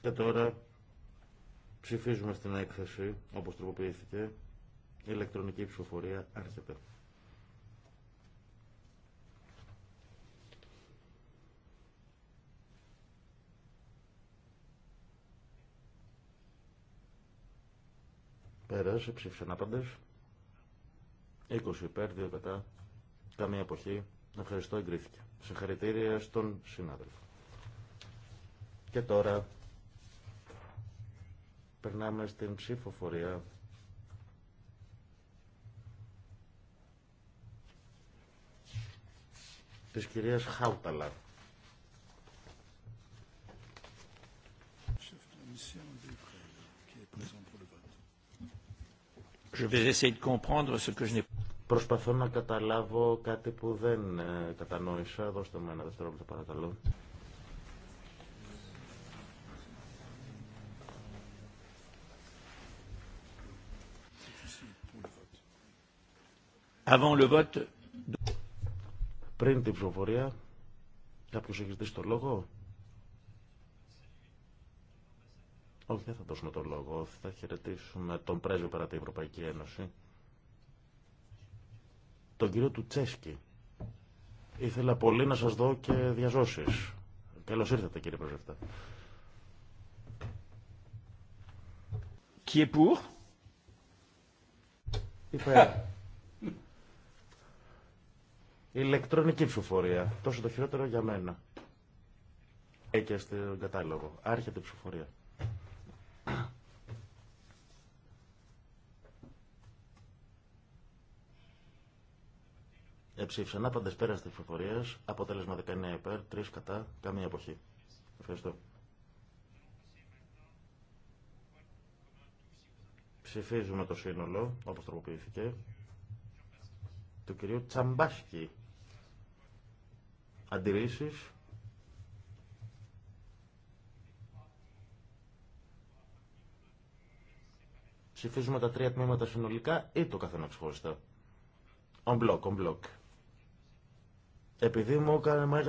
Και τώρα ψηφίζουμε στην έκθεση όπως τροποποιήθηκε. Η ηλεκτρονική ψηφοφορία έρχεται. Πέρασε, ψήφισαν άπαντε. 20 υπέρ, 2 κατά, καμία εποχή. Ευχαριστώ, εγκρίθηκε. Συγχαρητήρια στον συνάδελφο. Και τώρα περνάμε στην ψηφοφορία. της κυρίας Χάουταλα. Je vais essayer de comprendre ce que je n'ai Προσπαθώ να καταλάβω κάτι που δεν ε, κατανόησα. Δώστε μου ένα δευτερόλεπτο παρακαλώ. Avant le vote... Πριν την ψηφοφορία, κάποιος έχει ζητήσει το λόγο. Όχι, δεν θα δώσουμε το λόγο. Θα χαιρετήσουμε τον πρέσβη παρά την Ευρωπαϊκή Ένωση, τον κύριο Τουτσέσκι. Ήθελα πολύ να σας δω και διαζώσεις. Καλώς ήρθατε κύριε πρόεδρε. Κι επού; Ηλεκτρονική ψηφοφορία. Τόσο το χειρότερο για μένα. Έχει αστείο κατάλογο. Άρχεται η ψηφοφορία. Εψήφισαν άπαντε πέρα τη ψηφοφορία. Αποτέλεσμα 19 υπέρ, 3 κατά, καμία εποχή. Ευχαριστώ. Ψηφίζουμε το σύνολο, όπω τροποποιήθηκε, του κυρίου Τσαμπάσκη. Αντιρρήσει. Ψηφίζουμε τα τρία τμήματα συνολικά ή το καθένα ξεχωριστά. On block, on block. Επειδή μου, έκανε,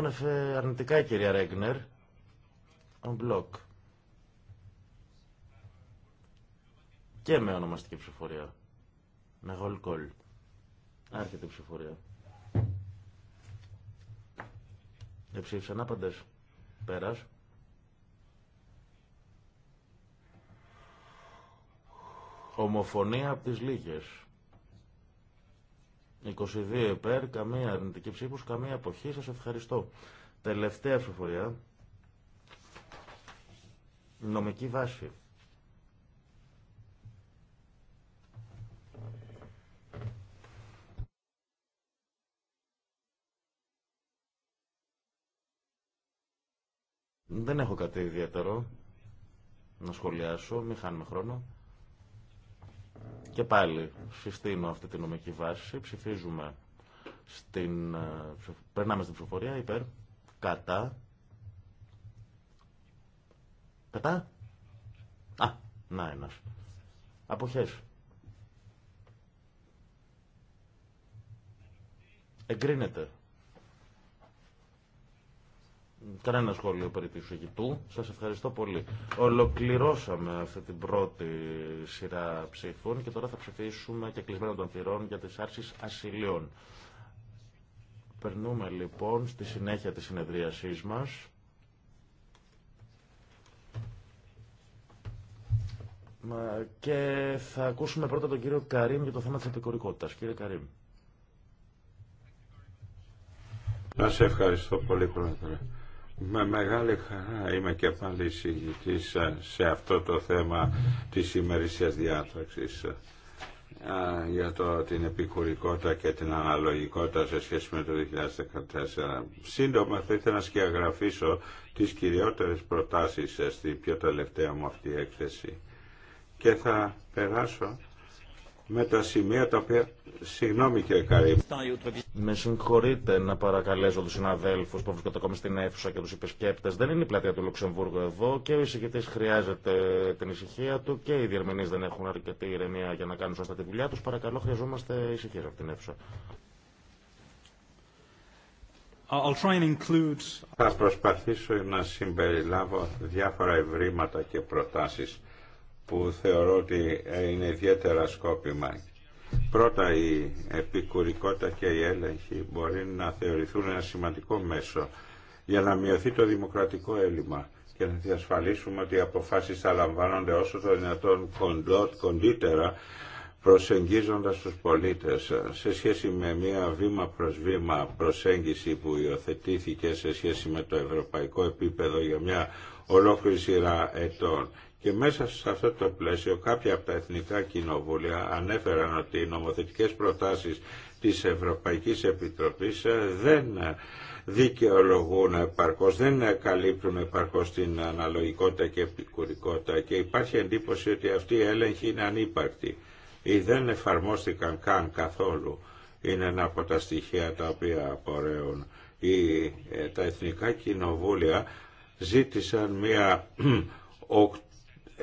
αρνητικά η κυρία Ρέγνερ, on block. Και με ονομαστική ψηφορία. Με γολ κολ. Άρχεται η ψηφορία. Εψήφισαν άπαντες. Πέρας. Ομοφωνία από τις λίγες. 22 υπέρ, καμία αρνητική ψήφους, καμία αποχή. Σας ευχαριστώ. Τελευταία ψηφοφορία. Νομική βάση. Δεν έχω κάτι ιδιαίτερο να σχολιάσω, μην χάνουμε χρόνο. Και πάλι συστήνω αυτή τη νομική βάση. Ψηφίζουμε στην. Ε, περνάμε στην ψηφοφορία υπέρ. Κατά. Κατά. Α, να ένα. Αποχέ. Εγκρίνεται κανένα σχόλιο περί του εισηγητού. Σας ευχαριστώ πολύ. Ολοκληρώσαμε αυτή την πρώτη σειρά ψήφων και τώρα θα ψηφίσουμε και κλεισμένο των θυρών για τις άρσεις ασυλίων. Περνούμε λοιπόν στη συνέχεια της συνεδρίασής μας. Και θα ακούσουμε πρώτα τον κύριο Καρίμ για το θέμα της επικορικότητας. Κύριε Καρύμ. Να ευχαριστώ πολύ, Πρόεδρε. Με μεγάλη χαρά είμαι και πάλι συγγητής ε, σε αυτό το θέμα της ημερησίας διάταξη ε, για το, την επικουρικότητα και την αναλογικότητα σε σχέση με το 2014. Σύντομα θα ήθελα να σκιαγραφίσω τις κυριότερες προτάσεις ε, στην πιο τελευταία μου αυτή έκθεση και θα περάσω με τα σημεία τα οποία... Συγγνώμη κύριε Καρύμ. Με συγχωρείτε να παρακαλέσω τους συναδέλφους που βρίσκονται ακόμη στην αίθουσα και τους επισκέπτε. Δεν είναι η πλατεία του Λουξεμβούργου εδώ και ο εισηγητής χρειάζεται την ησυχία του και οι διερμηνείς δεν έχουν αρκετή ηρεμία για να κάνουν σωστά τη δουλειά του. Παρακαλώ, χρειαζόμαστε ησυχία από την αίθουσα. Θα προσπαθήσω να συμπεριλάβω διάφορα ευρήματα και προτάσεις που θεωρώ ότι ε, είναι ιδιαίτερα σκόπιμα. Πρώτα η επικουρικότητα και η έλεγχη μπορεί να θεωρηθούν ένα σημαντικό μέσο για να μειωθεί το δημοκρατικό έλλειμμα και να διασφαλίσουμε ότι οι αποφάσεις θα λαμβάνονται όσο το δυνατόν κοντύτερα προσεγγίζοντας τους πολίτες σε σχέση με μια βήμα προς βήμα προσέγγιση που υιοθετήθηκε σε σχέση με το ευρωπαϊκό επίπεδο για μια ολόκληρη σειρά ετών. Και μέσα σε αυτό το πλαίσιο κάποια από τα εθνικά κοινοβούλια ανέφεραν ότι οι νομοθετικές προτάσεις της Ευρωπαϊκής Επιτροπής ε, δεν ε, δικαιολογούν επαρκώς, δεν ε, καλύπτουν επαρκώς την αναλογικότητα και επικουρικότητα και υπάρχει εντύπωση ότι αυτή η έλεγχη είναι ανύπαρκτη ή δεν εφαρμόστηκαν καν καθόλου. Είναι ένα από τα στοιχεία τα οποία απορρέουν. τα εθνικά κοινοβούλια ζήτησαν μια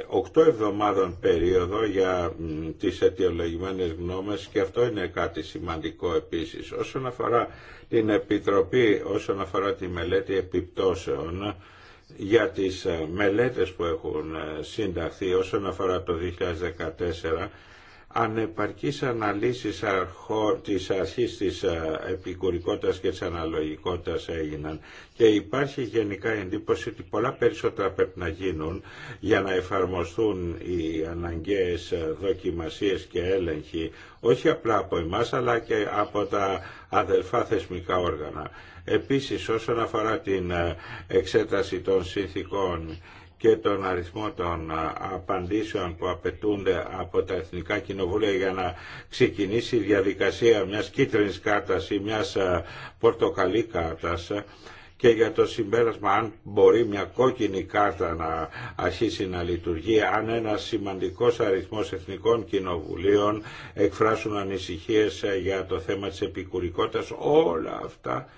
8 εβδομάδων περίοδο για τις αιτιολογημένες γνώμες και αυτό είναι κάτι σημαντικό επίσης. Όσον αφορά την Επιτροπή, όσον αφορά τη μελέτη επιπτώσεων, για τις ε, μελέτες που έχουν ε, συνταχθεί όσον αφορά το 2014 ανεπαρκής αναλύσεις αρχό, της αρχής της ε, επικουρικότητας και της αναλογικότητας έγιναν και υπάρχει γενικά εντύπωση ότι πολλά περισσότερα πρέπει να γίνουν για να εφαρμοστούν οι αναγκαίες ε, δοκιμασίες και έλεγχοι όχι απλά από εμάς αλλά και από τα αδελφά θεσμικά όργανα. Επίσης όσον αφορά την ε, εξέταση των συνθήκων και τον αριθμό των απαντήσεων που απαιτούνται από τα Εθνικά Κοινοβούλια για να ξεκινήσει η διαδικασία μιας κίτρινης κάρτας ή μιας πορτοκαλί κάρτας και για το συμπέρασμα αν μπορεί μια κόκκινη κάρτα να αρχίσει να λειτουργεί, αν ένας σημαντικός αριθμός εθνικών κοινοβουλίων εκφράσουν ανησυχίες ε, για το θέμα της επικουρικότητας, όλα αυτά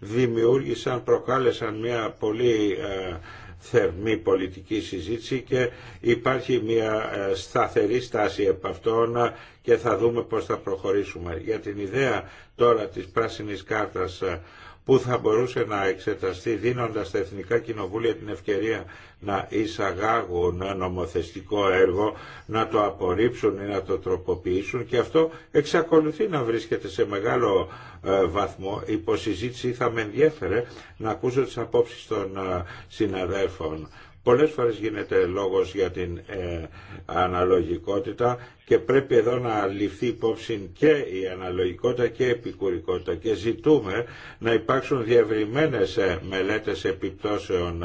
δημιούργησαν, προκάλεσαν μια πολύ ε, θερμή πολιτική συζήτηση και υπάρχει μια ε, σταθερή στάση επ' αυτών ε, και θα δούμε πώς θα προχωρήσουμε. Για την ιδέα τώρα της πράσινης κάρτας ε, που θα μπορούσε να εξεταστεί δίνοντας στα Εθνικά Κοινοβούλια την ευκαιρία να εισαγάγουν νομοθεστικό έργο, να το απορρίψουν ή να το τροποποιήσουν και αυτό εξακολουθεί να βρίσκεται σε μεγάλο ε, βαθμό υποσυζήτηση. Θα με ενδιέφερε να ακούσω τις απόψεις των ε, συναδέλφων. Πολλές φορές γίνεται λόγος για την ε, αναλογικότητα και πρέπει εδώ να ληφθεί υπόψη και η αναλογικότητα και η επικουρικότητα και ζητούμε να υπάρξουν διευρυμένες ε, μελέτες επιπτώσεων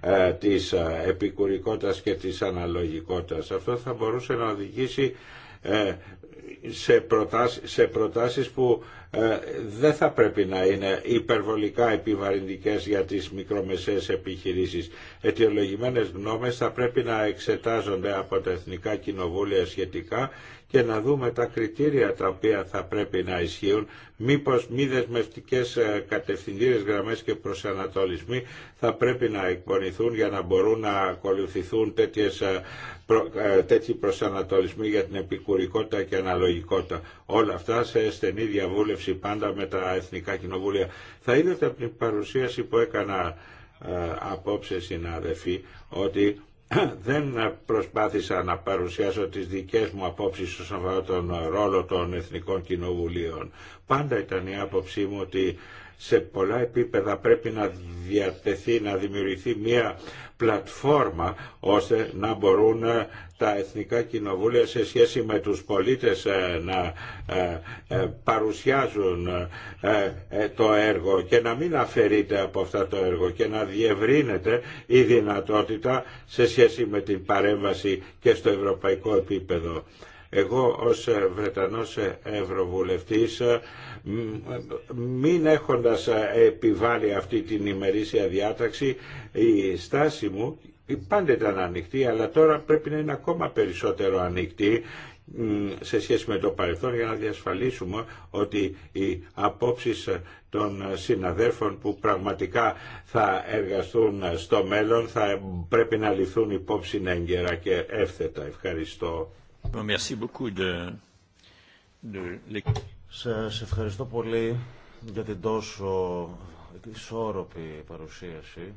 ε, ε της επικουρικότητας και της αναλογικότητας. Αυτό θα μπορούσε να οδηγήσει σε, προτάσεις, σε προτάσεις που ε, δεν θα πρέπει να είναι υπερβολικά επιβαρυντικές για τις μικρομεσαίες επιχειρήσεις. Αιτιολογημένες γνώμες θα πρέπει να εξετάζονται από τα Εθνικά Κοινοβούλια σχετικά και να δούμε τα κριτήρια τα οποία θα πρέπει να ισχύουν, μήπως μη δεσμευτικέ ε, κατευθυντήρες γραμμές και προσανατολισμοί θα πρέπει να εκπονηθούν για να μπορούν να ακολουθηθούν τέτοιες, ε, ε, τέτοιοι προσανατολισμοί για την επικουρικότητα και αναλογικότητα. Όλα αυτά σε στενή διαβούλευση πάντα με τα Εθνικά Κοινοβούλια. Θα είδατε από την παρουσίαση που έκανα απόψε συνάδελφοι ότι δεν προσπάθησα να παρουσιάσω τις δικές μου απόψεις όσον αφορά τον ρόλο των Εθνικών Κοινοβουλίων. Πάντα ήταν η άποψή μου ότι σε πολλά επίπεδα πρέπει να διατεθεί, να δημιουργηθεί μια πλατφόρμα ώστε να μπορούν ε, τα εθνικά κοινοβούλια σε σχέση με τους πολίτες ε, να ε, παρουσιάζουν το έργο και να μην αφαιρείται από αυτά το έργο και να διευρύνεται η δυνατότητα σε σχέση με την παρέμβαση και στο ευρωπαϊκό επίπεδο. Εγώ ως Βρετανός Ευρωβουλευτής μην έχοντας επιβάλει αυτή την ημερήσια διάταξη, η στάση μου πάντα ήταν ανοιχτή, αλλά τώρα πρέπει να είναι ακόμα περισσότερο ανοιχτή σε σχέση με το παρελθόν για να διασφαλίσουμε ότι οι απόψεις των συναδέρφων που πραγματικά θα εργαστούν στο μέλλον θα πρέπει να ληφθούν υπόψη έγκαιρα και εύθετα. Ευχαριστώ. Merci beaucoup de... Σας ευχαριστώ πολύ για την τόσο ισόρροπη παρουσίαση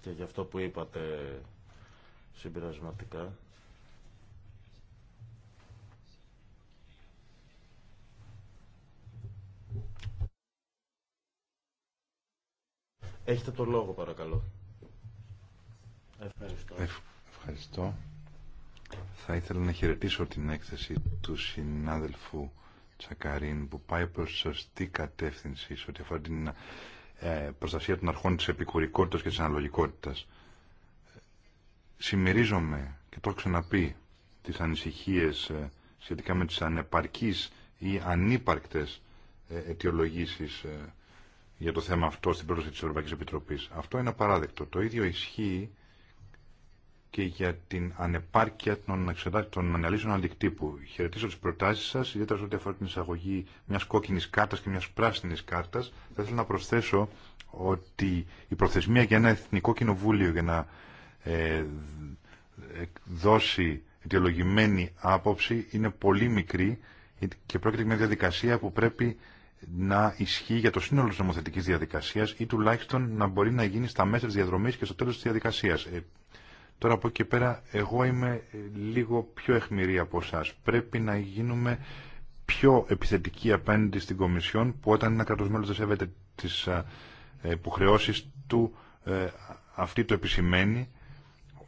και για αυτό που είπατε συμπερασματικά. Έχετε το λόγο παρακαλώ. Ευχαριστώ. Ευχαριστώ. Θα ήθελα να χαιρετήσω την έκθεση του συνάδελφου Τσακαρίν που πάει προς σωστή κατεύθυνση σε ό,τι αφορά την ε, προστασία των αρχών της επικουρικότητας και της αναλογικότητας. Συμμερίζομαι και το έχω ξαναπεί τις ανησυχίες ε, σχετικά με τις ανεπαρκείς ή ανύπαρκτες ε, αιτιολογήσεις για το θέμα αυτό στην πρόταση της Ευρωπαϊκής Επιτροπής. Αυτό είναι απαράδεκτο. Το ίδιο ισχύει και για την ανεπάρκεια των, των αναλύσεων αντικτύπου. Χαιρετίζω τι προτάσει σα, ιδιαίτερα σε ό,τι αφορά την εισαγωγή μια κόκκινη κάρτα και μια πράσινη κάρτα, Θα ήθελα να προσθέσω ότι η προθεσμία για ένα εθνικό κοινοβούλιο για να ε, ε, δώσει αιτιολογημένη άποψη είναι πολύ μικρή και πρόκειται για μια διαδικασία που πρέπει να ισχύει για το σύνολο της νομοθετικής διαδικασίας ή τουλάχιστον να μπορεί να γίνει στα μέσα της διαδρομής και στο τέλος της διαδικασίας. Ε, Τώρα από εκεί πέρα εγώ είμαι ε, λίγο πιο εχμηρή από εσά. Πρέπει να γίνουμε πιο επιθετικοί απέναντι στην Κομισιόν που όταν ένα κράτος μέλος δεν σέβεται τις ε, υποχρεώσει του ε, αυτή το επισημαίνει.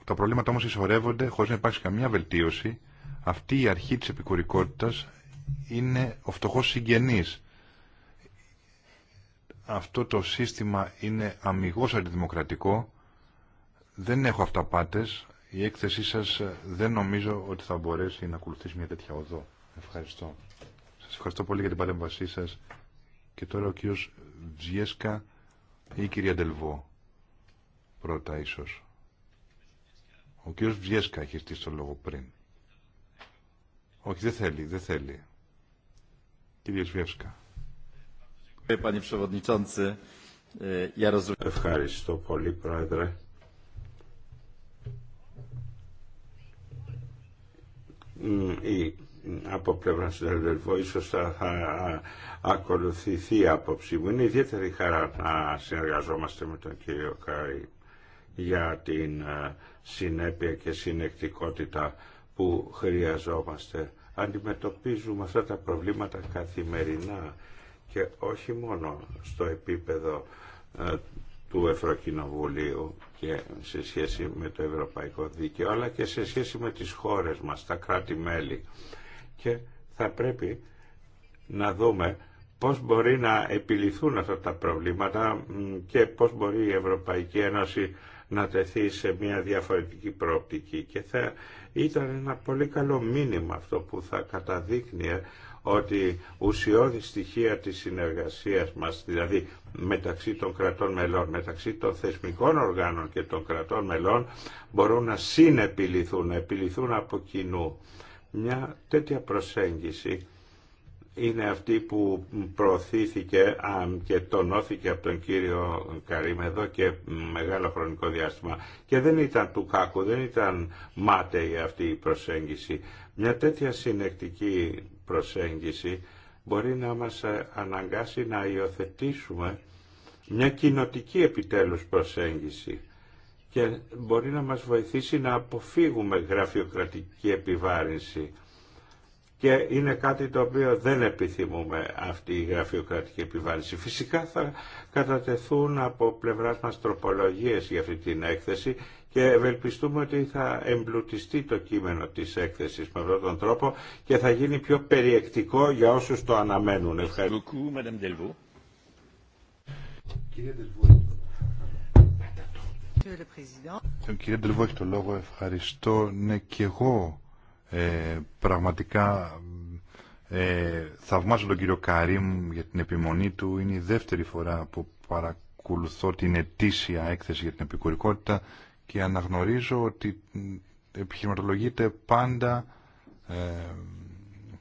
Τα προβλήματα όμως ισορεύονται χωρίς να υπάρξει καμία βελτίωση. Αυτή η αρχή της επικουρικότητας είναι ο φτωχό συγγενής. Αυτό το σύστημα είναι αμυγός αντιδημοκρατικό δεν έχω αυταπάτες. Η έκθεσή σας ε, δεν νομίζω ότι θα μπορέσει να ακολουθήσει μια τέτοια οδό. Ευχαριστώ. Σας ευχαριστώ πολύ για την παρέμβασή σας. Και τώρα ο κύριος Βζιέσκα ή η κυρία Ντελβό. Πρώτα ίσως. Ο κύριος Βζιέσκα έχει στήσει το λόγο πριν. Όχι, δεν θέλει, δεν θέλει. Κύριε Βιέσκα. Ευχαριστώ πολύ, Πρόεδρε. ή από πλευρά της ίσως θα, θα ακολουθηθεί η άποψη μου. Είναι ιδιαίτερη χαρά να συνεργαζόμαστε με τον κύριο Κάρη για την συνέπεια και συνεκτικότητα που χρειαζόμαστε. Αντιμετωπίζουμε αυτά τα προβλήματα καθημερινά και όχι μόνο στο επίπεδο του Ευρωκοινοβουλίου και σε σχέση με το ευρωπαϊκό δίκαιο αλλά και σε σχέση με τις χώρες μας, τα κράτη-μέλη. Και θα πρέπει να δούμε πώς μπορεί να επιληθούν αυτά τα προβλήματα και πώς μπορεί η Ευρωπαϊκή Ένωση να τεθεί σε μια διαφορετική προοπτική. Και θα ήταν ένα πολύ καλό μήνυμα αυτό που θα καταδείχνει ε, ότι ουσιώδη στοιχεία της συνεργασίας μας, δηλαδή μεταξύ των κρατών μελών, μεταξύ των θεσμικών οργάνων και των κρατών μελών, μπορούν να συνεπιληθούν, να επιληθούν από κοινού. Μια τέτοια προσέγγιση είναι αυτή που προωθήθηκε και τονώθηκε από τον κύριο Καρύμ και μεγάλο χρονικό διάστημα. Και δεν ήταν του κάκου, δεν ήταν μάταιη αυτή η προσέγγιση. Μια τέτοια συνεκτική προσέγγιση μπορεί να μας ε, αναγκάσει να υιοθετήσουμε μια κοινοτική επιτέλους προσέγγιση και μπορεί να μας βοηθήσει να αποφύγουμε γραφειοκρατική επιβάρυνση. Και είναι κάτι το οποίο δεν επιθυμούμε αυτή η γραφειοκρατική επιβάρυνση. Φυσικά θα κατατεθούν από πλευράς μας τροπολογίες για αυτή την έκθεση και ευελπιστούμε ότι θα εμπλουτιστεί το κείμενο της έκθεσης με αυτόν τον τρόπο και θα γίνει πιο περιεκτικό για όσους το αναμένουν. Ευχαριστώ. Κύριε Ντελβού, έχει το λόγο. Ευχαριστώ. Ναι, και εγώ ε, πραγματικά ε, θαυμάζω τον κύριο Καρύμ για την επιμονή του. Είναι η δεύτερη φορά που παρακολουθώ την ετήσια έκθεση για την επικουρικότητα και αναγνωρίζω ότι επιχειρηματολογείται πάντα ε,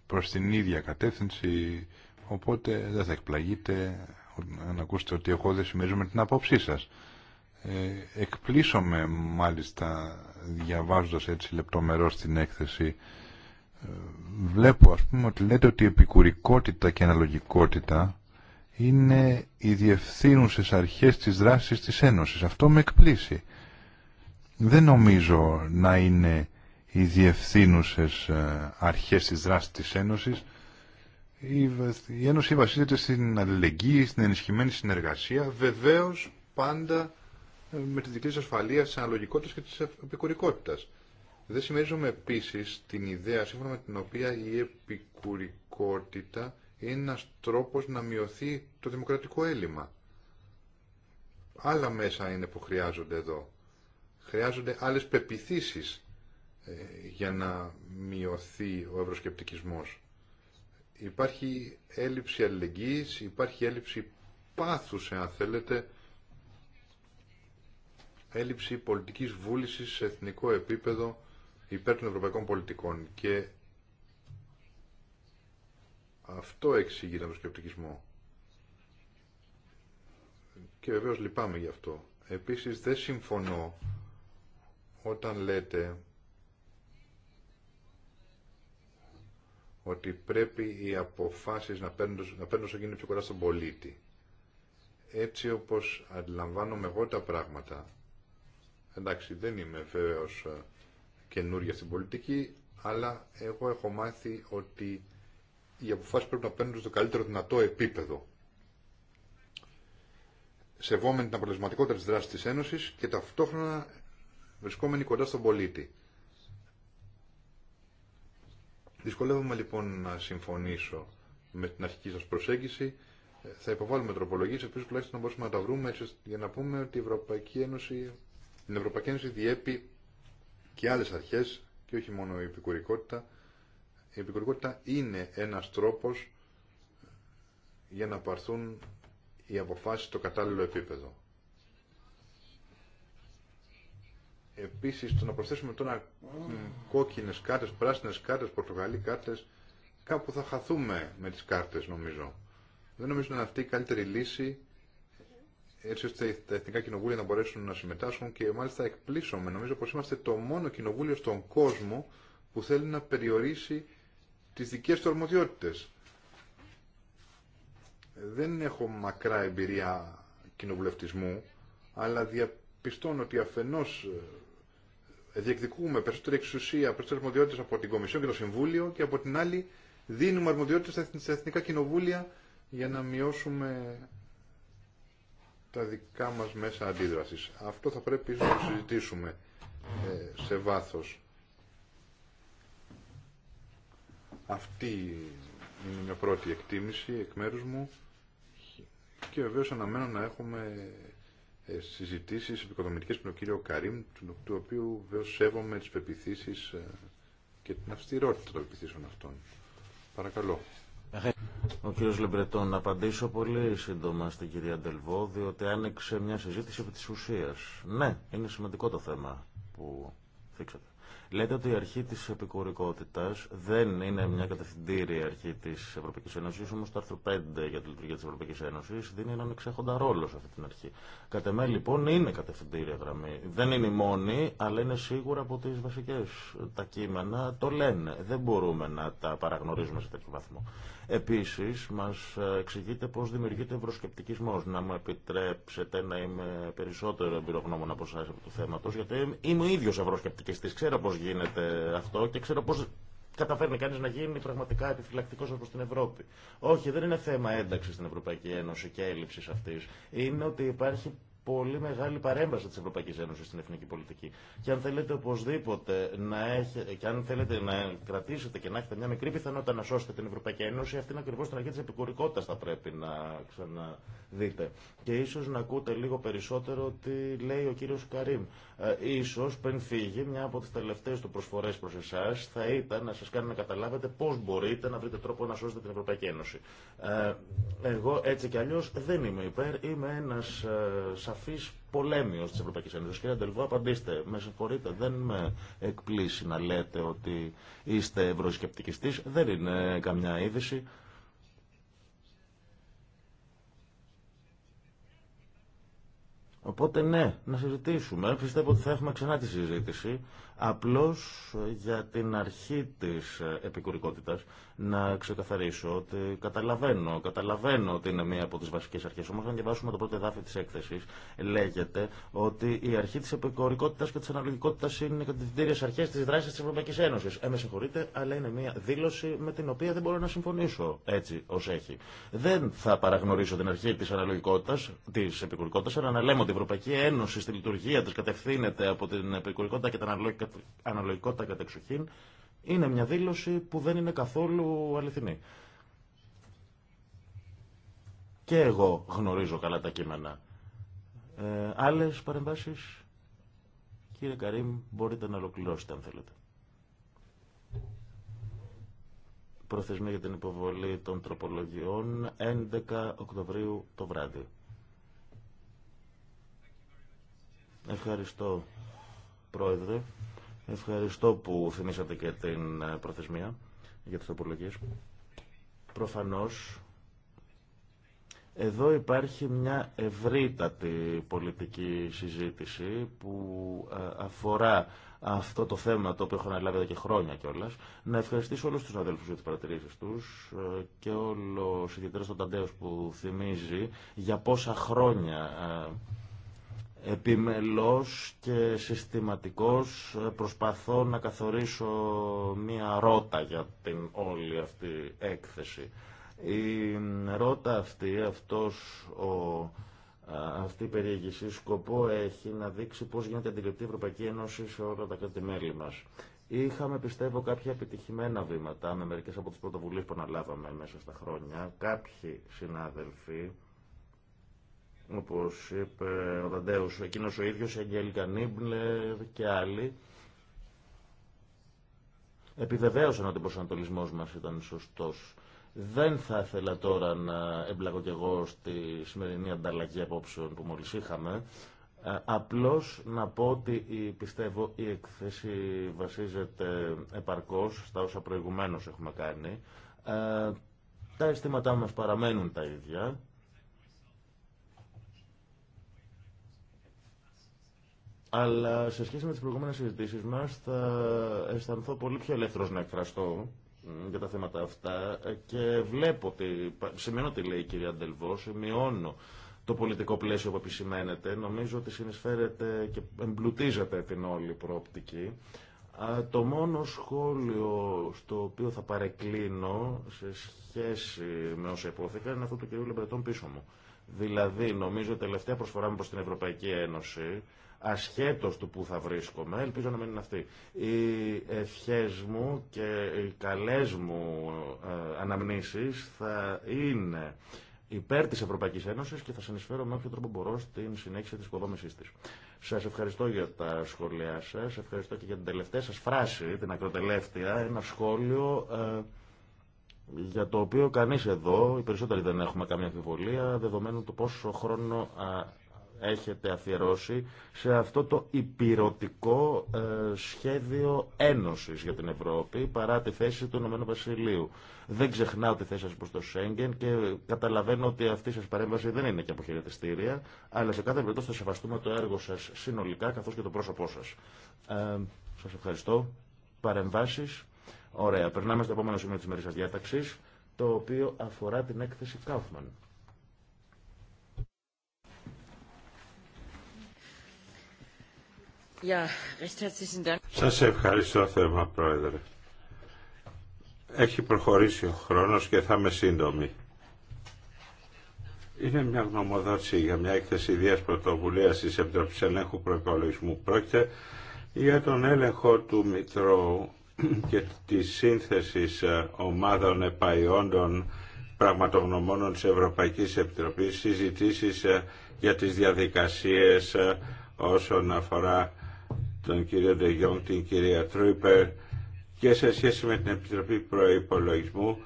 προς την ίδια κατεύθυνση οπότε δεν θα εκπλαγείτε αν ακούσετε ότι εγώ δεν συμμερίζομαι την απόψή σας. Ε, εκπλήσωμαι μάλιστα διαβάζοντας έτσι λεπτομερώς την έκθεση ε, βλέπω ας πούμε ότι λέτε ότι η επικουρικότητα και η αναλογικότητα είναι οι διευθύνουσες αρχές της δράσης της Ένωσης. Αυτό με εκπλήσει δεν νομίζω να είναι οι διευθύνουσες ε, αρχές της δράσης της Ένωσης. Η Ένωση βασίζεται στην αλληλεγγύη, στην ενισχυμένη συνεργασία, βεβαίως πάντα ε, με τη δική της ασφαλείας, της αναλογικότητας και της επικουρικότητας. Δεν συμμερίζομαι επίσης την ιδέα σύμφωνα με την οποία η επικουρικότητα είναι ένας τρόπος να μειωθεί το δημοκρατικό έλλειμμα. Άλλα μέσα είναι που χρειάζονται εδώ. Χρειάζονται άλλες πεπιθήσεις ε, για να μειωθεί ο ευρωσκεπτικισμός. Υπάρχει έλλειψη αλληλεγγύης, υπάρχει έλλειψη πάθους, εάν θέλετε, έλλειψη πολιτικής βούλησης σε εθνικό επίπεδο υπέρ των ευρωπαϊκών πολιτικών. Και αυτό εξηγεί τον ευρωσκεπτικισμό. Και βεβαίως λυπάμαι γι' αυτό. Επίσης δεν συμφωνώ όταν λέτε ότι πρέπει οι αποφάσεις να παίρνουν, να παίρνουν πιο κοντά στον πολίτη. Έτσι όπως αντιλαμβάνομαι εγώ τα πράγματα, εντάξει δεν είμαι βέβαιος ε, καινούργια στην πολιτική, αλλά εγώ έχω μάθει ότι οι αποφάσεις πρέπει να παίρνουν στο καλύτερο δυνατό επίπεδο. Σεβόμενοι την αποτελεσματικότητα της δράσης της Ένωσης και ταυτόχρονα βρισκόμενοι κοντά στον πολίτη. Δυσκολεύομαι λοιπόν να συμφωνήσω με την αρχική σας προσέγγιση. Θα υποβάλουμε τροπολογίες, εφόσον τουλάχιστον να μπορούμε να τα βρούμε για να πούμε ότι η Ευρωπαϊκή Ένωση, την Ευρωπαϊκή Ένωση διέπει και άλλες αρχές και όχι μόνο η επικουρικότητα. Η επικουρικότητα είναι ένας τρόπος για να παρθούν οι αποφάσεις στο κατάλληλο επίπεδο. Επίσης το να προσθέσουμε τώρα κόκκινες κάρτες, πράσινες κάρτες, πορτογαλί κάρτες, κάπου θα χαθούμε με τις κάρτες νομίζω. Δεν νομίζω να είναι αυτή η καλύτερη λύση έτσι ώστε τα εθνικά κοινοβούλια να μπορέσουν να συμμετάσχουν και μάλιστα εκπλήσωμε. Νομίζω πως είμαστε το μόνο κοινοβούλιο στον κόσμο που θέλει να περιορίσει τις δικές του αρμοδιότητες. Δεν έχω μακρά εμπειρία κοινοβουλευτισμού, αλλά διαπιστώνω ότι αφενός ε, διεκδικούμε περισσότερη εξουσία, περισσότερε αρμοδιότητε από την Κομισιόν και το Συμβούλιο και από την άλλη δίνουμε αρμοδιότητε στα εθνικά κοινοβούλια για να μειώσουμε τα δικά μας μέσα αντίδρασης. Αυτό θα πρέπει να το συζητήσουμε ε, σε βάθος. Αυτή είναι μια πρώτη εκτίμηση εκ μέρου μου και βεβαίω αναμένω να έχουμε ε, συζητήσεις επικοδομητικέ με τον κύριο Καρύμ, του οποίου βεβαίω σέβομαι τι πεπιθήσει ε, και την αυστηρότητα των πεπιθήσεων αυτών. Παρακαλώ. Ο κύριος Λεμπρετών, να απαντήσω πολύ σύντομα στην κυρία Ντελβό, διότι άνοιξε μια συζήτηση επί της ουσίας. Ναι, είναι σημαντικό το θέμα που θίξατε. Λέτε ότι η αρχή τη επικουρικότητα δεν είναι μια κατευθυντήρια αρχή τη Ευρωπαϊκή Ένωση, όμω το άρθρο 5 για τη λειτουργία τη Ευρωπαϊκή Ένωση δίνει έναν εξέχοντα ρόλο σε αυτή την αρχή. Κατ' εμέ λοιπόν είναι κατευθυντήρια γραμμή. Δεν είναι η μόνη, αλλά είναι σίγουρα από τι βασικέ. Τα κείμενα το λένε. Δεν μπορούμε να τα παραγνωρίζουμε σε τέτοιο βαθμό. Επίσης, μας εξηγείτε πώς δημιουργείται ευρωσκεπτικισμός. Να μου επιτρέψετε να είμαι περισσότερο εμπειρογνώμων από εσά από του θέματος, γιατί είμαι ο ίδιος ευρωσκεπτικιστής. Ξέρω πώς γίνεται αυτό και ξέρω πώς καταφέρνει κανεί να γίνει πραγματικά επιφυλακτικό προς την Ευρώπη. Όχι, δεν είναι θέμα ένταξη στην Ευρωπαϊκή Ένωση και έλλειψη αυτή. Είναι ότι υπάρχει πολύ μεγάλη παρέμβαση της Ευρωπαϊκής Ένωσης στην εθνική πολιτική. Και αν θέλετε οπωσδήποτε να, και αν θέλετε να κρατήσετε και να έχετε μια μικρή πιθανότητα να σώσετε την Ευρωπαϊκή Ένωση, αυτή είναι ακριβώς την αρχή της επικουρικότητας θα πρέπει να ξαναδείτε. Και ίσως να ακούτε λίγο περισσότερο τι λέει ο κύριος Καρύμ. Ε, ίσως πριν φύγει μια από τις τελευταίες του προσφορές προς εσάς θα ήταν να σας κάνει να καταλάβετε πώς μπορείτε να βρείτε τρόπο να σώσετε την Ευρωπαϊκή Ένωση. Ε, εγώ έτσι κι αλλιώ δεν είμαι υπέρ, είμαι ένας ε, σαφής πολέμιος της Ευρωπαϊκής Ένωση. Κύριε Αντελβό, απαντήστε. Με συγχωρείτε, δεν με εκπλήσει να λέτε ότι είστε ευρωσκεπτικιστής. Δεν είναι καμιά είδηση. Οπότε ναι, να συζητήσουμε. Πιστεύω ότι θα έχουμε ξανά τη συζήτηση Απλώς για την αρχή της επικουρικότητας να ξεκαθαρίσω ότι καταλαβαίνω, καταλαβαίνω ότι είναι μία από τις βασικές αρχές. Όμως αν διαβάσουμε το πρώτο εδάφιο της έκθεσης λέγεται ότι η αρχή της επικουρικότητας και της αναλογικότητας είναι οι κατευθυντήριες αρχές της δράσης της Ευρωπαϊκής Ένωσης. Ε, με συγχωρείτε, αλλά είναι μία δήλωση με την οποία δεν μπορώ να συμφωνήσω έτσι ως έχει. Δεν θα παραγνωρίσω την αρχή της αναλογικότητας, της επικουρικότητας, αλλά να λέμε ότι η Ευρωπαϊκή Ένωση στη λειτουργία της κατευθύνεται από την επικουρικότητα και την αναλογικότητα αναλογικότητα κατεξοχήν είναι μια δήλωση που δεν είναι καθόλου αληθινή. Και εγώ γνωρίζω καλά τα κείμενα. Ε, άλλες παρεμβάσεις, κύριε Καρύμ, μπορείτε να ολοκληρώσετε αν θέλετε. Προθεσμία για την υποβολή των τροπολογιών 11 Οκτωβρίου το βράδυ. Ευχαριστώ, Πρόεδρε. Ευχαριστώ που θυμήσατε και την ε, προθεσμία για τις τοπολογίες. Προφανώς, εδώ υπάρχει μια ευρύτατη πολιτική συζήτηση που ε, αφορά αυτό το θέμα το οποίο έχω αναλάβει εδώ και χρόνια κιόλα. Να ευχαριστήσω όλου του αδέλφου για τι παρατηρήσει του ε, και όλο ιδιαίτερα τον Ταντέο που θυμίζει για πόσα χρόνια επιμελώς και συστηματικός ε, προσπαθώ να καθορίσω μία ρότα για την όλη αυτή έκθεση. Η ρότα αυτή, αυτός ο, αυτή η περιήγηση σκοπό έχει να δείξει πώς γίνεται αντιληπτή η Ευρωπαϊκή Ένωση σε όλα τα κράτη-μέλη μας. Είχαμε, πιστεύω, κάποια επιτυχημένα βήματα με μερικές από τις πρωτοβουλίες που αναλάβαμε μέσα στα χρόνια. Κάποιοι συνάδελφοι όπως είπε ο Δαντέος, εκείνος ο ίδιος, η Αγγέλικα Νίμπλερ και άλλοι, επιβεβαίωσαν ότι ο προσανατολισμός μας ήταν σωστός. Δεν θα ήθελα τώρα να εμπλακώ κι εγώ στη σημερινή ανταλλαγή απόψεων που μόλις είχαμε. Ε, απλώς να πω ότι πιστεύω η εκθέση βασίζεται επαρκώς στα όσα προηγουμένως έχουμε κάνει. Ε, τα αισθήματά μας παραμένουν τα ίδια Αλλά σε σχέση με τις προηγούμενες συζητήσεις μας θα αισθανθώ πολύ πιο ελεύθερος να εκφραστώ για τα θέματα αυτά και βλέπω ότι, σημειώνω τι λέει η κυρία Ντελβό, σημειώνω το πολιτικό πλαίσιο που επισημαίνεται, νομίζω ότι συνεισφέρεται και εμπλουτίζεται την όλη πρόπτικη Το μόνο σχόλιο στο οποίο θα παρεκκλίνω σε σχέση με όσα υπόθηκαν είναι αυτό του κυρίου Λεμπρετών πίσω μου. Δηλαδή, νομίζω η τελευταία προσφορά μου προς την Ευρωπαϊκή Ένωση ασχέτως του που θα βρίσκομαι, ελπίζω να μην είναι αυτή. Οι ευχές μου και οι καλές μου ε, αναμνήσεις θα είναι υπέρ της Ευρωπαϊκής Ένωσης και θα συνεισφέρω με όποιο τρόπο μπορώ στην συνέχιση της οικοδόμησής της. Σας ευχαριστώ για τα σχόλιά σας, ευχαριστώ και για την τελευταία σας φράση, την ακροτελεύτια, ένα σχόλιο ε, για το οποίο κανείς εδώ, οι περισσότεροι δεν έχουμε καμία αμφιβολία, δεδομένου του πόσο χρόνο έχετε αφιερώσει σε αυτό το υπηρετικό ε, σχέδιο ένωσης για την Ευρώπη παρά τη θέση του Ηνωμένου Βασιλείου. Δεν ξεχνάω τη θέση σας προς το Σέγγεν και καταλαβαίνω ότι αυτή σας παρέμβαση δεν είναι και αποχαιρετιστήρια, αλλά σε κάθε περίπτωση θα σεβαστούμε το έργο σας συνολικά καθώς και το πρόσωπό σας. Ε, σας ευχαριστώ. Παρεμβάσεις. Ωραία. Περνάμε στο επόμενο σημείο της μέρης διάταξης, το οποίο αφορά την έκθεση Kaufmann. Σας ευχαριστώ θέμα Πρόεδρε. Έχει προχωρήσει ο χρόνος και θα είμαι σύντομη. Είναι μια γνωμοδότηση για μια έκθεση ιδίας πρωτοβουλίας της Επιτροπής Ελέγχου Προεκολογισμού. Πρόκειται για τον έλεγχο του Μητρώου και τη σύνθεση ε, ομάδων επαϊόντων πραγματογνωμόνων της Ευρωπαϊκής Επιτροπής, συζητήσεις ε, για τις διαδικασίες ε, όσον αφορά τον κύριο Ντεγιόν, την κυρία Τρούιπερ και σε σχέση με την Επιτροπή Προϋπολογισμού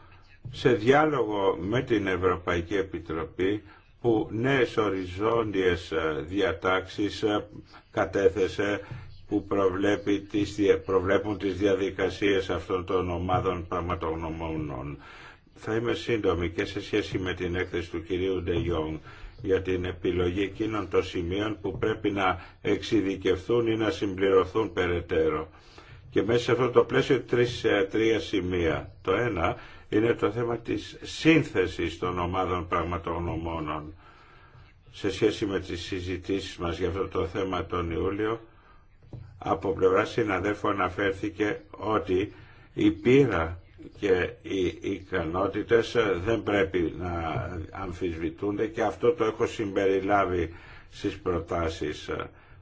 σε διάλογο με την Ευρωπαϊκή Επιτροπή που νέες οριζόντιες ε, διατάξεις ε, κατέθεσε που προβλέπει τις, προβλέπουν τις διαδικασίες αυτών των ομάδων πραγματογνωμόνων. Θα είμαι σύντομη και σε σχέση με την έκθεση του κυρίου Ντεγιόν για την επιλογή εκείνων των σημείων που πρέπει να εξειδικευθούν ή να συμπληρωθούν περαιτέρω. Και μέσα σε αυτό το πλαίσιο τρεις, ε, τρία σημεία. Το ένα είναι το θέμα της σύνθεσης των ομάδων πραγματογνωμόνων σε σχέση με τις συζητήσεις μας για αυτό το θέμα τον Ιούλιο από πλευρά συναδέλφου αναφέρθηκε ότι η πείρα και οι ικανότητες δεν πρέπει να αμφισβητούνται και αυτό το έχω συμπεριλάβει στις προτάσεις.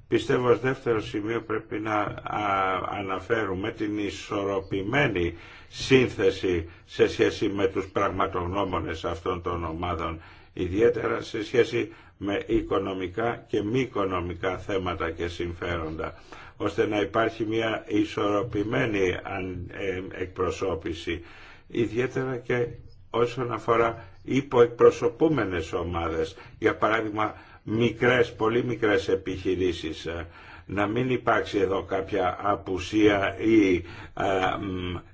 Πιστεύω ως δεύτερο σημείο πρέπει να αναφέρουμε την ισορροπημένη σύνθεση σε σχέση με τους πραγματογνώμονες αυτών των ομάδων, ιδιαίτερα σε σχέση με οικονομικά και μη οικονομικά θέματα και συμφέροντα ώστε να υπάρχει μια ισορροπημένη ε, εκπροσώπηση, ιδιαίτερα και όσον αφορά υποεκπροσωπούμενες ομάδες, για παράδειγμα μικρές, πολύ μικρές επιχειρήσεις, ε, να μην υπάρξει εδώ κάποια απουσία ή ε,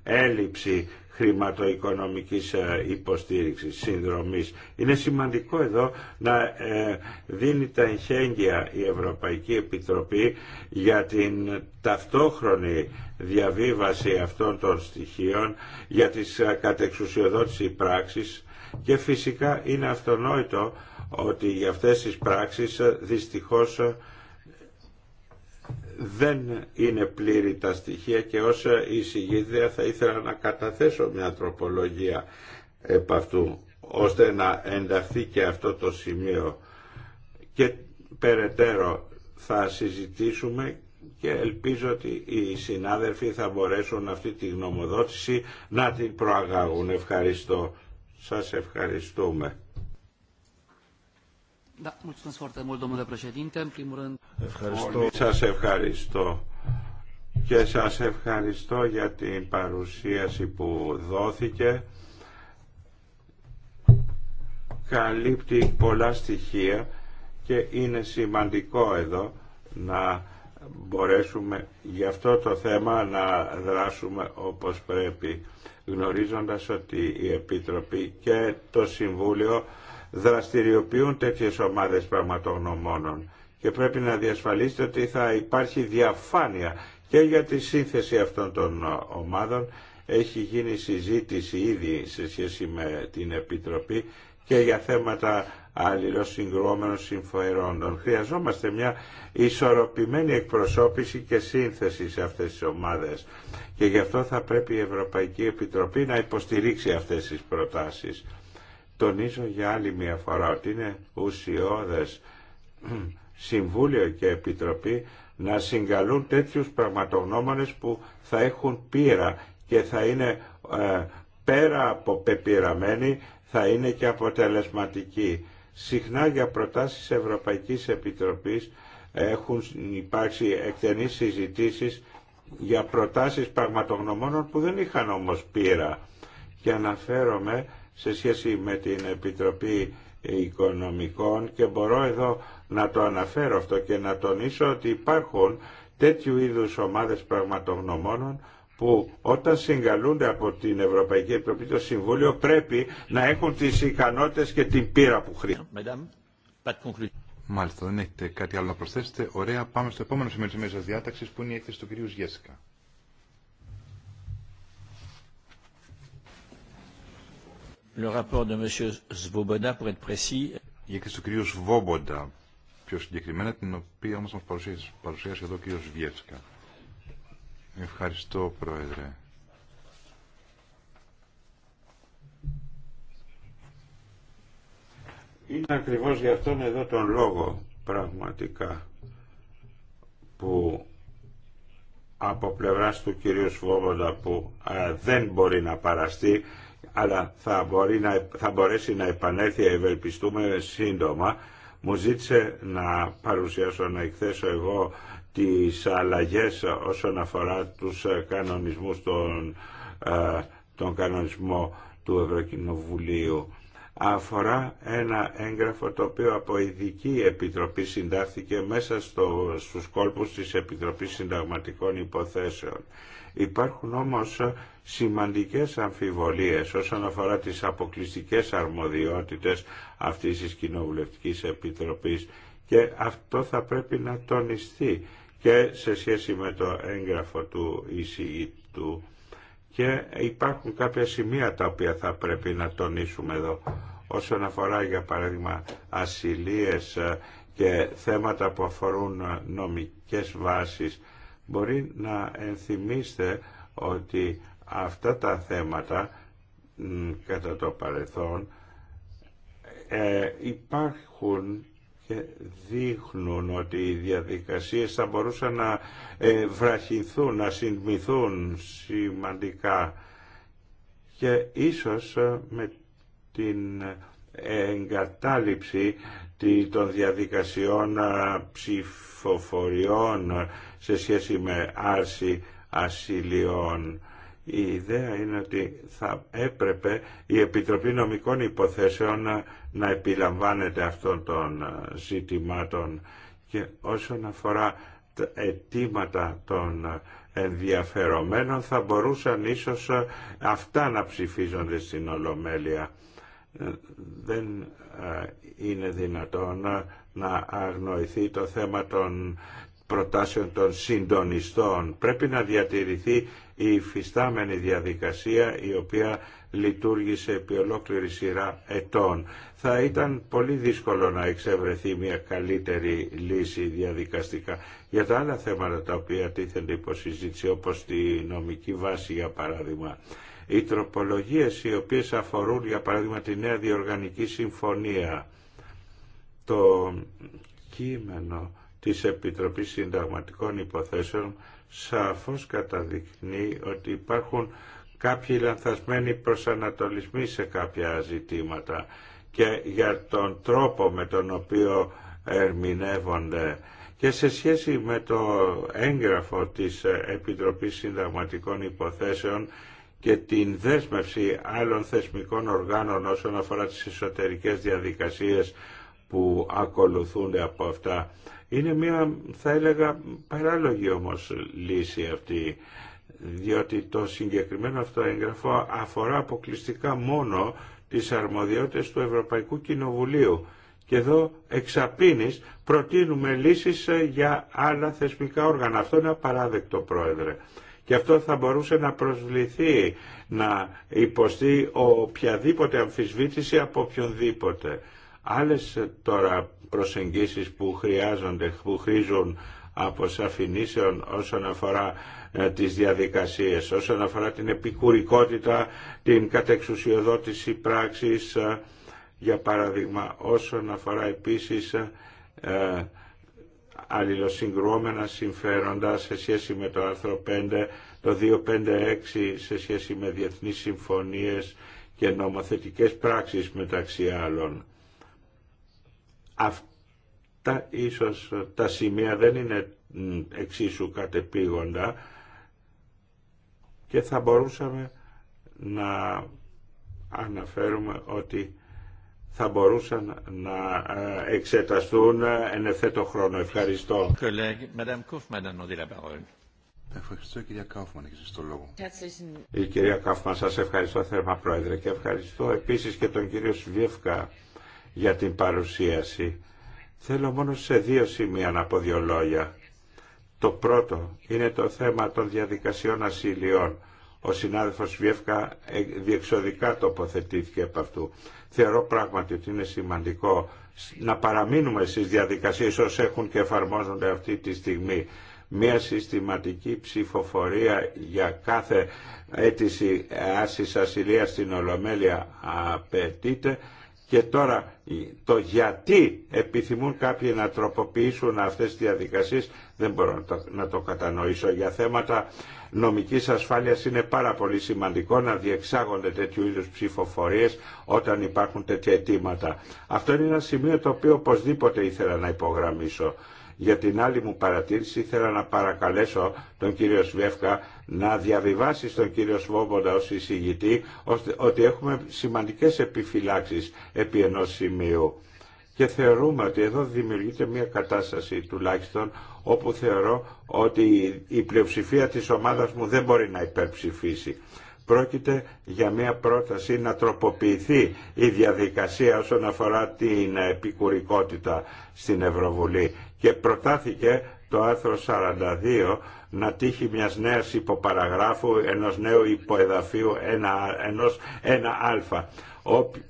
έλλειψη χρηματοοικονομικής ε, υποστήριξης, συνδρομής. Είναι σημαντικό εδώ να ε, δίνει τα εγχέγγυα η Ευρωπαϊκή Επιτροπή για την ταυτόχρονη διαβίβαση αυτών των στοιχείων για τις ε, κατεξουσιοδότηση πράξεις και φυσικά είναι αυτονόητο ότι για αυτές τις πράξεις δυστυχώς δεν είναι πλήρη τα στοιχεία και ως εισηγήτρια θα ήθελα να καταθέσω μια τροπολογία επ' αυτού ώστε να ενταχθεί και αυτό το σημείο και περαιτέρω θα συζητήσουμε και ελπίζω ότι οι συνάδελφοι θα μπορέσουν αυτή τη γνωμοδότηση να την προαγάγουν. Ευχαριστώ. Σας ευχαριστούμε. Ευχαριστώ. Σας ευχαριστώ και σας ευχαριστώ για την παρουσίαση που δόθηκε. Καλύπτει πολλά στοιχεία και είναι σημαντικό εδώ να μπορέσουμε για αυτό το θέμα να δράσουμε όπως πρέπει γνωρίζοντας ότι η Επιτροπή και το Συμβούλιο δραστηριοποιούν τέτοιες ομάδες πραγματογνωμόνων και πρέπει να διασφαλίσετε ότι θα υπάρχει διαφάνεια και για τη σύνθεση αυτών των ομάδων έχει γίνει συζήτηση ήδη σε σχέση με την Επιτροπή και για θέματα αλληλοσυγκρουόμενων συμφερόντων. Χρειαζόμαστε μια ισορροπημένη εκπροσώπηση και σύνθεση σε αυτές τις ομάδες και γι' αυτό θα πρέπει η Ευρωπαϊκή Επιτροπή να υποστηρίξει αυτές τις προτάσεις. Τονίζω για άλλη μια φορά ότι είναι ουσιώδες Συμβούλιο και Επιτροπή να συγκαλούν τέτοιους πραγματογνώμονες που θα έχουν πείρα και θα είναι ε, πέρα από πεπειραμένοι, θα είναι και αποτελεσματικοί. Συχνά για προτάσεις Ευρωπαϊκής Επιτροπής έχουν υπάρξει εκτενείς συζητήσεις για προτάσεις πραγματογνωμόνων που δεν είχαν όμως πείρα. Και αναφέρομαι σε σχέση με την Επιτροπή Οικονομικών και μπορώ εδώ να το αναφέρω αυτό και να τονίσω ότι υπάρχουν τέτοιου είδους ομάδες πραγματογνωμόνων που όταν συγκαλούνται από την Ευρωπαϊκή Επιτροπή το Συμβούλιο πρέπει να έχουν τις ικανότητες και την πείρα που χρειάζονται. Μάλιστα, δεν έχετε κάτι άλλο να προσθέσετε. Ωραία, πάμε στο επόμενο σημείο της διάταξης που είναι η έκθεση του κυρίου Γέσικα. Le rapport de Η έκθεση του κυρίου Σβόμποντα, πιο συγκεκριμένα, την οποία όμως μας παρουσίασε, παρουσίασε εδώ ο κύριος Βιέτσκα. Ευχαριστώ, Πρόεδρε. Είναι ακριβώς γι' αυτόν εδώ τον λόγο, πραγματικά, που από πλευράς του κυρίου Σβόμποντα που α, ε, δεν μπορεί να παραστεί, αλλά θα, μπορεί να, θα μπορέσει να επανέλθει ευελπιστούμε σύντομα. Μου ζήτησε να παρουσιάσω, να εκθέσω εγώ τις αλλαγές όσον αφορά τους κανονισμούς, τον, ε, τον κανονισμό του Ευρωκοινοβουλίου. Αφορά ένα έγγραφο το οποίο από ειδική επιτροπή συντάχθηκε μέσα στο, στους κόλπους της Επιτροπής Συνταγματικών Υποθέσεων. Υπάρχουν όμως σημαντικές αμφιβολίες όσον αφορά τις αποκλειστικές αρμοδιότητες αυτής της Κοινοβουλευτικής Επιτροπής και αυτό θα πρέπει να τονιστεί και σε σχέση με το έγγραφο του εισηγητού και υπάρχουν κάποια σημεία τα οποία θα πρέπει να τονίσουμε εδώ όσον αφορά για παράδειγμα ασυλίες και θέματα που αφορούν νομικές βάσεις Μπορεί να ενθυμίστε ότι αυτά τα θέματα κατά το παρελθόν ε, υπάρχουν και δείχνουν ότι οι διαδικασίες θα μπορούσαν να ε, βραχυνθούν, να συντμηθούν σημαντικά και ίσως ε, με την εγκατάλειψη των διαδικασιών ε, ψηφοφοριών σε σχέση με άρση ασυλιών. Η ιδέα είναι ότι θα έπρεπε η Επιτροπή Νομικών Υποθέσεων να επιλαμβάνεται αυτών των ε, ζητημάτων και όσον αφορά τα αιτήματα των ενδιαφερομένων θα μπορούσαν ίσως ε, αυτά να ψηφίζονται στην Ολομέλεια. Ε, δεν είναι δυνατόν να αγνοηθεί το θέμα των, προτάσεων των συντονιστών. Πρέπει να διατηρηθεί η υφιστάμενη διαδικασία η οποία λειτουργήσε επί ολόκληρη σειρά ετών. Θα ήταν πολύ δύσκολο να εξευρεθεί μια καλύτερη λύση διαδικαστικά. Για τα άλλα θέματα τα οποία τίθενται υπό συζήτηση όπως τη νομική βάση για παράδειγμα οι τροπολογίες οι οποίες αφορούν για παράδειγμα τη νέα διοργανική συμφωνία το κείμενο της Επιτροπής Συνταγματικών Υποθέσεων σαφώς καταδεικνύει ότι υπάρχουν κάποιοι λανθασμένοι προσανατολισμοί σε κάποια ζητήματα και για τον τρόπο με τον οποίο ερμηνεύονται και σε σχέση με το έγγραφο της Επιτροπής Συνταγματικών Υποθέσεων και την δέσμευση άλλων θεσμικών οργάνων όσον αφορά τις εσωτερικές διαδικασίες που ακολουθούν από αυτά. Είναι μια, θα έλεγα, παράλογη όμως λύση αυτή, διότι το συγκεκριμένο αυτό έγγραφο αφορά αποκλειστικά μόνο τις αρμοδιότητες του Ευρωπαϊκού Κοινοβουλίου. Και εδώ εξαπίνεις προτείνουμε λύσεις ε, για άλλα θεσμικά όργανα. Αυτό είναι απαράδεκτο, Πρόεδρε. Και αυτό θα μπορούσε να προσβληθεί, να υποστεί οποιαδήποτε αμφισβήτηση από οποιονδήποτε. Άλλες ε, τώρα προσεγγίσεις που χρειάζονται, που χρήζουν αποσαφηνήσεων όσον αφορά ε, τις διαδικασίες, όσον αφορά την επικουρικότητα, την κατεξουσιοδότηση πράξης, ε, για παράδειγμα, όσον αφορά επίσης αλληλοσυγκρουόμενα συμφέροντα σε σχέση με το άρθρο 5, το 256 σε σχέση με διεθνείς συμφωνίες και νομοθετικές πράξεις μεταξύ άλλων. Αυτά ίσως τα σημεία δεν είναι εξίσου κατεπήγοντα και θα μπορούσαμε να αναφέρουμε ότι θα μπορούσαν να ε, εξεταστούν εν ευθέτω χρόνο. Ευχαριστώ. Ευχαριστώ κυρία Κάφμαν, έχεις στο λόγο. Η κυρία Κάφμαν, σας ευχαριστώ θερμά πρόεδρε και ευχαριστώ επίσης και τον κύριο Σβιεύκα για την παρουσίαση. Θέλω μόνο σε δύο σημεία να πω δύο λόγια. Το πρώτο είναι το θέμα των διαδικασιών ασύλειων. Ο συνάδελφος Βιεύκα ε, διεξοδικά τοποθετήθηκε από αυτού. Θεωρώ πράγματι ότι είναι σημαντικό να παραμείνουμε στις διαδικασίες όσες έχουν και εφαρμόζονται αυτή τη στιγμή. Μια συστηματική ψηφοφορία για κάθε αίτηση άσης ασυλίας στην Ολομέλεια απαιτείται και τώρα το γιατί επιθυμούν κάποιοι να τροποποιήσουν αυτές τις διαδικασίες δεν μπορώ να το κατανοήσω. Για θέματα νομικής ασφάλειας είναι πάρα πολύ σημαντικό να διεξάγονται τέτοιου είδους ψηφοφορίες όταν υπάρχουν τέτοια αιτήματα. Αυτό είναι ένα σημείο το οποίο οπωσδήποτε ήθελα να υπογραμμίσω. Για την άλλη μου παρατήρηση ήθελα να παρακαλέσω τον κύριο Σβέφκα να διαβιβάσει στον κύριο Σβόμποντα ως εισηγητή ότι έχουμε σημαντικές επιφυλάξεις επί ενός σημείου. Και θεωρούμε ότι εδώ δημιουργείται μια κατάσταση τουλάχιστον όπου θεωρώ ότι η πλειοψηφία της ομάδας μου δεν μπορεί να υπερψηφίσει. Πρόκειται για μια πρόταση να τροποποιηθεί η διαδικασία όσον αφορά την επικουρικότητα στην Ευρωβουλή και προτάθηκε το άρθρο 42 να τύχει μιας νέας υποπαραγράφου, ενός νέου υποεδαφείου, ένα, ενός 1α.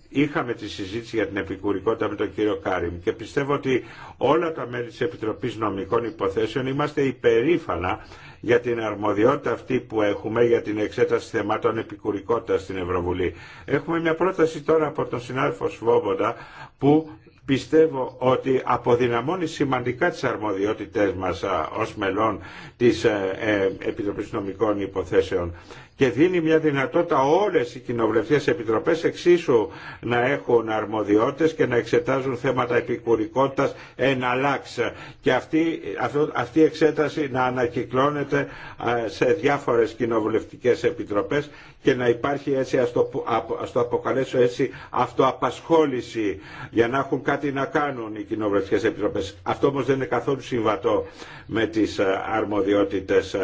Είχαμε τη συζήτηση για την επικουρικότητα με τον κύριο Κάριμ και πιστεύω ότι όλα τα μέλη της Επιτροπής Νομικών Υποθέσεων είμαστε υπερήφανα για την αρμοδιότητα αυτή που έχουμε για την εξέταση θεμάτων επικουρικότητας στην Ευρωβουλή. Έχουμε μια πρόταση τώρα από τον συνάδελφο Σβόμποντα που πιστεύω ότι αποδυναμώνει σημαντικά τις αρμοδιότητές μας ως μελών της ε, ε, Επιτροπής Νομικών Υποθέσεων και δίνει μια δυνατότητα όλες οι κοινοβουλευτικές επιτροπές εξίσου να έχουν αρμοδιότητες και να εξετάζουν θέματα επικουρικότητας εναλλάξ και αυτή, αυτή η εξέταση να ανακυκλώνεται σε διάφορες κοινοβουλευτικές επιτροπές και να υπάρχει έτσι, ας το, ας το αποκαλέσω έτσι, αυτοαπασχόληση για να έχουν κάτι να κάνουν οι κοινοβουλευτικές επιτροπές. Αυτό όμως δεν είναι καθόλου συμβατό με τις αρμοδιότητες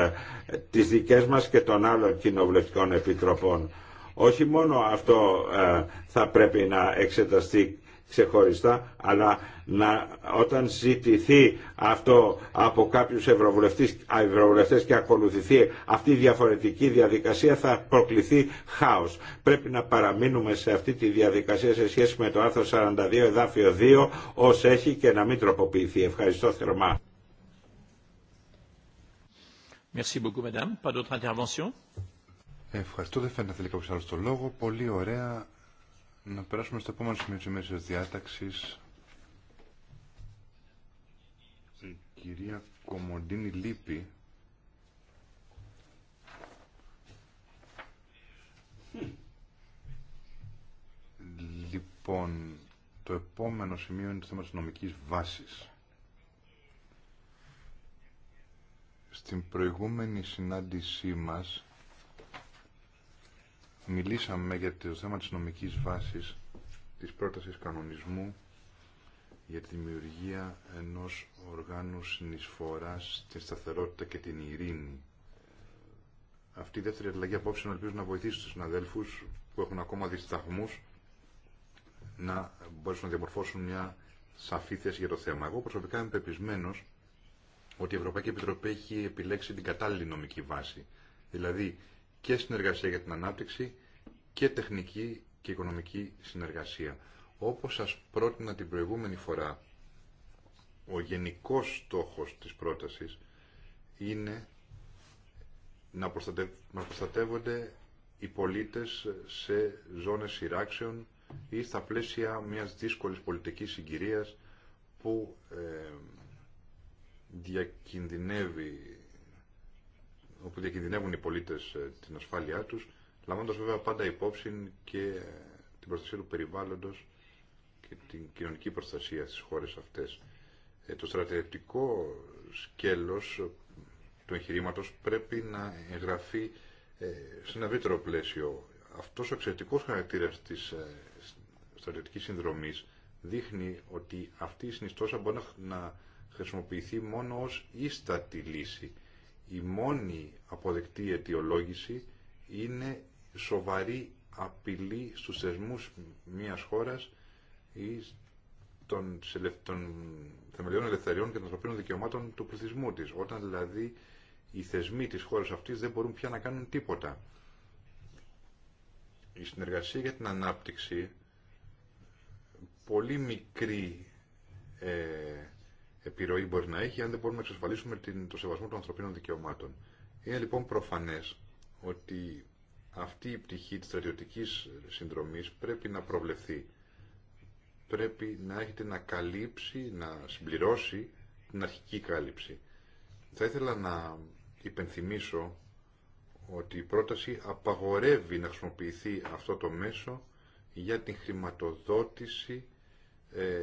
τις δικές μας και των άλλων κοινοβουλευτικών επιτροπών. Όχι μόνο αυτό ε, θα πρέπει να εξεταστεί ξεχωριστά, αλλά να, όταν ζητηθεί αυτό από κάποιους ευρωβουλευτές και ακολουθηθεί αυτή η διαφορετική διαδικασία θα προκληθεί χάος. Πρέπει να παραμείνουμε σε αυτή τη διαδικασία σε σχέση με το άρθρο 42 εδάφιο 2 ως έχει και να μην τροποποιηθεί. Ευχαριστώ θερμά. Merci beaucoup, madame. Pas Ευχαριστώ. Δεν φαίνεται θέλει κάποιο άλλο το λόγο. Πολύ ωραία. Να περάσουμε στο επόμενο σημείο τη ημέρα διάταξη. Η κυρία Κομοντίνη Λύπη. Λοιπόν, το επόμενο σημείο είναι το θέμα της νομικής βάσης. Στην προηγούμενη συνάντησή μας μιλήσαμε για το θέμα της νομικής βάσης της πρότασης κανονισμού για τη δημιουργία ενός οργάνου συνεισφοράς στην σταθερότητα και την ειρήνη. Αυτή η δεύτερη αλλαγή απόψε ελπίζω να βοηθήσει τους συναδέλφους που έχουν ακόμα δισταγμού να μπορέσουν να διαμορφώσουν μια σαφή θέση για το θέμα. Εγώ προσωπικά είμαι πεπισμένος ότι η Ευρωπαϊκή Επιτροπή έχει επιλέξει την κατάλληλη νομική βάση. Δηλαδή και συνεργασία για την ανάπτυξη και τεχνική και οικονομική συνεργασία. Όπως σας πρότεινα την προηγούμενη φορά, ο γενικός στόχος της πρότασης είναι να, προστατεύονται οι πολίτες σε ζώνες σειράξεων ή στα πλαίσια μιας δύσκολης πολιτικής συγκυρίας που ε, διακινδυνεύει όπου διακινδυνεύουν οι πολίτες ε, την ασφάλειά τους, λαμβάνοντας βέβαια πάντα υπόψη και την προστασία του περιβάλλοντος και την κοινωνική προστασία στις χώρες αυτές. Ε, το στρατηγικό σκέλος του εγχειρήματο πρέπει να εγγραφεί ε, σε ένα ευρύτερο πλαίσιο. Αυτός ο εξαιρετικός χαρακτήρας της στρατιωτικής συνδρομής δείχνει ότι αυτή η συνιστόσα μπορεί να χρησιμοποιηθεί μόνο ως ίστατη λύση. Η μόνη αποδεκτή αιτιολόγηση είναι σοβαρή απειλή στους θεσμούς μιας χώρας ή των, των θεμελιών ελευθεριών και των ανθρωπίνων δικαιωμάτων του πληθυσμού της. Όταν δηλαδή οι θεσμοί της χώρας αυτής δεν μπορούν πια να κάνουν τίποτα. Η συνεργασία για την ανάπτυξη πολύ μικρή ε, επιρροή μπορεί να έχει αν δεν μπορούμε να εξασφαλίσουμε την, το σεβασμό των ανθρωπίνων δικαιωμάτων. Είναι λοιπόν προφανές ότι αυτή η πτυχή τη στρατιωτική συνδρομής πρέπει να προβλεφθεί. Πρέπει να έχετε να καλύψει, να συμπληρώσει την αρχική κάλυψη. Θα ήθελα να υπενθυμίσω ότι η πρόταση απαγορεύει να χρησιμοποιηθεί αυτό το μέσο για την χρηματοδότηση ε,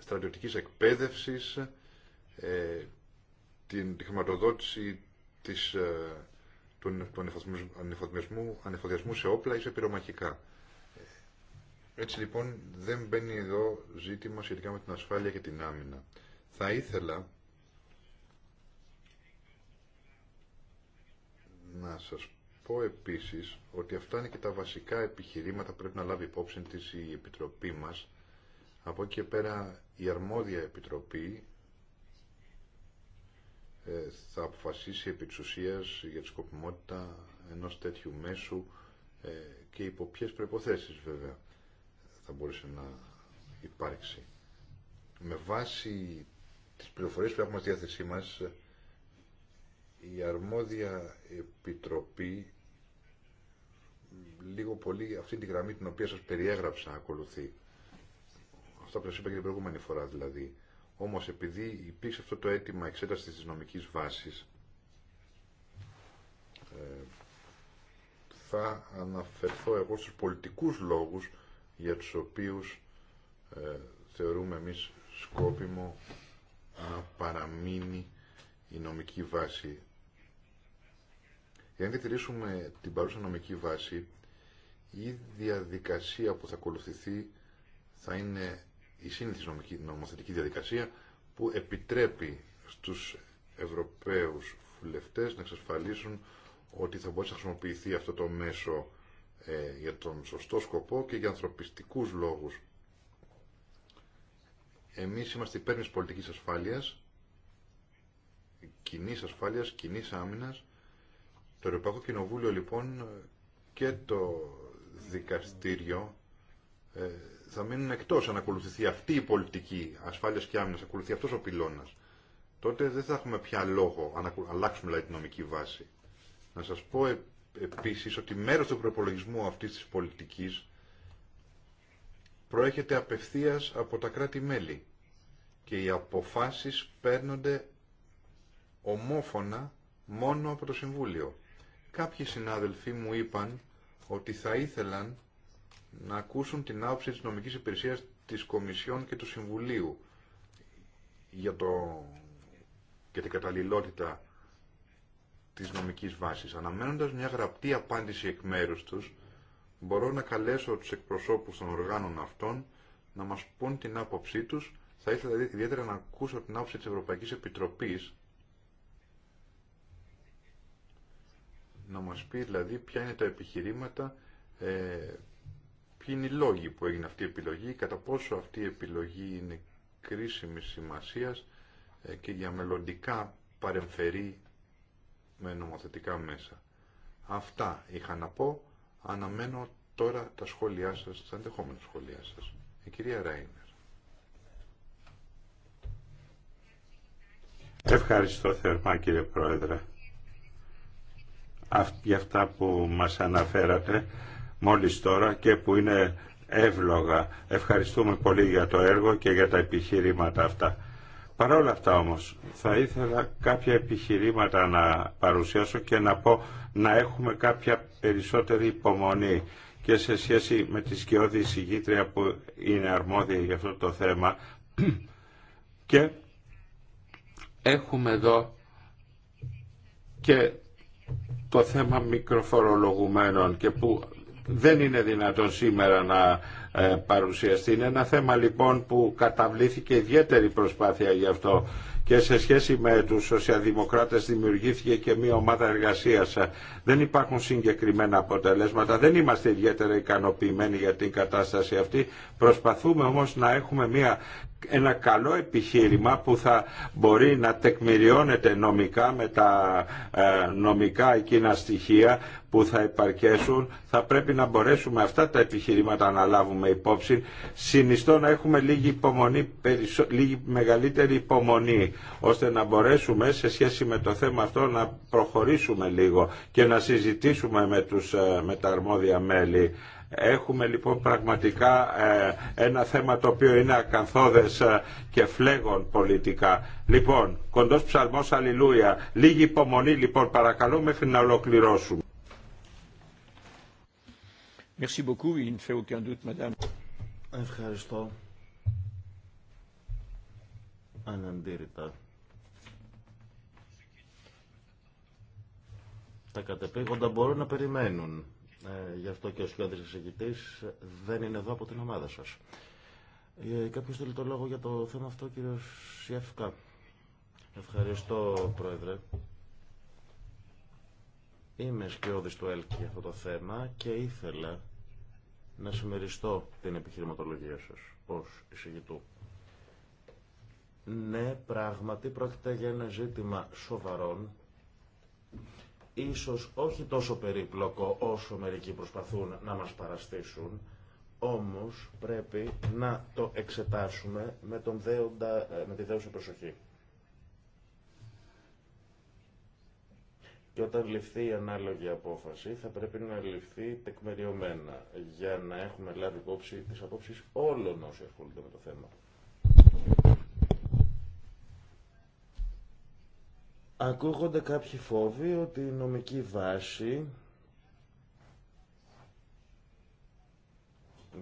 στρατιωτικής εκπαίδευσης, ε, την τη χρηματοδότηση της, ε, του, του ανεφοδιασμού σε όπλα ή σε πυρομαχικά. Ε, έτσι λοιπόν δεν μπαίνει εδώ ζήτημα σχετικά με την ασφάλεια και την άμυνα. Θα ήθελα να σας πω επίσης ότι αυτά είναι και τα βασικά επιχειρήματα που πρέπει να λάβει υπόψη της η Επιτροπή μας. Από εκεί και πέρα η αρμόδια επιτροπή ε, θα αποφασίσει επί της ουσίας για τη σκοπιμότητα ενός τέτοιου μέσου ε, και υπό ποιες προϋποθέσεις βέβαια θα μπορούσε να υπάρξει. Με βάση τις πληροφορίες που έχουμε στη διάθεσή μας η αρμόδια επιτροπή λίγο πολύ αυτή τη γραμμή την οποία σας περιέγραψα ακολουθεί αυτά που σα είπα και την προηγούμενη φορά δηλαδή. Όμω επειδή υπήρξε αυτό το αίτημα εξέταση τη νομική βάση, ε, θα αναφερθώ εγώ στους πολιτικούς λόγους για τους οποίους ε, θεωρούμε εμείς σκόπιμο να παραμείνει η νομική βάση. για να διατηρήσουμε την παρούσα νομική βάση, η διαδικασία που θα ακολουθηθεί θα είναι η σύνηθις νομοθετική διαδικασία που επιτρέπει στους Ευρωπαίους βουλευτές να εξασφαλίσουν ότι θα μπορέσει να χρησιμοποιηθεί αυτό το μέσο ε, για τον σωστό σκοπό και για ανθρωπιστικούς λόγους. Εμείς είμαστε υπέρ μιας πολιτικής ασφάλειας, κοινή ασφάλειας, κοινή άμυνας. Το Ευρωπαϊκό Κοινοβούλιο λοιπόν και το δικαστήριο ε, θα μείνουν εκτό αν ακολουθηθεί αυτή η πολιτική ασφάλειας και άμυνας, ακολουθεί αυτό ο πυλώνας. Τότε δεν θα έχουμε πια λόγο αν αλλάξουμε δηλαδή, την νομική βάση. Να σας πω επίση επίσης ότι μέρος του προπολογισμού αυτής της πολιτικής προέρχεται απευθεία από τα κράτη-μέλη και οι αποφάσεις παίρνονται ομόφωνα μόνο από το Συμβούλιο. Κάποιοι συνάδελφοί μου είπαν ότι θα ήθελαν να ακούσουν την άποψη της νομικής υπηρεσίας της Κομισιόν και του Συμβουλίου για, το, για την καταλληλότητα της νομικής βάσης. Αναμένοντας μια γραπτή απάντηση εκ μέρους τους, μπορώ να καλέσω τους εκπροσώπους των οργάνων αυτών να μας πούν την άποψή τους. Θα ήθελα δηλαδή, ιδιαίτερα να ακούσω την άποψη της Ευρωπαϊκής Επιτροπής να μας πει δηλαδή ποια είναι τα επιχειρήματα ε, ποιοι είναι οι λόγοι που έγινε αυτή η επιλογή, κατά πόσο αυτή η επιλογή είναι κρίσιμη σημασίας ε, και για μελλοντικά παρεμφερεί με νομοθετικά μέσα. Αυτά είχα να πω. Αναμένω τώρα τα σχόλιά σας, τα ενδεχόμενα σχόλιά σας. Η κυρία Ράινερ. Ευχαριστώ θερμά κύριε Πρόεδρε για αυτά που μας αναφέρατε μόλις τώρα και που είναι εύλογα. Ευχαριστούμε πολύ για το έργο και για τα επιχειρήματα αυτά. Παρ' όλα αυτά όμως θα ήθελα κάποια επιχειρήματα να παρουσιάσω και να πω να έχουμε κάποια περισσότερη υπομονή και σε σχέση με τη σκιώδη εισηγήτρια που είναι αρμόδια για αυτό το θέμα και έχουμε εδώ και το θέμα μικροφορολογουμένων και που δεν είναι δυνατόν σήμερα να ε, παρουσιαστεί. Είναι ένα θέμα λοιπόν που καταβλήθηκε ιδιαίτερη προσπάθεια γι' αυτό και σε σχέση με τους σοσιαδημοκράτες δημιουργήθηκε και μια ομάδα εργασίας. Δεν υπάρχουν συγκεκριμένα αποτελέσματα, δεν είμαστε ιδιαίτερα ικανοποιημένοι για την κατάσταση αυτή. Προσπαθούμε όμως να έχουμε μια ένα καλό επιχείρημα που θα μπορεί να τεκμηριώνεται νομικά με τα ε, νομικά εκείνα στοιχεία που θα επαρκέσουν θα πρέπει να μπορέσουμε αυτά τα επιχειρήματα να λάβουμε υπόψη συνιστώ να έχουμε λίγη, υπομονή, λίγη μεγαλύτερη υπομονή ώστε να μπορέσουμε σε σχέση με το θέμα αυτό να προχωρήσουμε λίγο και να συζητήσουμε με, τους, ε, με τα αρμόδια μέλη Έχουμε λοιπόν πραγματικά ε, ένα θέμα το οποίο είναι ακαθόδες ε, και φλέγον πολιτικά. Λοιπόν, κοντός ψαλμός αλληλούια. Λίγη υπομονή λοιπόν παρακαλώ μέχρι να ολοκληρώσουμε. Ευχαριστώ. Αναντήρητα. Τα κατεπήγοντα μπορούν να περιμένουν. Ε, γι' αυτό και ο Σιώδης εισηγητής δεν είναι εδώ από την ομάδα σας. Ε, κάποιος θέλει το λόγο για το θέμα αυτό, κύριο Σιεφκά. Ευχαριστώ, Πρόεδρε. Είμαι σκιώδης του ΕΛΚ για αυτό το θέμα και ήθελα να συμμεριστώ την επιχειρηματολογία σας ως εισηγητού. Ναι, πράγματι πρόκειται για ένα ζήτημα σοβαρών ίσως όχι τόσο περίπλοκο όσο μερικοί προσπαθούν να μας παραστήσουν, όμως πρέπει να το εξετάσουμε με, τον δέοντα, ε, με τη δέουσα προσοχή. Και όταν ληφθεί η ανάλογη απόφαση θα πρέπει να ληφθεί τεκμεριωμένα για να έχουμε λάβει υπόψη τις απόψεις όλων όσοι ασχολούνται με το θέμα. Ακούγονται κάποιοι φόβοι ότι η νομική βάση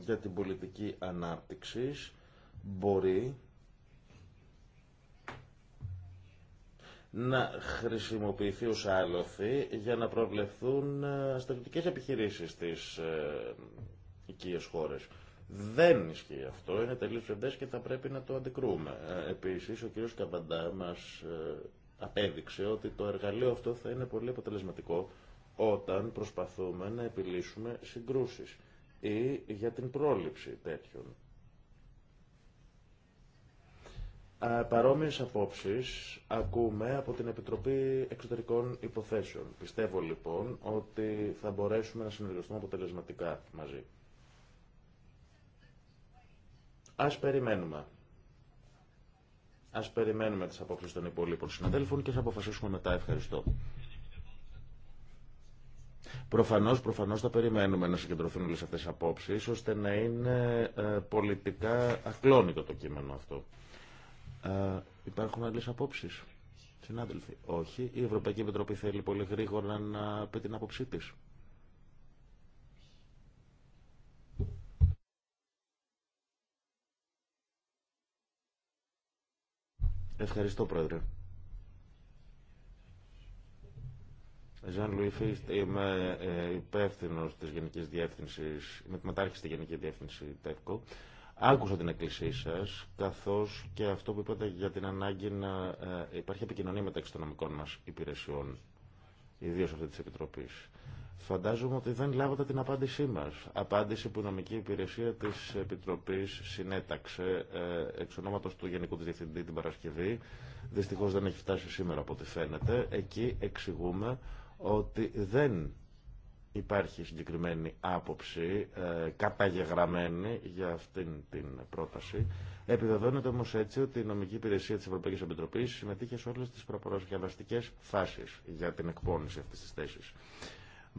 για την πολιτική ανάπτυξη μπορεί να χρησιμοποιηθεί ως άλοθη για να προβλεφθούν ε, στρατιωτικές επιχειρήσεις στις ε, οικίες χώρες. Δεν ισχύει αυτό, είναι τελείως και θα πρέπει να το αντικρούμε. Ε, επίσης, ο κ. Καβαντά μας απέδειξε ότι το εργαλείο αυτό θα είναι πολύ αποτελεσματικό όταν προσπαθούμε να επιλύσουμε συγκρούσεις ή για την πρόληψη τέτοιων. Παρόμοιες απόψεις ακούμε από την Επιτροπή Εξωτερικών Υποθέσεων. Πιστεύω λοιπόν ότι θα μπορέσουμε να συνεργαστούμε αποτελεσματικά μαζί. Ας περιμένουμε Ας περιμένουμε τις απόψεις των υπόλοιπων συναδέλφων και θα αποφασίσουμε μετά. Ευχαριστώ. Προφανώ, προφανώς θα περιμένουμε να συγκεντρωθούν όλε αυτέ τι απόψει, ώστε να είναι ε, πολιτικά ακλόνητο το κείμενο αυτό. Ε, υπάρχουν άλλε απόψει, συνάδελφοι. Όχι. Η Ευρωπαϊκή Επιτροπή θέλει πολύ γρήγορα να πει την άποψή τη. Ευχαριστώ, Πρόεδρε. Ζαν Λουίφη, είμαι ε, υπεύθυνο τη Γενική Διεύθυνση, με τη της στη Γενική Διεύθυνση ΤΕΦΚΟ. Άκουσα την εκκλησία σα, καθώ και αυτό που είπατε για την ανάγκη να ε, υπάρχει επικοινωνία μεταξύ των νομικών μα υπηρεσιών, ιδίω αυτή τη Επιτροπή. Φαντάζομαι ότι δεν λάβατε την απάντησή μας. Απάντηση που η νομική υπηρεσία της Επιτροπής συνέταξε ε, εξ ονόματος του Γενικού Διευθυντή την Παρασκευή. Δυστυχώς δεν έχει φτάσει σήμερα από ό,τι φαίνεται. Εκεί εξηγούμε ότι δεν υπάρχει συγκεκριμένη άποψη ε, καταγεγραμμένη για αυτήν την πρόταση. Επιβεβαιώνεται όμω έτσι ότι η νομική υπηρεσία τη Ευρωπαϊκή Επιτροπή συμμετείχε σε όλε τι προπαρασκευαστικέ φάσει για την εκπόνηση αυτή τη θέση.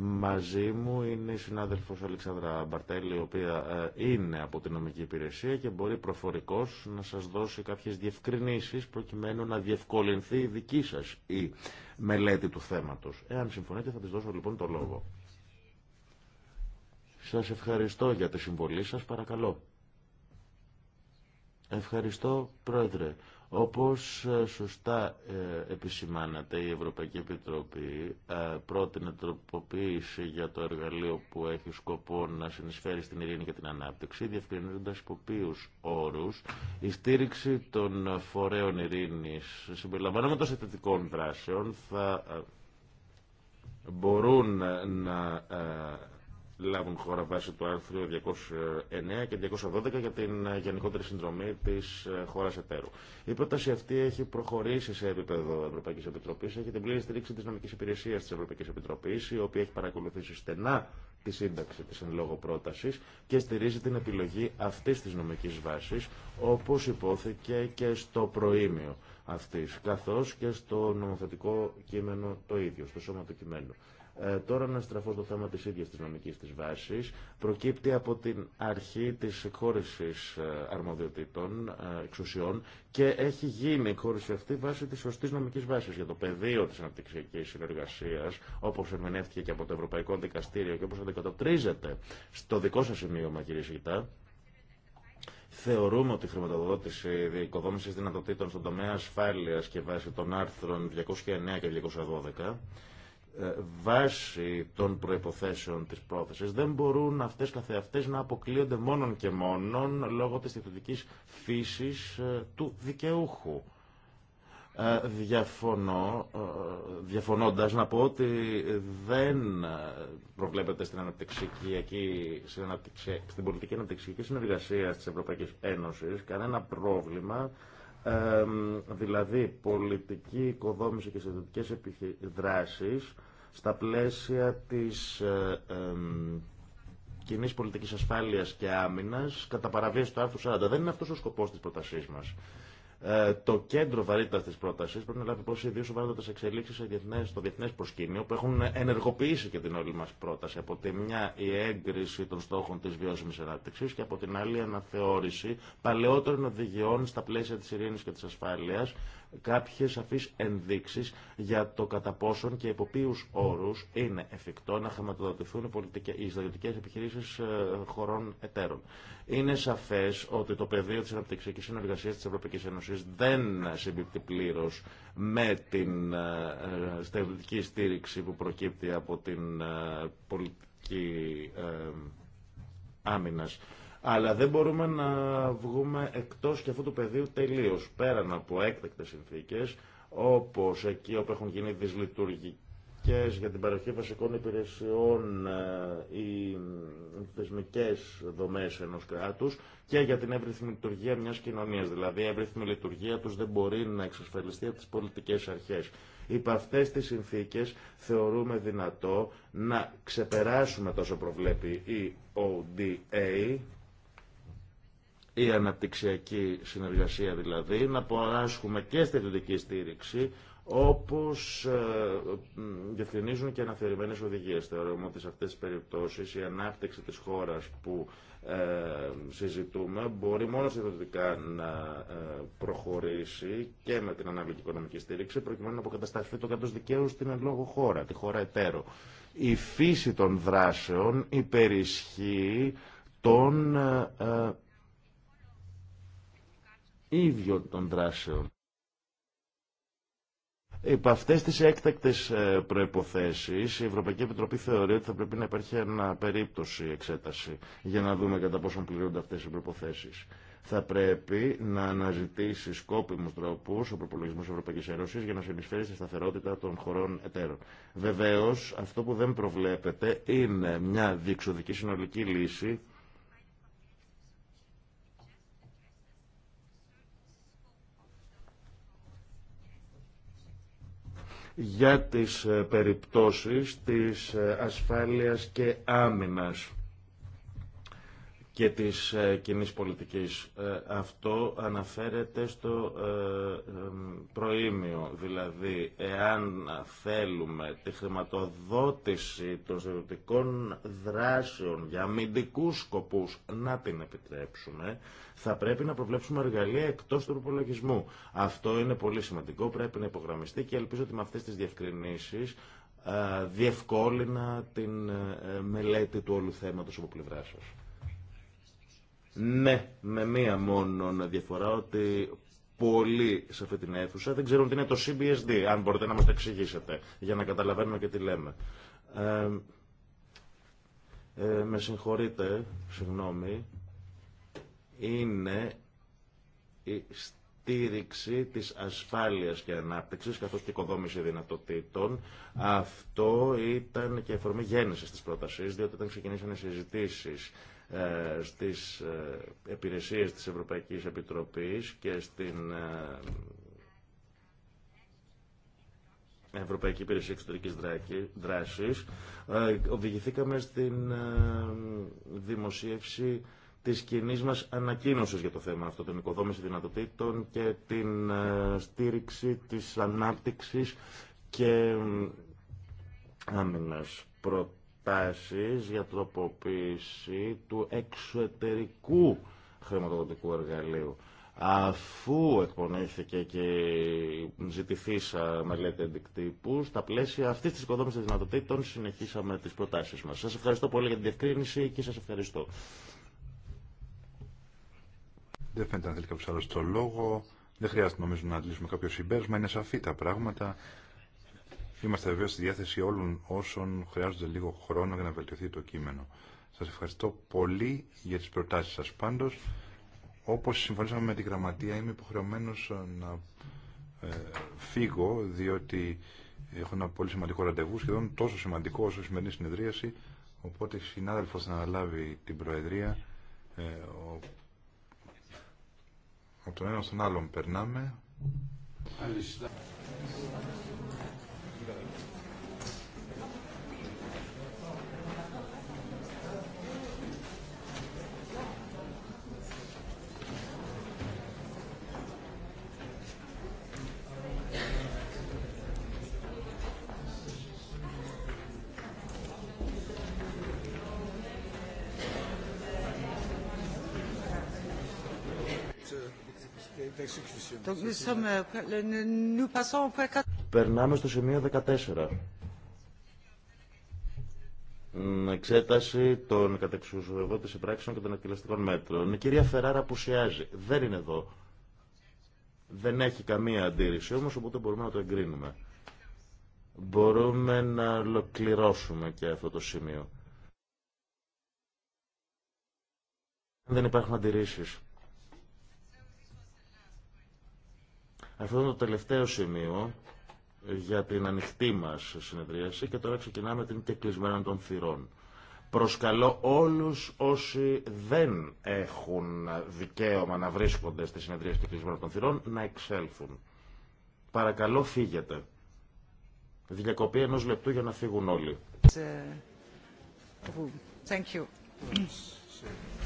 Μαζί μου είναι η συνάδελφος Αλεξάνδρα Μπαρτέλη, η οποία ε, είναι από την νομική υπηρεσία και μπορεί προφορικώς να σας δώσει κάποιες διευκρινήσεις προκειμένου να διευκολυνθεί η δική σας η μελέτη του θέματος. Εάν συμφωνείτε θα της δώσω λοιπόν το λόγο. Σας ευχαριστώ για τη συμβολή σας, παρακαλώ. Ευχαριστώ, Πρόεδρε. Όπως ε, σωστά ε, επισημάνατε, η Ευρωπαϊκή Επιτροπή ε, πρότεινε τροποποίηση για το εργαλείο που έχει σκοπό να συνεισφέρει στην ειρήνη και την ανάπτυξη, διευκρινίζοντας υποποιούς όρους η στήριξη των φορέων ειρήνης συμπεριλαμβανομένων των δράσεων θα μπορούν να λάβουν χώρα βάσει του άρθρου 209 και 212 για την ε, γενικότερη συνδρομή τη ε, χώρα εταίρου. Η πρόταση αυτή έχει προχωρήσει σε επίπεδο Ευρωπαϊκή Επιτροπή. Έχει την πλήρη στήριξη τη νομική υπηρεσία τη Ευρωπαϊκή Επιτροπή, η οποία έχει παρακολουθήσει στενά τη σύνταξη τη εν λόγω πρόταση και στηρίζει την επιλογή αυτή τη νομική βάση, όπω υπόθηκε και στο προήμιο αυτή, καθώ και στο νομοθετικό κείμενο το ίδιο, στο σώμα του κειμένου. Ε, τώρα να στραφώ στο θέμα της ίδιας της νομικής της βάσης. Προκύπτει από την αρχή της χώρισης ε, αρμοδιοτήτων, ε, εξουσιών και έχει γίνει η χώρηση αυτή βάσει της σωστής νομικής βάσης για το πεδίο της αναπτυξιακής συνεργασίας, όπως ερμηνεύτηκε και από το Ευρωπαϊκό Δικαστήριο και όπως αντικατοπτρίζεται στο δικό σας σημείο κύριε Σιγητά. Θεωρούμε ότι η χρηματοδότηση διοικοδόμησης δυνατοτήτων στον τομέα ασφάλειας και βάσει των άρθρων 209 και 212 ε, βάσει των προϋποθέσεων της πρόθεσης δεν μπορούν αυτές καθεαυτές να αποκλείονται μόνον και μόνον λόγω της θετικής φύσης ε, του δικαιούχου. Ε, διαφωνώ, διαφωνώντας να πω ότι δεν προβλέπεται στην, αναπτυξιακή, στην, στην πολιτική αναπτυξιακή συνεργασία της Ευρωπαϊκής Ένωσης κανένα πρόβλημα δηλαδή πολιτική οικοδόμηση και στρατιωτικές δράσεις στα πλαίσια της ε, ε, κοινή πολιτική ασφάλεια και άμυνας κατά παραβίαση του άρθρου 40. Δεν είναι αυτός ο σκοπός της πρότασή μας. Ε, το κέντρο βαρύτητας της πρόταση πρέπει να λάβει υπόψη ιδίω σοβαρότατε εξελίξει στο διεθνέ προσκήνιο που έχουν ενεργοποιήσει και την όλη μα πρόταση. Από τη μια η έγκριση των στόχων της βιώσιμης ανάπτυξη και από την άλλη η αναθεώρηση παλαιότερων οδηγιών στα πλαίσια της ειρήνης και τη ασφάλεια Κάποιε σαφεί ενδείξει για το κατά πόσον και υπό ποιου όρου είναι εφικτό να χρηματοδοτηθούν οι ιδιωτικές επιχειρήσεις ε, χωρών εταίρων. Είναι σαφές ότι το πεδίο τη αναπτυξιακή συνεργασία τη Ευρωπαϊκής Ένωση δεν συμπίπτει πλήρω με την ε, ε, στρατιωτική στήριξη που προκύπτει από την πολιτική άμυνας αλλά δεν μπορούμε να βγούμε εκτός και αυτού του πεδίου τελείως, πέραν από έκτακτε συνθήκες, όπως εκεί όπου έχουν γίνει δυσλειτουργικές για την παροχή βασικών υπηρεσιών ε, οι θεσμικές δομές ενός κράτους και για την εύρυθμη λειτουργία μιας κοινωνίας. Δηλαδή η εύρυθμη λειτουργία τους δεν μπορεί να εξασφαλιστεί από τις πολιτικές αρχές. Υπ' αυτές τις συνθήκες θεωρούμε δυνατό να ξεπεράσουμε τόσο προβλέπει η ODA η αναπτυξιακή συνεργασία δηλαδή, να παράσχουμε και στρατιωτική στήριξη, όπως ε, διευθυνίζουν και αναφερειμένες οδηγίες. Θεωρούμε ότι σε αυτές τις περιπτώσεις η ανάπτυξη της χώρας που ε, συζητούμε μπορεί μόνο στρατιωτικά να ε, προχωρήσει και με την ανάγκη οικονομική στήριξη προκειμένου να αποκατασταθεί το κράτος δικαίου στην λόγω χώρα, τη χώρα εταίρο. Η φύση των δράσεων υπερισχύει των ίδιο των δράσεων. Υπ' αυτέ τι έκτακτε ε, προποθέσει, η Ευρωπαϊκή Επιτροπή θεωρεί ότι θα πρέπει να υπάρχει ένα περίπτωση εξέταση για να δούμε κατά πόσο πληρούνται αυτέ οι προποθέσει. Θα πρέπει να αναζητήσει σκόπιμου τρόπου ο προπολογισμό Ευρωπαϊκή Ένωση για να συνεισφέρει στη σταθερότητα των χωρών εταίρων. Βεβαίω, αυτό που δεν προβλέπεται είναι μια διεξοδική συνολική λύση για τις ε, περιπτώσεις της ε, ασφάλειας και άμυνας και της ε, κοινή πολιτικής. Ε, αυτό αναφέρεται στο ε, προήμιο, δηλαδή εάν θέλουμε τη χρηματοδότηση των στρατιωτικών δράσεων για αμυντικούς σκοπούς να την επιτρέψουμε, θα πρέπει να προβλέψουμε εργαλεία εκτός του προπολογισμού. Αυτό είναι πολύ σημαντικό, πρέπει να υπογραμμιστεί και ελπίζω ότι με αυτές τις διευκρινήσεις διευκόλυνα την μελέτη του όλου θέματος από πλευρά ναι, με μία μόνο διαφορά ότι πολλοί σε αυτή την αίθουσα δεν ξέρουν τι είναι το CBSD, αν μπορείτε να μας το εξηγήσετε, για να καταλαβαίνουμε και τι λέμε. Ε, ε, με συγχωρείτε, συγγνώμη, είναι η στήριξη της ασφάλειας και ανάπτυξης καθώς και οικοδόμηση δυνατοτήτων. Αυτό ήταν και η αφορμή γέννησης της πρότασης, διότι όταν ξεκινήσαν οι συζητήσεις ε, στις ε, υπηρεσίες της Ευρωπαϊκής Επιτροπής και στην ε, Ευρωπαϊκή Υπηρεσία Εξωτερικής Δράσης οδηγηθήκαμε στην δημοσίευση της κοινή μα ανακοίνωση για το θέμα αυτό, την οικοδόμηση δυνατοτήτων και την στήριξη της ανάπτυξης και προ προτάσεις για τροποποίηση του εξωτερικού χρηματοδοτικού εργαλείου. Αφού εκπονήθηκε και ζητηθήσα μελέτη αντικτύπου, στα πλαίσια αυτή τη οικοδόμηση δυνατοτήτων συνεχίσαμε τι προτάσει μα. Σα ευχαριστώ πολύ για την διευκρίνηση και σα ευχαριστώ. Δεν φαίνεται να θέλει κάποιο άλλο το λόγο. Δεν χρειάζεται νομίζω να αντλήσουμε κάποιο συμπέρασμα. Είναι σαφή τα πράγματα. Είμαστε βέβαια στη διάθεση όλων όσων χρειάζονται λίγο χρόνο για να βελτιωθεί το κείμενο. Σα ευχαριστώ πολύ για τι προτάσει σα πάντω, όπω συμφωνήσαμε με τη Γραμματεία, είμαι υποχρεωμένο να ε, φύγω, διότι έχω ένα πολύ σημαντικό ραντεβού, σχεδόν τόσο σημαντικό όσο η σημερινή συνεδρίαση, οπότε η συνάδελφος θα αναλάβει την Προεδρία. Ε, ο... Από τον ένα στον άλλον περνάμε. Περνάμε στο σημείο 14. Εξέταση των κατεξουσιοδότηση πράξεων και των εκτελεστικών μέτρων. Η κυρία Φεράρα απουσιάζει. Δεν είναι εδώ. Δεν έχει καμία αντίρρηση όμως, οπότε μπορούμε να το εγκρίνουμε. Μπορούμε να ολοκληρώσουμε και αυτό το σημείο. Δεν υπάρχουν αντιρρήσεις. Αυτό είναι το τελευταίο σημείο για την ανοιχτή μας συνεδρίαση και τώρα ξεκινάμε την κεκλεισμένα των θυρών. Προσκαλώ όλους όσοι δεν έχουν δικαίωμα να βρίσκονται στη συνεδρίαση κεκλεισμένα των θυρών να εξέλθουν. Παρακαλώ φύγετε. Διακοπή ενός λεπτού για να φύγουν όλοι. Uh, thank you.